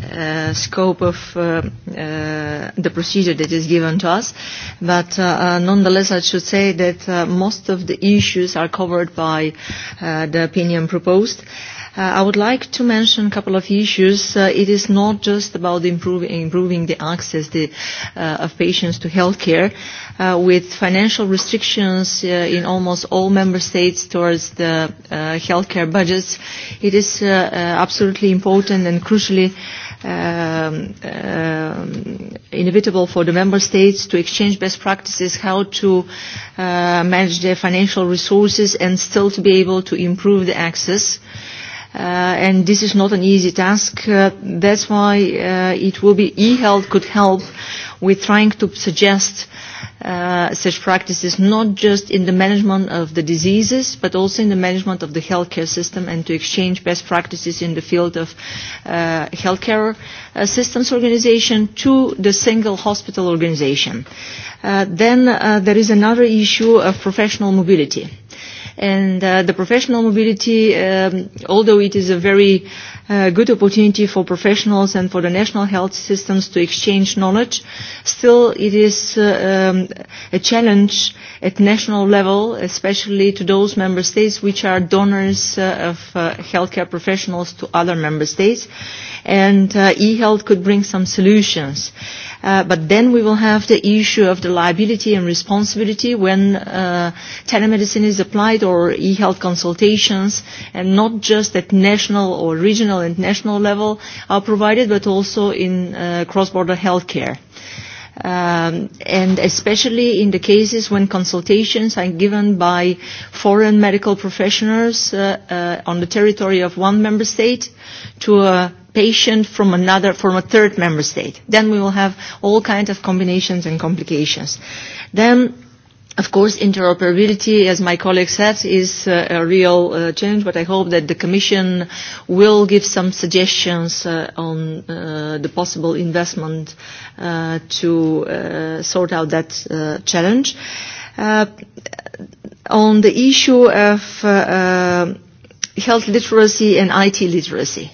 uh, scope of uh, uh, the procedure that is given to us. But uh, uh, nonetheless, I should say that uh, most of the issues are covered by uh, the opinion proposed. Uh, Uh, I would like to mention a couple of issues. Uh, it is not just about improving, improving the access the, uh, of patients to healthcare. Uh, with financial restrictions uh, in almost all member states towards the uh, healthcare budgets, it is uh, uh, absolutely important and crucially um, uh, inevitable for the member states to exchange best practices, how to uh, manage their financial resources and still to be able to improve the access. Uh, Uh, and this is not an easy task. Uh, that's why uh, it will be e-health could help with trying to suggest uh, such practices not just in the management of the diseases but also in the management of the healthcare system and to exchange best practices in the field of uh, healthcare uh, systems organization to the single hospital organization. Uh, then uh, there is another issue of professional mobility. Uh, And uh, the professional mobility, um, although it is a very uh, good opportunity for professionals and for the national health systems to exchange knowledge, still it is uh, um, a challenge at national level, especially to those member states which are donors uh, of uh, healthcare professionals to other member states. And uh, e-health could bring some solutions. Uh, Uh, but then we will have the issue of the liability and responsibility when uh, telemedicine is applied or e-health consultations, and not just at national or regional and national level are provided, but also in uh, cross-border healthcare. Um, and especially in the cases when consultations are given by foreign medical professionals uh, uh, on the territory of one member state to a patient from another, from a third member state. Then we will have all kinds of combinations and complications. Then Of course, interoperability, as my colleague said, is uh, a real uh, change, but I hope that the Commission will give some suggestions uh, on uh, the possible investment uh, to uh, sort out that uh, challenge. Uh, on the issue of uh, uh, health literacy and IT literacy.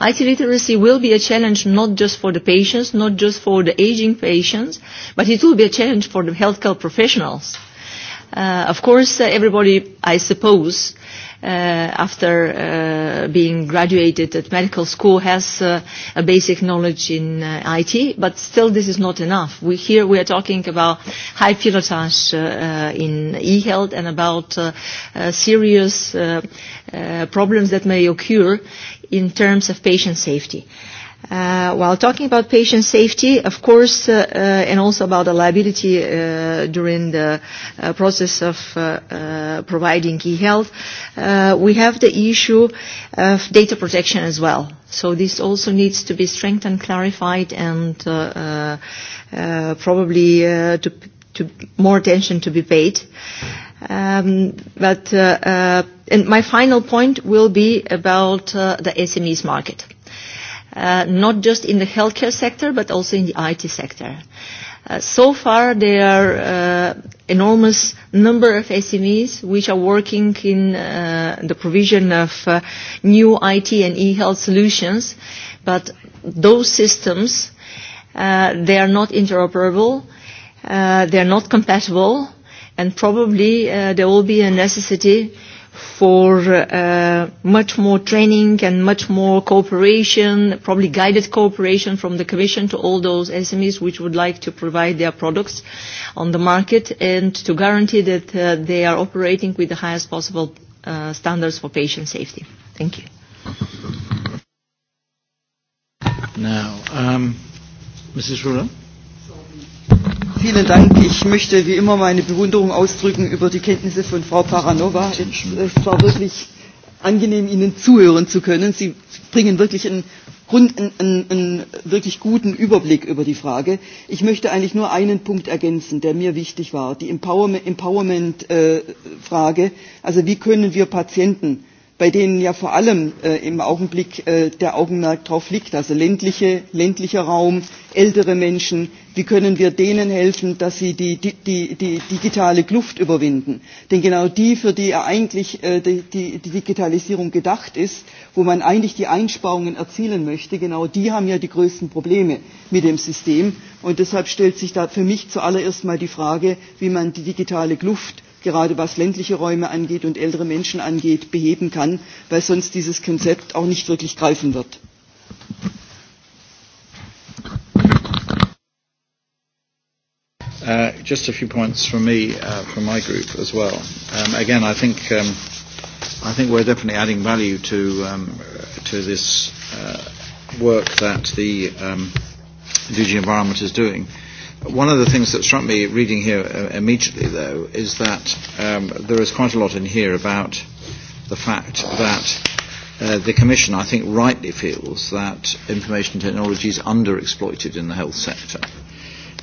IT literacy will be a challenge not just for the patients, not just for the aging patients, but it will be a challenge for the healthcare professionals. Uh, of course, uh, everybody, I suppose, uh, after uh, being graduated at medical school has uh, a basic knowledge in uh, IT, but still this is not enough. We here we are talking about high pilotage uh, uh, in e-health and about uh, uh, serious uh, uh, problems that may occur in terms of patient safety. Uh, Uh, while talking about patient safety, of course, uh, uh, and also about the liability uh, during the uh, process of uh, uh, providing e-health, uh, we have the issue of data protection as well. So this also needs to be strengthened, clarified, and uh, uh, uh probably uh, to, to more attention to be paid. Um, but uh, uh, and my final point will be about uh, the SMEs market. Uh, uh, not just in the healthcare sector, but also in the IT sector. Uh, so far, there are uh, enormous number of SMEs which are working in uh, the provision of uh, new IT and e-health solutions, but those systems, uh, they are not interoperable, uh, they are not compatible, and probably uh, there will be a necessity uh, for uh, much more training and much more cooperation, probably guided cooperation from the Commission to all those SMEs which would like to provide their products on the market and to guarantee that uh, they are operating with the highest possible uh, standards for patient safety. Thank you. Now, um, Mrs. Ruler. Vielen Dank. Ich möchte wie immer meine Bewunderung ausdrücken über die Kenntnisse von Frau Paranova. Es war wirklich angenehm, Ihnen zuhören zu können. Sie bringen wirklich einen, Grund, einen, einen, einen wirklich guten Überblick über die Frage. Ich möchte eigentlich nur einen Punkt ergänzen, der mir wichtig war, die Empowerment-Frage. Empowerment, äh, Frage. also wie können wir Patienten bei denen ja vor allem äh, im Augenblick äh, der Augenmerk drauf liegt, also ländliche, ländlicher Raum, ältere Menschen, wie können wir denen helfen, dass sie die, die, die, die digitale Kluft überwinden. Denn genau die, für die ja eigentlich äh, die, die, die Digitalisierung gedacht ist, wo man eigentlich die Einsparungen erzielen möchte, genau die haben ja die größten Probleme mit dem System. Und deshalb stellt sich da für mich zuallererst mal die Frage, wie man die digitale Kluft gerade was ländliche Räume angeht und ältere Menschen angeht, beheben kann, weil sonst dieses Konzept auch nicht wirklich greifen wird. Uh, just a few points from me, uh, from my group as well. Um, again, I think, um, I think we're definitely adding value to, um, to this uh, work that the um, DG Environment is doing. Uh, One of the things that struck me reading here uh, immediately, though, is that um, there is quite a lot in here about the fact that uh, the Commission, I think, rightly feels that information technology is underexploited in the health sector.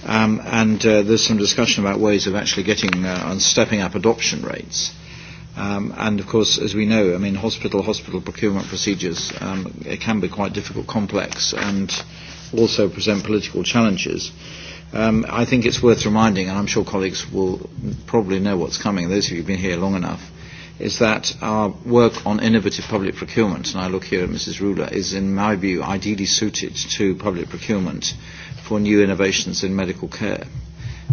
Um, and uh, there's some discussion about ways of actually getting uh, and stepping up adoption rates. Um, and of course, as we know, I mean, hospital hospital procurement procedures um, it can be quite difficult, complex, and also present political challenges. Uh, Um, I think it's worth reminding, and I'm sure colleagues will probably know what's coming, those of you who've been here long enough, is that our work on innovative public procurement, and I look here at Mrs. Ruler, is in my view ideally suited to public procurement for new innovations in medical care.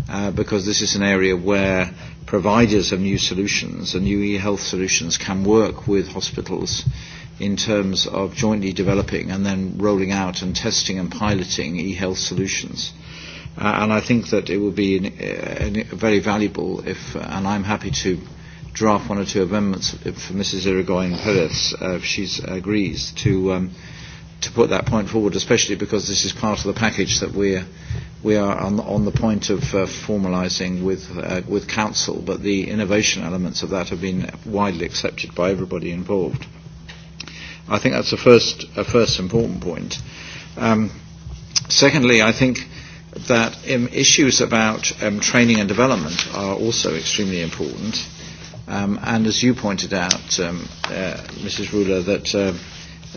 Uh, because this is an area where providers of new solutions and new e-health solutions can work with hospitals in terms of jointly developing and then rolling out and testing and piloting e-health solutions. Uh, Uh, and I think that it will be an, an, very valuable if, uh, and I'm happy to draft one or two amendments for Mrs. Irigoyen Perez, uh, if she agrees, to, um, to put that point forward, especially because this is part of the package that we're, we are on, on the point of uh, formalising with, uh, with Council, but the innovation elements of that have been widely accepted by everybody involved. I think that's a first, a uh, first important point. Um, secondly, I think that um, issues about um, training and development are also extremely important. Um, and as you pointed out, um, uh, Mrs. Ruler, that, uh,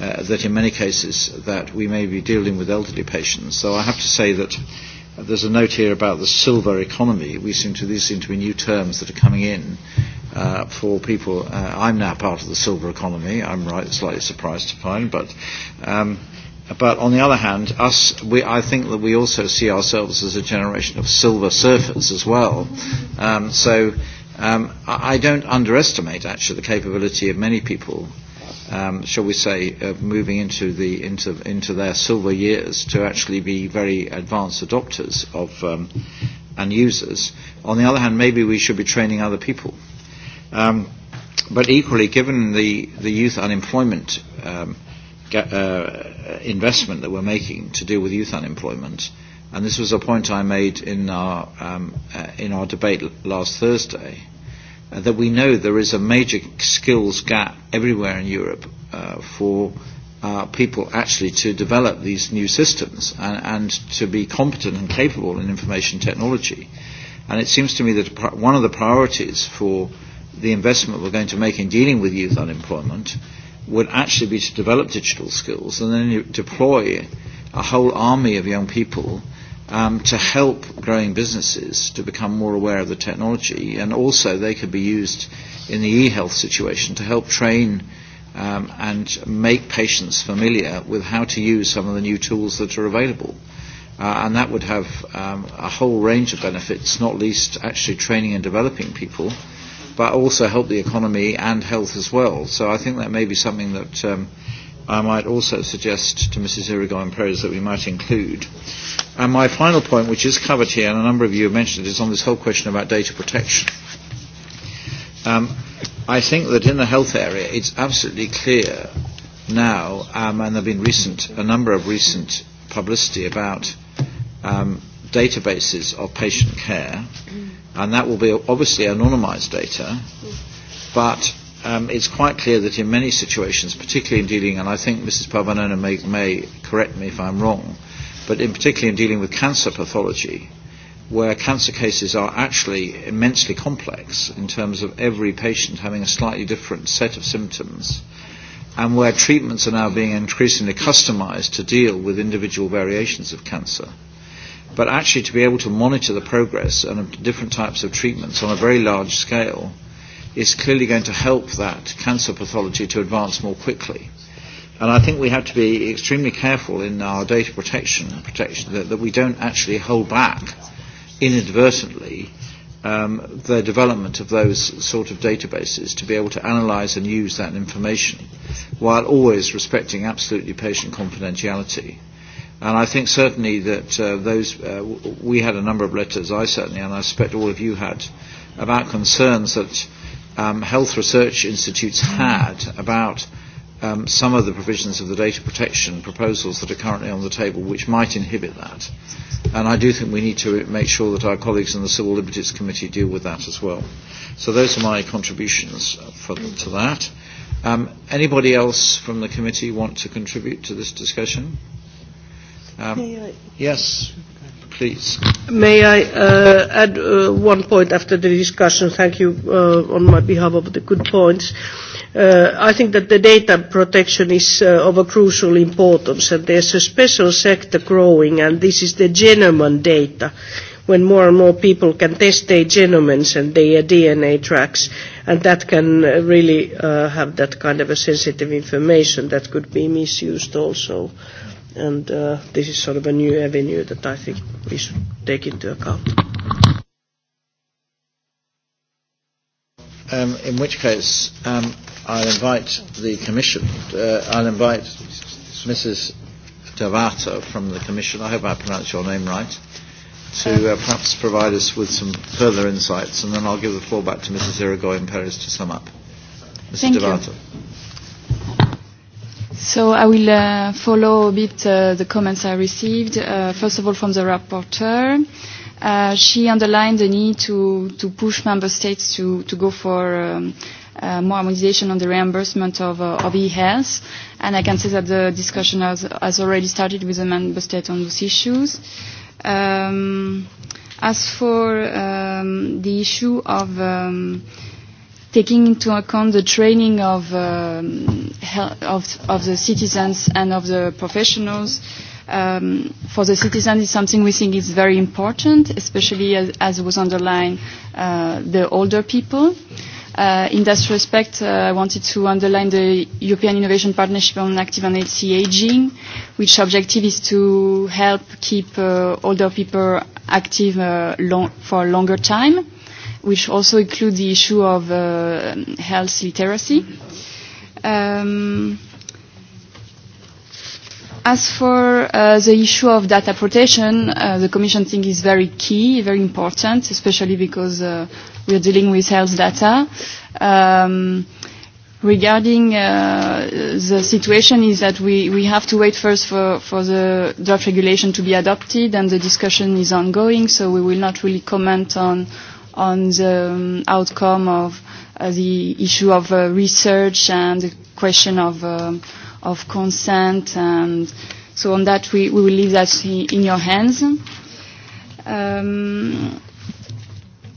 uh, that in many cases that we may be dealing with elderly patients. So I have to say that uh, there's a note here about the silver economy. We seem to, these seem to be new terms that are coming in uh, for people. Uh, I'm now part of the silver economy. I'm right, slightly surprised to find, but. Um, But on the other hand, us, we, I think that we also see ourselves as a generation of silver surfers as well. Um, so um, I, I don't underestimate actually the capability of many people, um, shall we say, uh, moving into, the, into, into their silver years to actually be very advanced adopters of um, and users. On the other hand, maybe we should be training other people. Um, but equally, given the, the youth unemployment um, Uh, uh, investment that we're making to deal with youth unemployment. And this was a point I made in our, um, uh, in our debate last Thursday, uh, that we know there is a major skills gap everywhere in Europe uh, for uh, people actually to develop these new systems and, and to be competent and capable in information technology. And it seems to me that one of the priorities for the investment we're going to make in dealing with youth unemployment uh, would actually be to develop digital skills and then you deploy a whole army of young people um, to help growing businesses to become more aware of the technology. And also, they could be used in the e-health situation to help train um, and make patients familiar with how to use some of the new tools that are available. Uh, and that would have um, a whole range of benefits, not least actually training and developing people. Uh, but also help the economy and health as well. So I think that may be something that um, I might also suggest to Mrs. Irigoyen Perez that we might include. And my final point, which is covered here, and a number of you have mentioned it, is on this whole question about data protection. Um, I think that in the health area, it's absolutely clear now, um, and there have been recent, a number of recent publicity about um, databases of patient care. Mm-hmm and that will be obviously anonymised data, but um, it's quite clear that in many situations, particularly in dealing, and I think Mrs. Pavanona may, may correct me if I'm wrong, but in particularly in dealing with cancer pathology, where cancer cases are actually immensely complex in terms of every patient having a slightly different set of symptoms, and where treatments are now being increasingly customized to deal with individual variations of cancer. Uh, But actually, to be able to monitor the progress and different types of treatments on a very large scale is clearly going to help that cancer pathology to advance more quickly. And I think we have to be extremely careful in our data protection, protection that, that we don't actually hold back inadvertently um, the development of those sort of databases to be able to analyse and use that information while always respecting absolutely patient confidentiality. Uh, And I think certainly that uh, those, uh, w- we had a number of letters, I certainly, and I suspect all of you had, about concerns that um, health research institutes had about um, some of the provisions of the data protection proposals that are currently on the table, which might inhibit that. And I do think we need to make sure that our colleagues in the Civil Liberties Committee deal with that as well. So those are my contributions uh, for, to that. Um, anybody else from the committee want to contribute to this discussion? Mm-hmm. Um, May I? Yes, please. May I uh, add uh, one point after the discussion? Thank you uh, on my behalf of the good points. Uh, I think that the data protection is uh, of a crucial importance, and there's a special sector growing, and this is the genome data when more and more people can test their genomes and their DNA tracks, and that can uh, really uh, have that kind of a sensitive information that could be misused also. Uh, and uh, this is sort of a new avenue that I think we should take into account. Um, in which case, um, I'll invite the Commission. Uh, I'll invite Mrs. Davato from the Commission. I hope I pronounced your name right. To uh, perhaps provide us with some further insights, and then I'll give the floor back to Mrs. Irigoyen Perez to sum up. Mrs. Thank Davato. You. So I will uh, follow a bit uh, the comments I received, uh, first of all from the rapporteur. Uh, she underlined the need to, to push member states to, to go for um, uh, more harmonization on the reimbursement of, uh, of e-health. And I can say that the discussion has, has already started with the member state on those issues. Um, as for um, the issue of um, uh, taking into account the training of, um, of, of the citizens and of the professionals. Um, for the citizens is something we think is very important, especially as, as was underlined, uh, the older people. Uh, in that respect, uh, I wanted to underline the European Innovation Partnership on Active and Healthy Aging, which objective is to help keep uh, older people active uh, long, for a longer time which also include the issue of uh, health literacy. Um, as for uh, the issue of data protection, uh, the Commission thinks is very key, very important, especially because uh, we are dealing with health data. Um, regarding uh, the situation is that we, we have to wait first for, for the draft regulation to be adopted and the discussion is ongoing, so we will not really comment on on the um, outcome of uh, the issue of uh, research and the question of, um, of consent. And so on that, we, we will leave that in your hands. Um,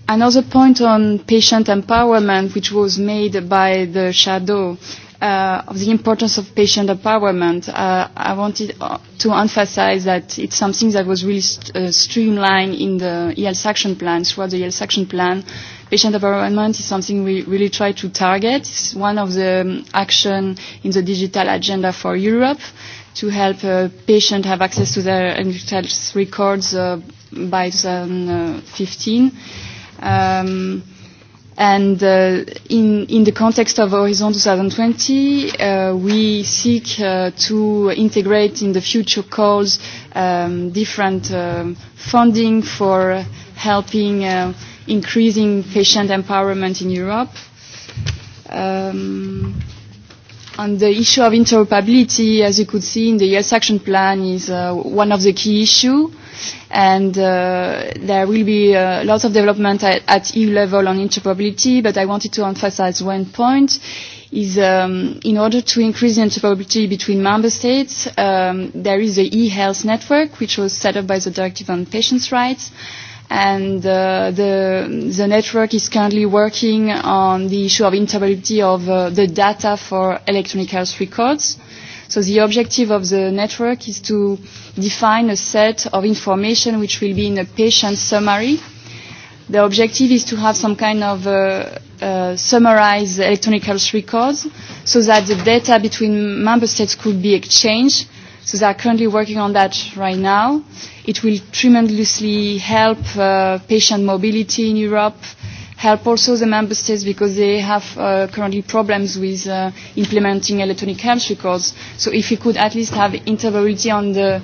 another point on patient empowerment, which was made by the shadow, uh, uh, of the importance of patient empowerment, uh, I wanted uh, to emphasize that it's something that was really st uh, streamlined in the health action plan. Throughout the health action plan, patient empowerment is something we really try to target. It's one of the um, action in the digital agenda for Europe to help uh, patients have access to their health records uh, by 2015. Um, And uh, in, in the context of Horizon 2020, uh, we seek uh, to integrate in the future calls um, different um, funding for helping uh, increasing patient empowerment in Europe. Um, On the issue of interoperability, as you could see in the US Action Plan, is uh, one of the key issues. And uh, there will be a uh, lot of development at, at EU level on interoperability, but I wanted to emphasize one point is um, in order to increase the interoperability between member states, um, there is the e-health network, which was set up by the Directive on Patients' Rights and uh, the, the network is currently working on the issue of interoperability of uh, the data for electronic health records. So the objective of the network is to define a set of information which will be in a patient summary. The objective is to have some kind of uh, uh, summarized electronic health records so that the data between member states could be exchanged So they are currently working on that right now. It will tremendously help uh, patient mobility in Europe, help also the member states because they have uh, currently problems with uh, implementing electronic health records. So if we could at least have interoperability on the,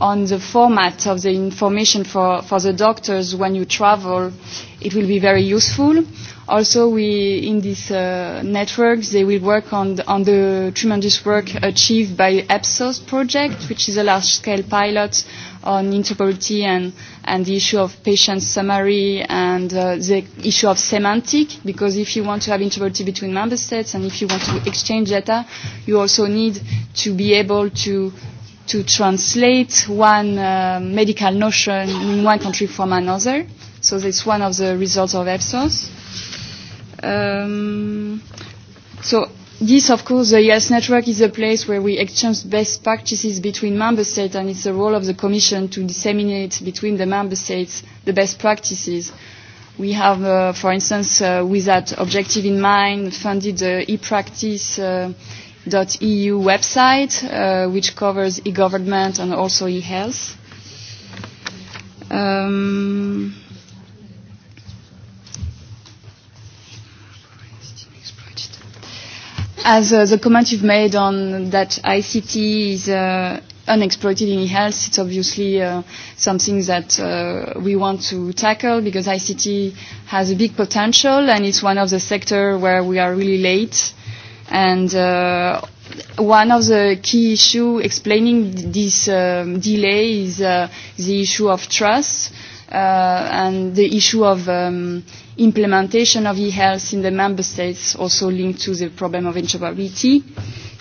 on the format of the information for, for the doctors when you travel, it will be very useful. Also, we, in these uh, networks, they will work on the, on the tremendous work achieved by EPSOS project, which is a large-scale pilot on interoperability and, and the issue of patient summary and uh, the issue of semantic, because if you want to have interoperability between member states and if you want to exchange data, you also need to be able to to translate one uh, medical notion in one country from another. So that's one of the results of EPSOS. Um, so this, of course, the ES network is a place where we exchange best practices between member states, and it's the role of the Commission to disseminate between the member states the best practices. We have, uh, for instance, uh, with that objective in mind, funded the epractice.eu uh, e website, uh, which covers e-government and also e-health. Um, as uh, the comment you've made on that ICT is uh, unexploited in health, it's obviously uh, something that uh, we want to tackle because ICT has a big potential and it's one of the sectors where we are really late. And uh, one of the key issues explaining this um, delay is uh, the issue of trust uh, and the issue of um, implementation of e-health in the member states also linked to the problem of interoperability.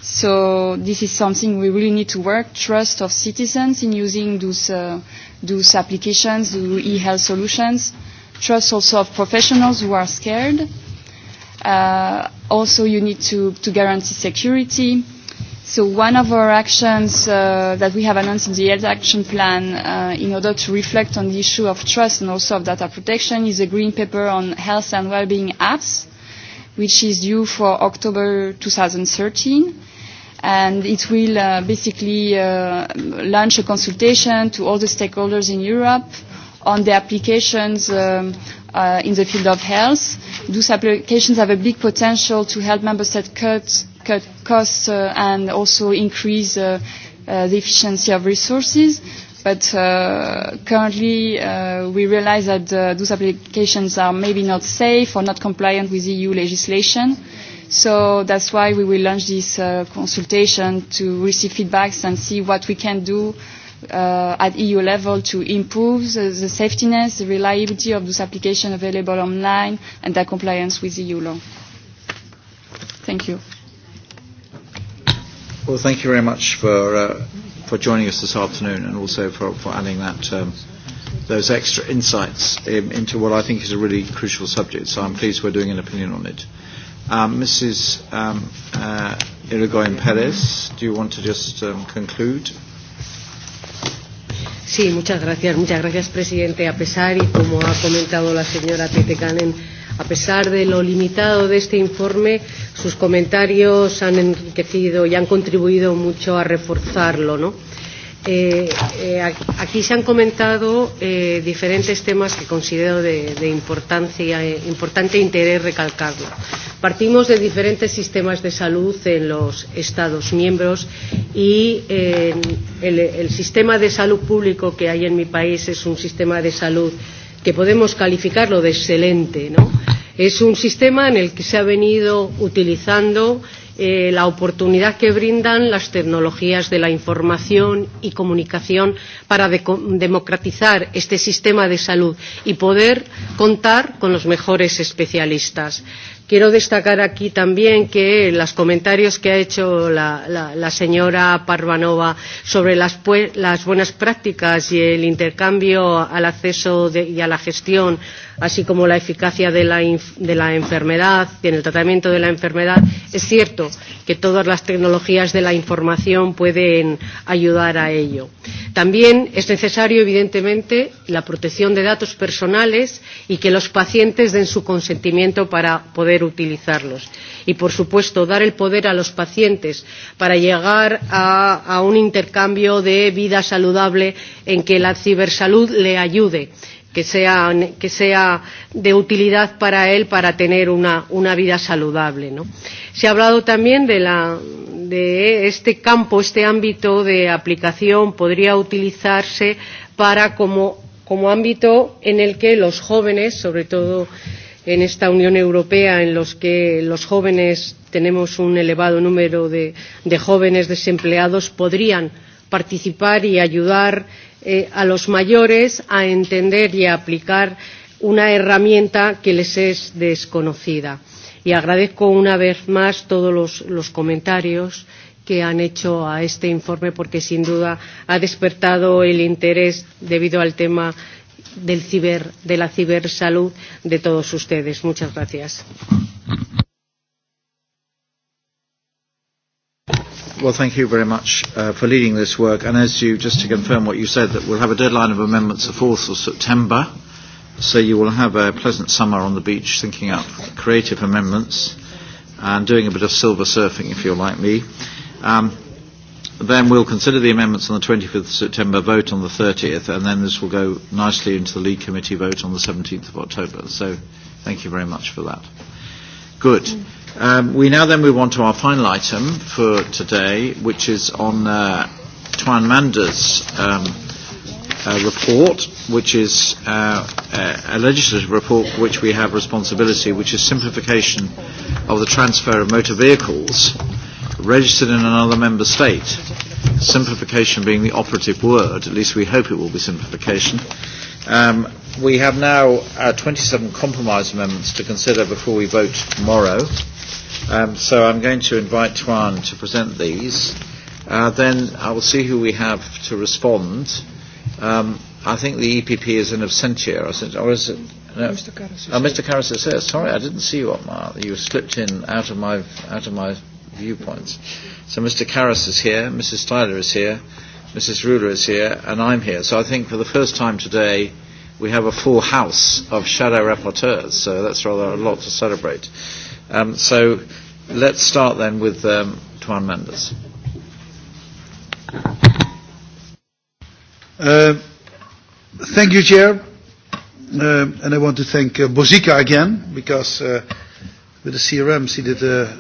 So this is something we really need to work, trust of citizens in using those, uh, those applications, the e-health solutions, trust also of professionals who are scared. Uh, also you need to, to guarantee security, uh, So one of our actions uh, that we have announced in the health action plan uh, in order to reflect on the issue of trust and also of data protection is a green paper on health and well-being apps, which is due for October 2013. And it will uh, basically uh, launch a consultation to all the stakeholders in Europe on the applications um, uh, in the field of health. Those applications have a big potential to help member states cut cut costs uh, and also increase uh, uh, the efficiency of resources. But uh, currently, uh, we realize that uh, those applications are maybe not safe or not compliant with EU legislation. So that's why we will launch this uh, consultation to receive feedbacks and see what we can do uh, at EU level to improve the, the safetiness, the reliability of those applications available online and their compliance with EU law. Thank you. Well, thank you very much for, uh, for joining us this afternoon and also for, for adding that, um, those extra insights in, into what I think is a really crucial subject. So I'm pleased we're doing an opinion on it. Um, Mrs. Um, uh, Irigoyen Perez, do you want to just um, conclude? Sí, muchas gracias, muchas gracias, presidente. A pesar y como ha comentado la señora Tete Canen, A pesar de lo limitado de este informe, sus comentarios han enriquecido y han contribuido mucho a reforzarlo. ¿no? Eh, eh, aquí se han comentado eh, diferentes temas que considero de, de importancia, eh, importante interés recalcarlo. Partimos de diferentes sistemas de salud en los Estados miembros y eh, el, el sistema de salud público que hay en mi país es un sistema de salud eh, que podemos calificarlo de excelente, ¿no? Es un sistema en el que se ha venido utilizando eh, la oportunidad que brindan las tecnologías de la información y comunicación para de democratizar este sistema de salud y poder contar con los mejores especialistas. Quiero destacar aquí también que los comentarios que ha hecho la, la, la señora Parvanova sobre las, las buenas prácticas y el intercambio al acceso de, y a la gestión así como la eficacia de la, de la enfermedad y en el tratamiento de la enfermedad. Es cierto que todas las tecnologías de la información pueden ayudar a ello. También es necesario, evidentemente, la protección de datos personales y que los pacientes den su consentimiento para poder utilizarlos. Y, por supuesto, dar el poder a los pacientes para llegar a, a un intercambio de vida saludable en que la cibersalud le ayude que sea, que sea de utilidad para él para tener una, una vida saludable. ¿no? Se ha hablado también de, la, de este campo, este ámbito de aplicación podría utilizarse para como, como ámbito en el que los jóvenes, sobre todo en esta Unión Europea en los que los jóvenes tenemos un elevado número de, de jóvenes desempleados podrían participar y ayudar eh, a los mayores a entender y a aplicar una herramienta que les es desconocida. Y agradezco una vez más todos los, los comentarios que han hecho a este informe porque sin duda ha despertado el interés debido al tema del ciber, de la cibersalud de todos ustedes. Muchas gracias. Well, thank you very much uh, for leading this work. And as you, just to confirm what you said, that we'll have a deadline of amendments the 4th of September. So you will have a pleasant summer on the beach thinking up creative amendments and doing a bit of silver surfing if you're like me. Um, then we'll consider the amendments on the 25th of September, vote on the 30th, and then this will go nicely into the lead committee vote on the 17th of October. So thank you very much for that. Good. Mm. Um, we now then move on to our final item for today, which is on uh, Twan Manders' um, uh, report, which is uh, a, uh, a legislative report for which we have responsibility, which is simplification of the transfer of motor vehicles registered in another member state. Simplification being the operative word, at least we hope it will be simplification. Um, we have now uh, 27 compromise amendments to consider before we vote tomorrow. Um, so I'm going to invite Tuan to present these. Uh, then I will see who we have to respond. Um, I think the EPP is in absentia, or is it? No. Mr. Karras. Oh, uh, Mr. Karras is here. Sorry, I didn't see you, Otmar. You slipped in out of my out of my viewpoints. So Mr. Karras is here, Mrs. Styler is here, Mrs. Ruler is here, and I'm here. So I think for the first time today, we have a full house of shadow rapporteurs. So that's rather a lot to celebrate. Uh, Um, so let's start then with um, Tuan Manders. Uh, thank you, Chair. Uh, and I want to thank uh, Bozika again because uh, with the CRMs he did a,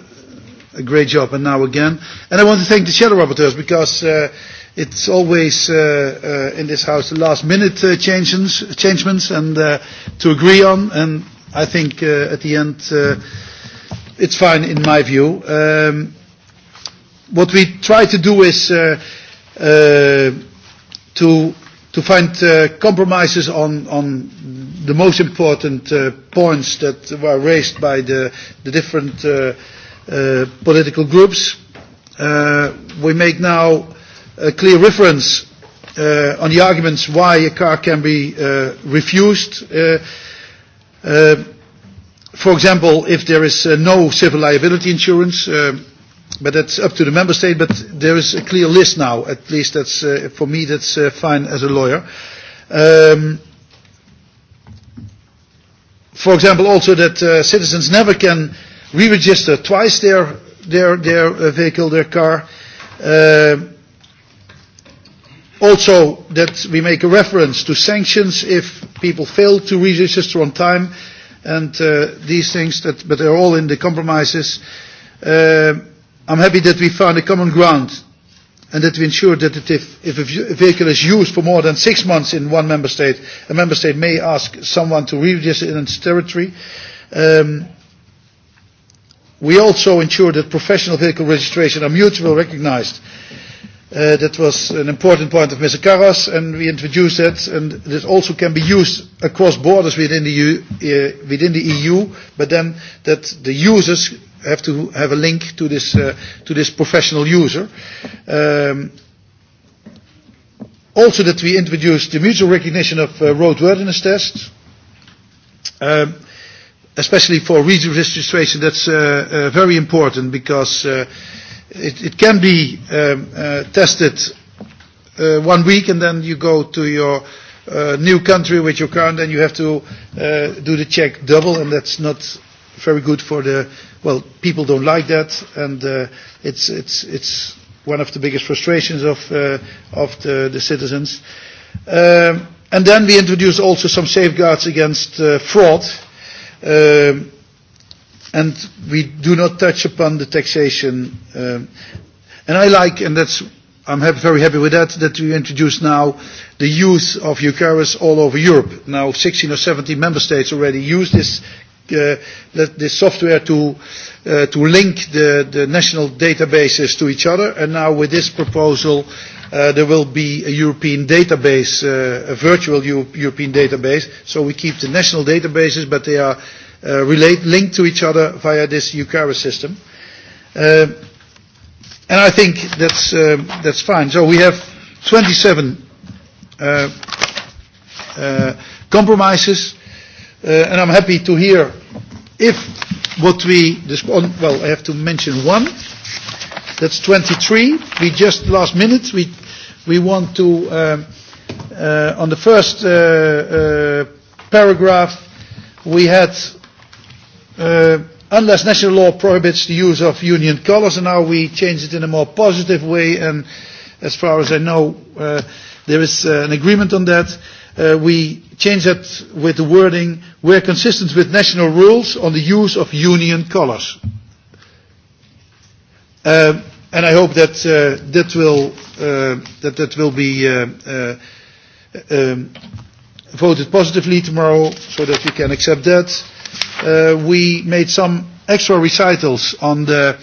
a great job and now again. And I want to thank the shadow rapporteurs because uh, it's always uh, uh, in this house the last minute uh, changes, changements and uh, to agree on. And I think uh, at the end uh, it's fine in my view. Um, what we try to do is uh, uh, to to find uh, compromises on on the most important uh, points that were raised by the the different uh, uh, political groups. Uh, we make now a clear reference uh, on the arguments why a car can be uh, refused. Uh, uh, for example, if there is uh, no civil liability insurance, uh, but that's up to the member state, but there is a clear list now. At least that's, uh, for me, that's uh, fine as a lawyer. Um, for example, also that uh, citizens never can re-register twice their, their, their uh, vehicle, their car. Uh, also, that we make a reference to sanctions if people fail to re-register on time. Uh, and uh, these things, that, but they're all in the compromises. Uh, I'm happy that we found a common ground and that we ensure that it, if, if a vehicle is used for more than six months in one member state, a member state may ask someone to re-register in its territory. Um, we also ensure that professional vehicle registration are mutually recognized. Uh, Uh, that was an important point of Mr. Karas, and we introduced that, and this also can be used across borders within the EU, uh, within the EU but then that the users have to have a link to this, uh, to this professional user. Um, also that we introduced the mutual recognition of uh, roadworthiness tests, um, especially for regional registration. That's uh, uh, very important because uh, it, it can be um, uh, tested uh, one week and then you go to your uh, new country with your car and then you have to uh, do the check double and that's not very good for the, well, people don't like that and uh, it's, it's, it's one of the biggest frustrations of, uh, of the, the citizens. Um, and then we introduce also some safeguards against uh, fraud. Um, And we do not touch upon the taxation. Um, and I like, and that's, I'm happy, very happy with that, that we introduce now the use of Eucharis all over Europe. Now 16 or 17 member states already use this uh, this software to, uh, to link the, the national databases to each other. And now with this proposal, uh, there will be a European database, uh, a virtual Euro- European database. So we keep the national databases, but they are uh, relate, linked to each other via this UCARA system. Uh, and I think that's, um, uh, that's fine. So we have 27 uh, uh, compromises, uh, and I'm happy to hear if what we, well, I have to mention one, that's 23. We just last minute, we, we want to, um, uh, on the first uh, uh, paragraph, we had Uh, unless national law prohibits the use of union colours, and now we change it in a more positive way, and as far as I know, uh, there is uh, an agreement on that. Uh, we change that with the wording, we're consistent with national rules on the use of union colours. Uh, and I hope that uh, that will uh, that that will be uh, uh, um, voted positively tomorrow, so that we can accept that. Uh, uh, we made some extra recitals on the,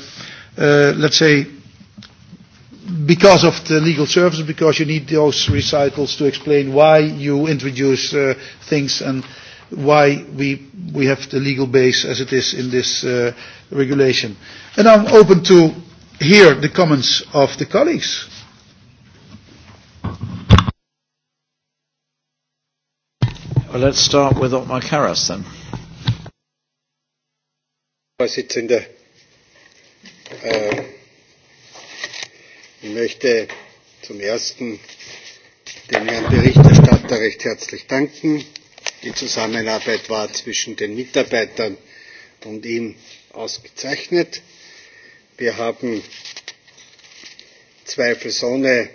uh, let's say, because of the legal service, because you need those recitals to explain why you introduce uh, things and why we, we have the legal base as it is in this uh, regulation. And I'm open to hear the comments of the colleagues. Well, let's start with Otmar Karas then. Vorsitzender. Äh, ich möchte zum Ersten dem Herrn Berichterstatter recht herzlich danken. Die Zusammenarbeit war zwischen den Mitarbeitern und ihm ausgezeichnet. Wir haben zweifelsohne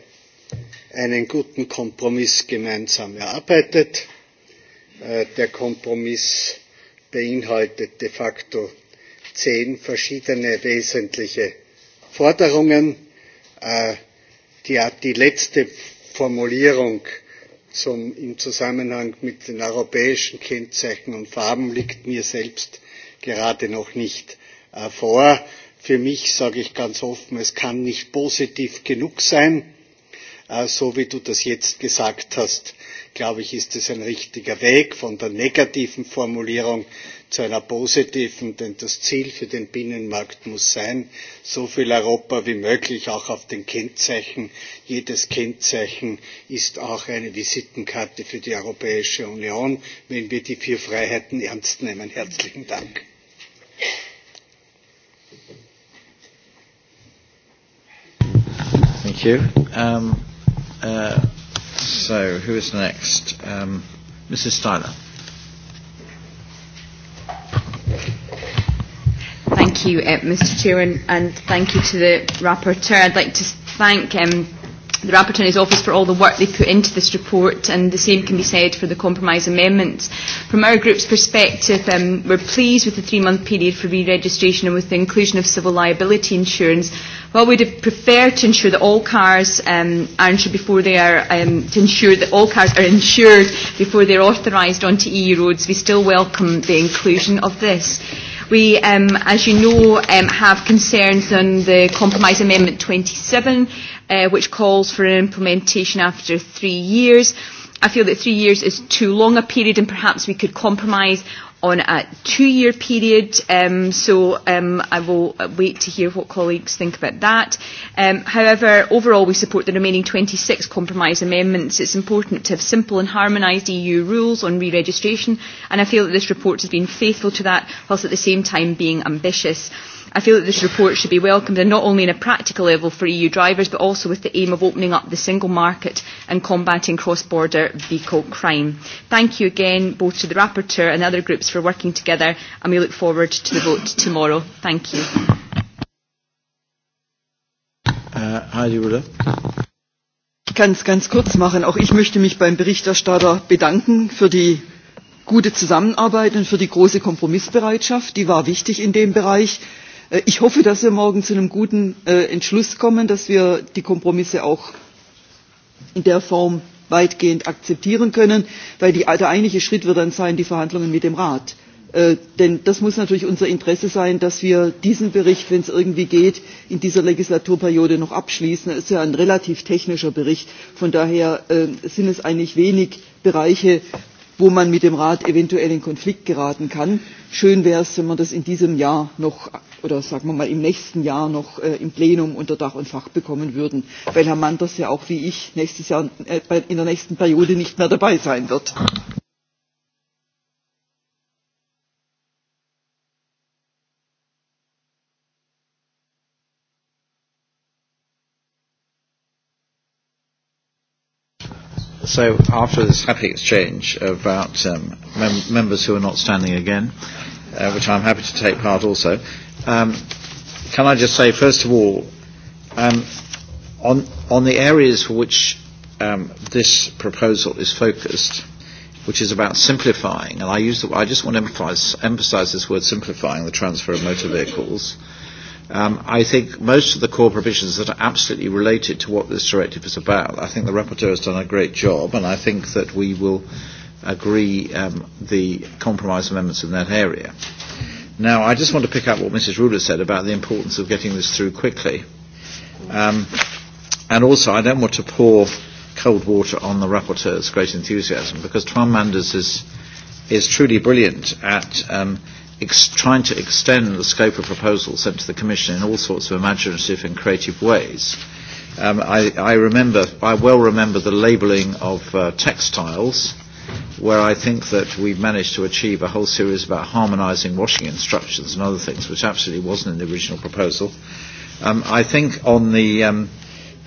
einen guten Kompromiss gemeinsam erarbeitet. Äh, der Kompromiss beinhaltet de facto zehn verschiedene wesentliche forderungen äh, die letzte formulierung im zusammenhang mit den europäischen kennzeichen und farben liegt mir selbst gerade noch nicht äh, vor. für mich sage ich ganz offen es kann nicht positiv genug sein. Äh, so wie du das jetzt gesagt hast glaube ich ist es ein richtiger weg von der negativen formulierung zu einer positiven, denn das Ziel für den Binnenmarkt muss sein, so viel Europa wie möglich auch auf den Kennzeichen. Jedes Kennzeichen ist auch eine Visitenkarte für die Europäische Union, wenn wir die vier Freiheiten ernst nehmen. Herzlichen Dank. Thank you. Um, uh, so, who is next? Um, Mrs. Steiner. Thank you, uh, eh, Mr Chair, and, and thank you to the Rapporteur. I'd like to thank um, the Rapporteur and his office for all the work they put into this report, and the same can be said for the compromise amendments. From our group's perspective, um, we're pleased with the three-month period for re-registration and with the inclusion of civil liability insurance. While we'd have preferred to ensure that all cars um, are insured before they are um, to ensure that all cars are insured before they're authorised onto EU roads, we still welcome the inclusion of this. We, um, as you know, um, have concerns on the Compromise Amendment 27, uh, which calls for implementation after three years. I feel that three years is too long a period and perhaps we could compromise on a two-year period, um, so um, I will wait to hear what colleagues think about that. Um, however, overall we support the remaining 26 compromise amendments. It's important to have simple and harmonised EU rules on re-registration, and I feel that this report has been faithful to that, whilst at the same time being ambitious. Uh, I feel that this report should be welcomed and not only in a practical level for EU drivers but also with the aim of opening up the single market and combating cross-border vehicle crime. Thank you again both to the rapporteur and the other groups for working together and we look forward to the vote tomorrow. Thank you. Uh, Heidi Ruder ganz, ganz kurz machen. Auch ich möchte mich beim Berichterstatter bedanken für die gute Zusammenarbeit und für die große Kompromissbereitschaft. Die war wichtig in dem Bereich. Äh, ich hoffe, dass wir morgen zu einem guten äh, Entschluss kommen, dass wir die Kompromisse auch in der Form weitgehend akzeptieren können, weil die, der eigentliche Schritt wird dann sein, die Verhandlungen mit dem Rat. Äh, denn das muss natürlich unser Interesse sein, dass wir diesen Bericht, wenn es irgendwie geht, in dieser Legislaturperiode noch abschließen. Es er ist ja ein relativ technischer Bericht. Von daher äh, sind es eigentlich wenig Bereiche, wo man mit dem Rat eventuell in Konflikt geraten kann schön wäre es, wenn wir das in diesem Jahr noch oder sagen wir mal im nächsten Jahr noch äh, im Plenum unter Dach und Fach bekommen würden, weil Herr Manders ja auch wie ich nächstes Jahr äh, in der nächsten Periode nicht mehr dabei sein wird. Applaus So after this happy exchange about um, mem- members who are not standing again, uh, which I'm happy to take part also, um, can I just say, first of all, um, on, on the areas for which um, this proposal is focused, which is about simplifying, and I, use the, I just want to emphasize, emphasize this word simplifying the transfer of motor vehicles. Uh, Um, I think most of the core provisions that are absolutely related to what this directive is about, I think the rapporteur has done a great job, and I think that we will agree um, the compromise amendments in that area. Now, I just want to pick up what Mrs. Ruler said about the importance of getting this through quickly. Um, and also, I don't want to pour cold water on the rapporteur's great enthusiasm, because Twan Manders is, is truly brilliant at um, – ex- trying to extend the scope of proposals sent to the Commission in all sorts of imaginative and creative ways. Um, I, I remember, I well remember the labelling of uh, textiles, where I think that we managed to achieve a whole series about harmonising washing instructions and other things, which absolutely wasn't in the original proposal. Um, I think on the um,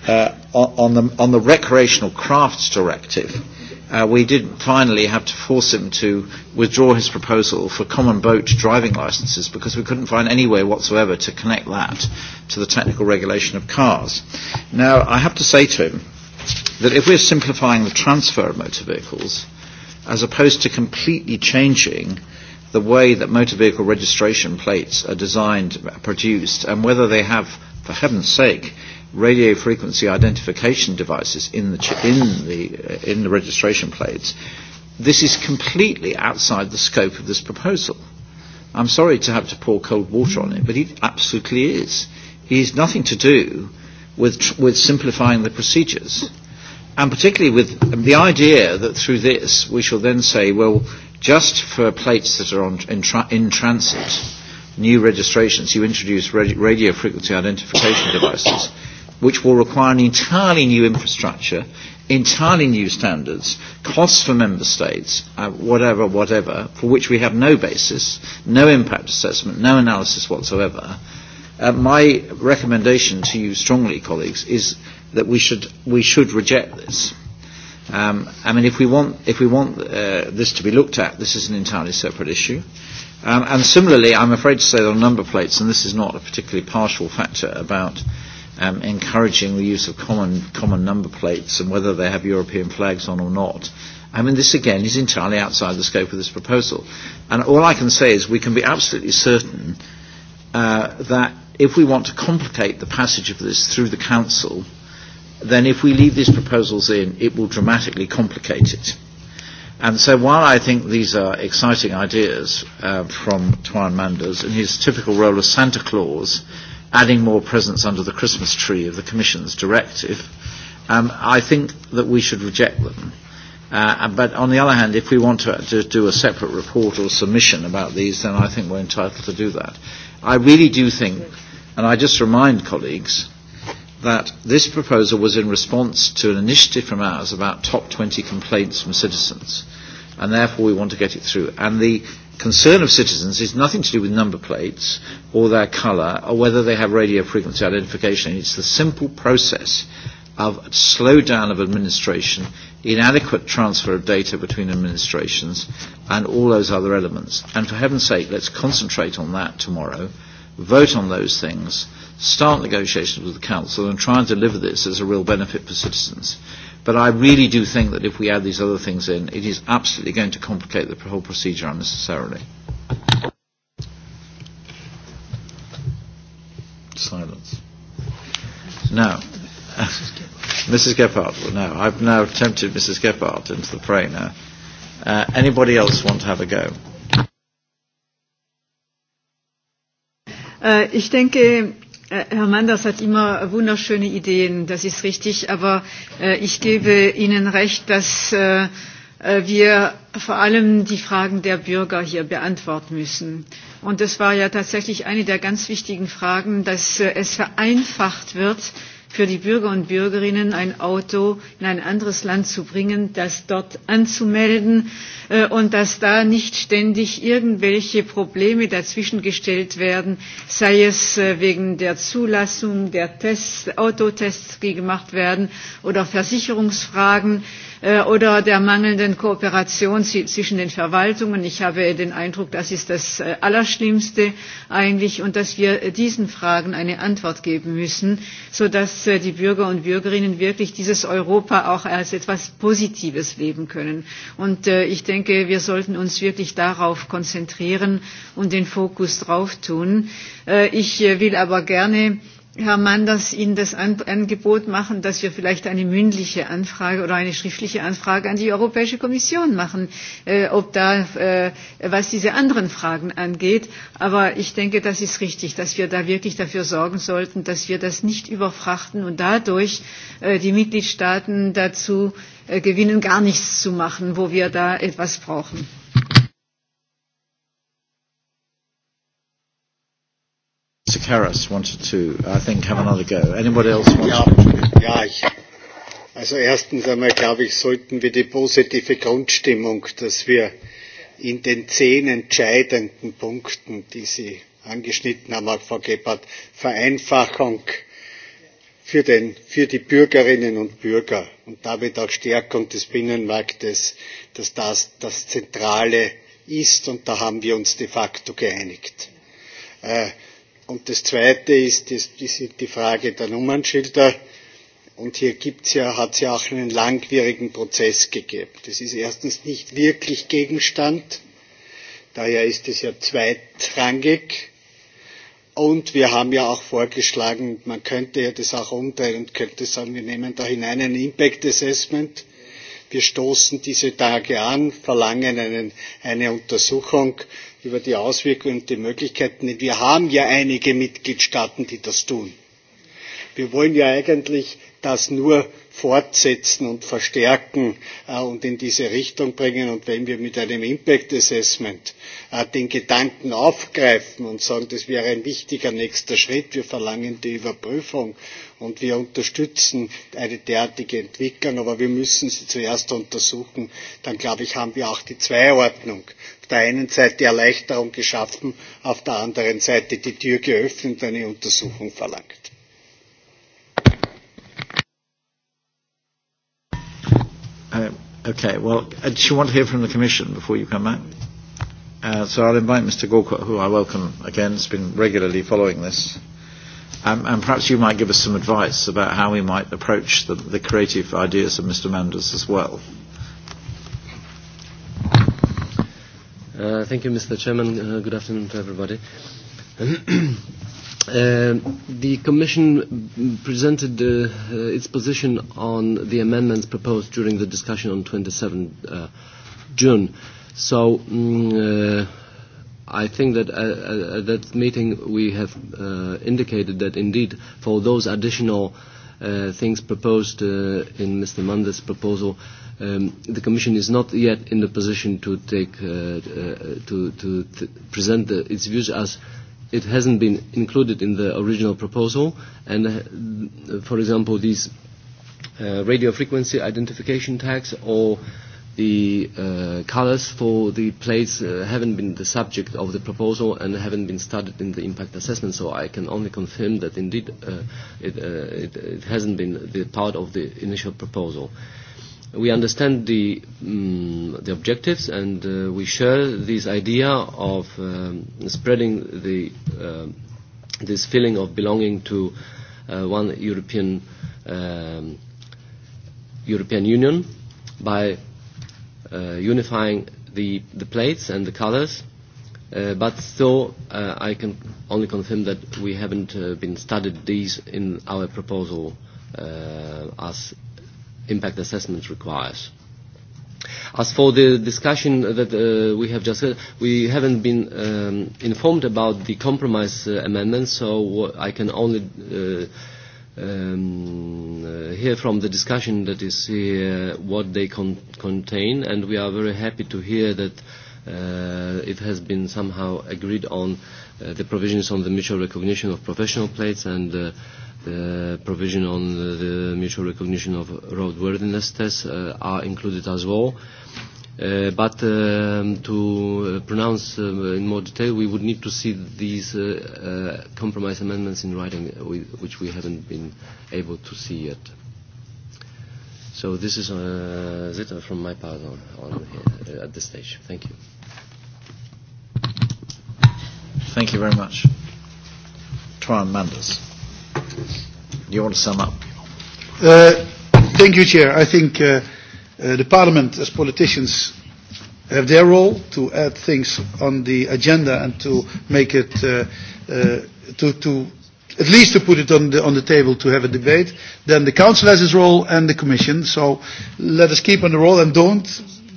uh, on the on the recreational crafts directive. Uh, we did finally have to force him to withdraw his proposal for common boat driving licenses because we couldn't find any way whatsoever to connect that to the technical regulation of cars. Now, I have to say to him that if we're simplifying the transfer of motor vehicles, as opposed to completely changing the way that motor vehicle registration plates are designed, produced, and whether they have, for heaven's sake, radio frequency identification devices in the, ch- in the, uh, in the registration plates, this is completely outside the scope of this proposal. I'm sorry to have to pour cold water on it, but it absolutely is. It has nothing to do with, tr- with simplifying the procedures. And particularly with the idea that through this we shall then say, well, just for plates that are on, in, tra- in transit, new registrations, you introduce radio frequency identification devices which will require an entirely new infrastructure, entirely new standards, costs for member states, uh, whatever, whatever, for which we have no basis, no impact assessment, no analysis whatsoever. Uh, my recommendation to you strongly, colleagues, is that we should, we should reject this. Um, I mean, if we want, if we want uh, this to be looked at, this is an entirely separate issue. Um, and similarly, I'm afraid to say that on number plates, and this is not a particularly partial factor about uh, um, encouraging the use of common, common number plates and whether they have European flags on or not. I mean, this again is entirely outside the scope of this proposal. And all I can say is we can be absolutely certain uh, that if we want to complicate the passage of this through the Council, then if we leave these proposals in, it will dramatically complicate it. And so while I think these are exciting ideas uh, from Tuan Manders in his typical role as Santa Claus, uh, adding more presents under the Christmas tree of the Commission's directive, um, I think that we should reject them. Uh, but on the other hand, if we want to, to do a separate report or submission about these, then I think we're entitled to do that. I really do think, and I just remind colleagues, that this proposal was in response to an initiative from ours about top 20 complaints from citizens, and therefore we want to get it through. And the concern of citizens is nothing to do with number plates or their colour or whether they have radio frequency identification. It's the simple process of slowdown of administration, inadequate transfer of data between administrations, and all those other elements. And for heaven's sake, let's concentrate on that tomorrow, vote on those things, start negotiations with the Council, and try and deliver this as a real benefit for citizens. But I really do think that if we add these other things in, it is absolutely going to complicate the whole procedure unnecessarily. Silence. Now, Mrs. Gephardt, well, no, I've now tempted Mrs. Gephardt into the fray now. Uh, anybody else want to have a go? Uh, ich denke, Herr Manders hat immer wunderschöne Ideen, das ist richtig, aber äh, ich gebe Ihnen recht, dass äh, äh, wir vor allem die Fragen der Bürger hier beantworten müssen. Und das war ja tatsächlich eine der ganz wichtigen Fragen, dass äh, es vereinfacht wird, äh, für die Bürger und Bürgerinnen, ein Auto in ein anderes Land zu bringen, das dort anzumelden äh, und dass da nicht ständig irgendwelche Probleme dazwischen gestellt werden, sei es äh, wegen der Zulassung, der Tests, Autotests, die gemacht werden oder Versicherungsfragen. Äh, Äh, oder der mangelnden Kooperation zwischen den Verwaltungen. Ich habe den Eindruck, das ist das äh, Allerschlimmste eigentlich und dass wir äh, diesen Fragen eine Antwort geben müssen, sodass die Bürger und Bürgerinnen wirklich dieses Europa auch als etwas Positives leben können. Und ich denke, wir sollten uns wirklich darauf konzentrieren und den Fokus drauf tun. Ich will aber gerne Herr Manders Ihnen das Angebot machen, dass wir vielleicht eine mündliche Anfrage oder eine schriftliche Anfrage an die Europäische Kommission machen, äh, ob da, äh, was diese anderen Fragen angeht. Aber ich denke, das ist richtig, dass wir da wirklich dafür sorgen sollten, dass wir das nicht überfrachten und dadurch äh, die Mitgliedstaaten dazu äh, gewinnen, gar nichts zu machen, wo wir da etwas brauchen. Mr. Karas wanted to, I think, have another go. Anybody else want ja, to? Ja, ich, also erstens einmal glaube ich, sollten wir die positive Grundstimmung, dass wir in den zehn entscheidenden Punkten, die Sie angeschnitten haben, Frau Gebhardt, Vereinfachung für, den, für die Bürgerinnen und Bürger und damit auch Stärkung des Binnenmarktes, dass das das Zentrale ist und da haben wir uns de facto geeinigt. Äh, Und das Zweite ist, ist, ist die Frage der Nummernschilder. Und hier gibt's ja, hat es ja auch einen langwierigen Prozess gegeben. Das ist erstens nicht wirklich Gegenstand, daher ist es ja zweitrangig. Und wir haben ja auch vorgeschlagen, man könnte ja das auch umdrehen und könnte sagen, wir nehmen da hinein ein Impact Assessment, wir stoßen diese tage an verlangen einen, eine untersuchung über die auswirkungen und die möglichkeiten denn wir haben ja einige mitgliedstaaten die das tun. wir wollen ja eigentlich das nur fortsetzen und verstärken äh, und in diese richtung bringen. und wenn wir mit einem impact assessment äh, den gedanken aufgreifen und sagen das wäre ein wichtiger nächster schritt wir verlangen die überprüfung und wir unterstützen eine derartige entwicklung aber wir müssen sie zuerst untersuchen dann glaube ich haben wir auch die zweiordnung auf der einen seite erleichterung geschaffen auf der anderen seite die tür geöffnet eine untersuchung verlangt. Um, okay, well, uh, do you want to hear from the Commission before you come back? Uh, so I'll invite Mr. Gorkwa, who I welcome again, has been regularly following this. Um, and perhaps you might give us some advice about how we might approach the, the creative ideas of Mr. Manders as well. Uh, thank you, Mr. Chairman. Uh, good afternoon to everybody. Uh, the Commission presented uh, uh, its position on the amendments proposed during the discussion on 27 uh, June. So um, uh, I think that uh, uh, at that meeting we have uh, indicated that indeed for those additional uh, things proposed uh, in Mr. Manda's proposal, um, the Commission is not yet in the position to take uh, uh, to, to th- present the, its views as it hasn't been included in the original proposal. And, uh, for example, these uh, radio frequency identification tags or the uh, colors for the plates uh, haven't been the subject of the proposal and haven't been studied in the impact assessment, so I can only confirm that indeed uh, it, uh, it, it hasn't been the part of the initial proposal. Uh, we understand the, um, the objectives and uh, we share this idea of um, spreading the, uh, this feeling of belonging to uh, one European, um, European Union by uh, unifying the, the plates and the colors. Uh, but still, uh, I can only confirm that we haven't uh, been studied these in our proposal uh, as impact assessment requires. As for the discussion that uh, we have just had, we haven't been um, informed about the compromise uh, amendment, so I can only uh, um, uh, hear from the discussion that is here what they con contain, and we are very happy to hear that uh, it has been somehow agreed on uh, the provisions on the mutual recognition of professional plates and uh, the provision on the, the mutual recognition of roadworthiness tests uh, are included as well. Uh, but um, to uh, pronounce uh, in more detail, we would need to see these uh, uh, compromise amendments in writing, uh, which we haven't been able to see yet. So this is uh, it uh, from my part on, on here, uh, at this stage. Thank you. Thank you very much. Tran Manders. You want to sum up? Uh, thank you, Chair. I think uh, uh, the Parliament, as politicians, have their role to add things on the agenda and to make it, uh, uh, to, to at least to put it on the, on the table to have a debate. Then the Council has its role and the Commission. So let us keep on the role and don't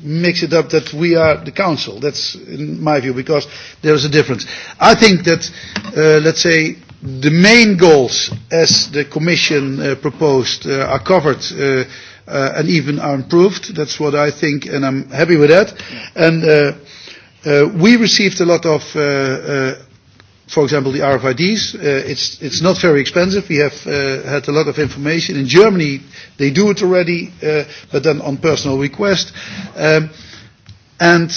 mix it up that we are the Council. That's in my view because there is a difference. I think that, uh, let's say, the main goals, as the Commission uh, proposed, uh, are covered uh, uh, and even are improved. That's what I think, and I'm happy with that. And uh, uh, we received a lot of, uh, uh, for example, the RFIDs. Uh, it's, it's not very expensive. We have uh, had a lot of information. In Germany, they do it already, uh, but then on personal request. Um, and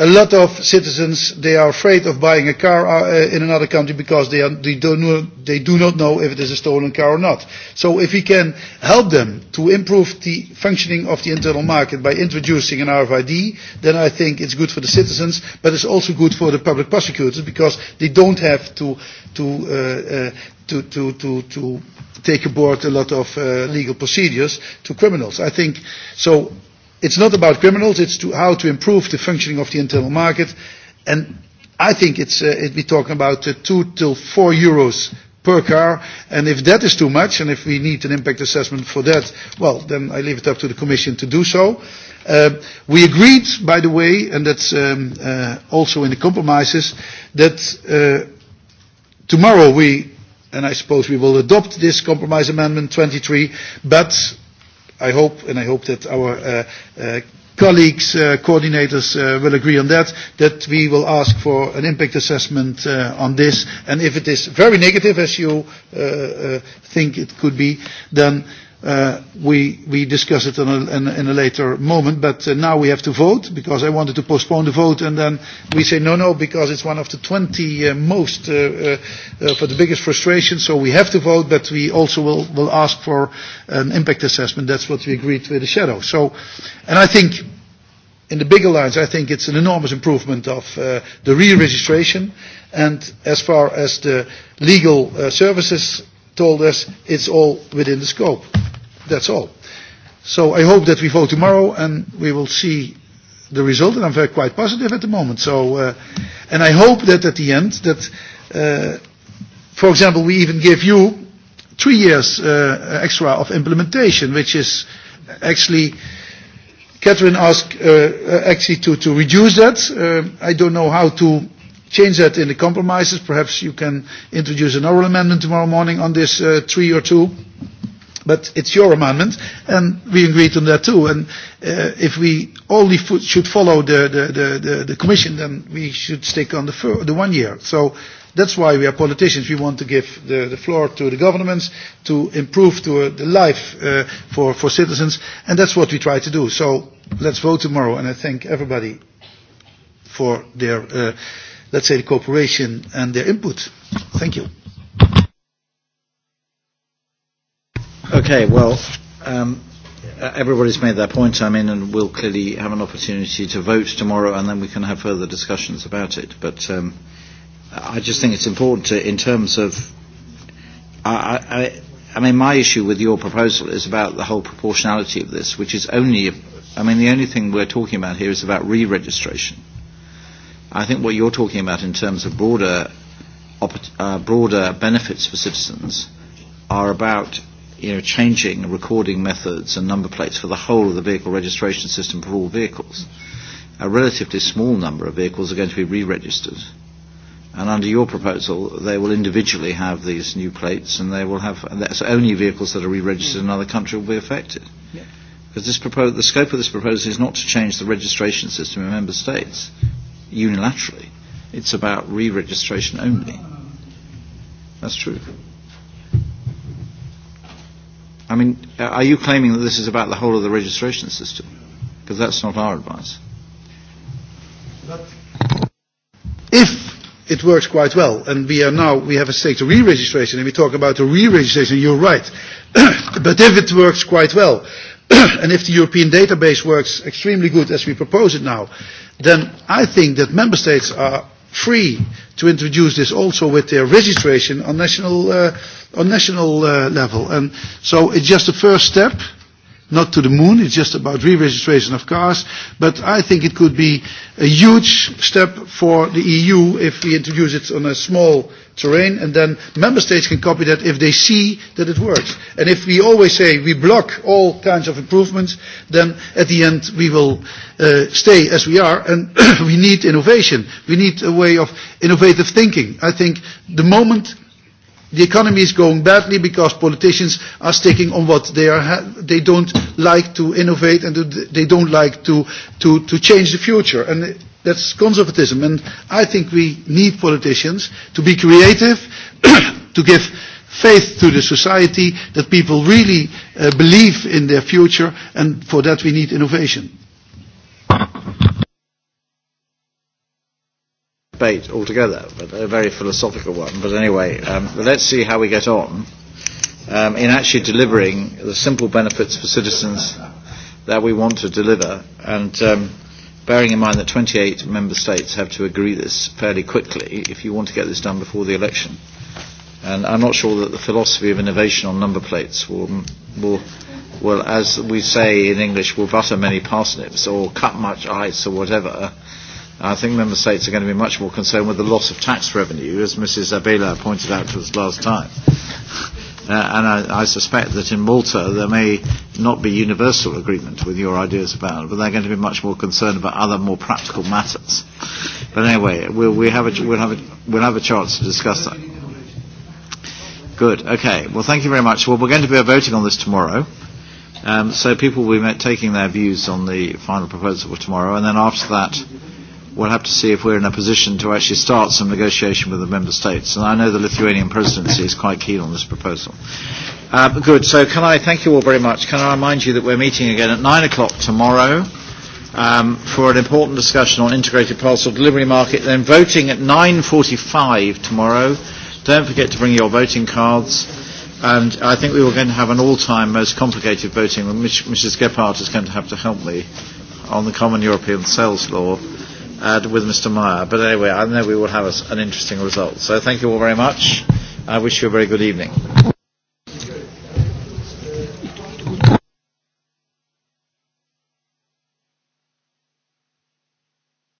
a lot of citizens they are afraid of buying a car uh, uh in another country because they, are, they, do not, they do not know if it is a stolen car or not. So if we can help them to improve the functioning of the internal market by introducing an RFID, then I think it's good for the citizens, but it's also good for the public prosecutors because they don't have to, to, uh, uh, to, to, to, to take aboard a lot of uh, legal procedures to criminals. I think so It's not about criminals, it's to how to improve the functioning of the internal market. And I think it's, uh, it'd be talking about uh, 2 till 4 euros per car. And if that is too much, and if we need an impact assessment for that, well, then I leave it up to the Commission to do so. Uh, we agreed, by the way, and that's um, uh, also in the compromises, that uh, tomorrow we, and I suppose we will adopt this compromise amendment 23, but I hope, and I hope that our uh, uh, colleagues, uh, coordinators uh, will agree on that, that we will ask for an impact assessment uh, on this. And if it is very negative, as you uh, uh, think it could be, then uh, Uh, we, we discuss it in a, in, in a later moment, but uh, now we have to vote because I wanted to postpone the vote, and then we say, "No, no," because it's one of the 20 uh, most uh, uh, uh, for the biggest frustration, so we have to vote, but we also will, will ask for an impact assessment. That's what we agreed with the shadow. So, and I think in the bigger lines, I think it's an enormous improvement of uh, the re-registration. And as far as the legal uh, services told us it's all within the scope. That's all. So I hope that we vote tomorrow and we will see the result, and I'm very quite positive at the moment. So, uh, and I hope that at the end, that, uh, for example, we even give you three years uh, extra of implementation, which is actually, Catherine asked uh, uh actually to, to reduce that. Uh, I don't know how to change that in the compromises. Perhaps you can introduce an oral amendment tomorrow morning on this uh, three or two. But it's your amendment, and we agreed on that too. And uh, if we only fo- should follow the, the, the, the, the Commission, then we should stick on the, fir- the one year. So that's why we are politicians. We want to give the, the floor to the governments to improve to, uh, the life uh, for, for citizens, and that's what we try to do. So let's vote tomorrow, and I thank everybody for their. Uh, let's say, the cooperation and their input. Thank you. Okay, well, um, everybody's made their point, I mean, and we'll clearly have an opportunity to vote tomorrow and then we can have further discussions about it. But um, I just think it's important to, in terms of, I, I, I mean, my issue with your proposal is about the whole proportionality of this, which is only, I mean, the only thing we're talking about here is about re-registration. I think what you're talking about in terms of broader, op- uh, broader benefits for citizens are about you know, changing recording methods and number plates for the whole of the vehicle registration system for all vehicles. A relatively small number of vehicles are going to be re-registered. And under your proposal, they will individually have these new plates, and they will have so only vehicles that are re-registered mm. in another country will be affected. Because yeah. this propo- the scope of this proposal is not to change the registration system in member states unilaterally. It's about re-registration only. That's true. I mean, are you claiming that this is about the whole of the registration system? Because that's not our advice. But if it works quite well, and we are now, we have a stake to re-registration, and we talk about the re-registration, you're right. but if it works quite well, and if the European database works extremely good as we propose it now, then I think that member states are free to introduce this also with their registration on national, uh, on national uh, level. And so it's just the first step. Uh, not to the moon, it's just about re-registration of cars, but I think it could be a huge step for the EU if we introduce it on a small terrain, and then member states can copy that if they see that it works. And if we always say we block all kinds of improvements, then at the end we will uh, stay as we are, and we need innovation. We need a way of innovative thinking. I think the moment The economy is going badly because politicians are sticking on what they are. Ha- they don't like to innovate and to, they don't like to, to, to change the future. And that's conservatism. And I think we need politicians to be creative, to give faith to the society that people really uh, believe in their future. And for that we need innovation. debate altogether, but a very philosophical one. But anyway, um, let's see how we get on um, in actually delivering the simple benefits for citizens that we want to deliver. And um, bearing in mind that 28 member states have to agree this fairly quickly if you want to get this done before the election. And I'm not sure that the philosophy of innovation on number plates will, will, will as we say in English, will butter many parsnips or cut much ice or whatever. Uh, I think member states are going to be much more concerned with the loss of tax revenue, as Mrs. Abela pointed out to us last time. Uh, and I, I suspect that in Malta there may not be universal agreement with your ideas about it, but they're going to be much more concerned about other more practical matters. But anyway, we'll, we have a, we'll, have a, we'll have a chance to discuss that. Good. Okay. Well, thank you very much. Well, we're going to be voting on this tomorrow. Um, so people will be taking their views on the final proposal tomorrow, and then after that we'll have to see if we're in a position to actually start some negotiation with the member states. And I know the Lithuanian presidency is quite keen on this proposal. Uh, good. So can I thank you all very much? Can I remind you that we're meeting again at nine o'clock tomorrow? um, for an important discussion on integrated parcel delivery market, then voting at 9.45 tomorrow. Don't forget to bring your voting cards. And I think we were going to have an all-time most complicated voting, which Mrs. Gephardt is going to have to help me on the Common European Sales Law uh, with Mr. Meyer. But anyway, I know we will have a, an interesting result. So thank you all very much. I wish you a very good evening.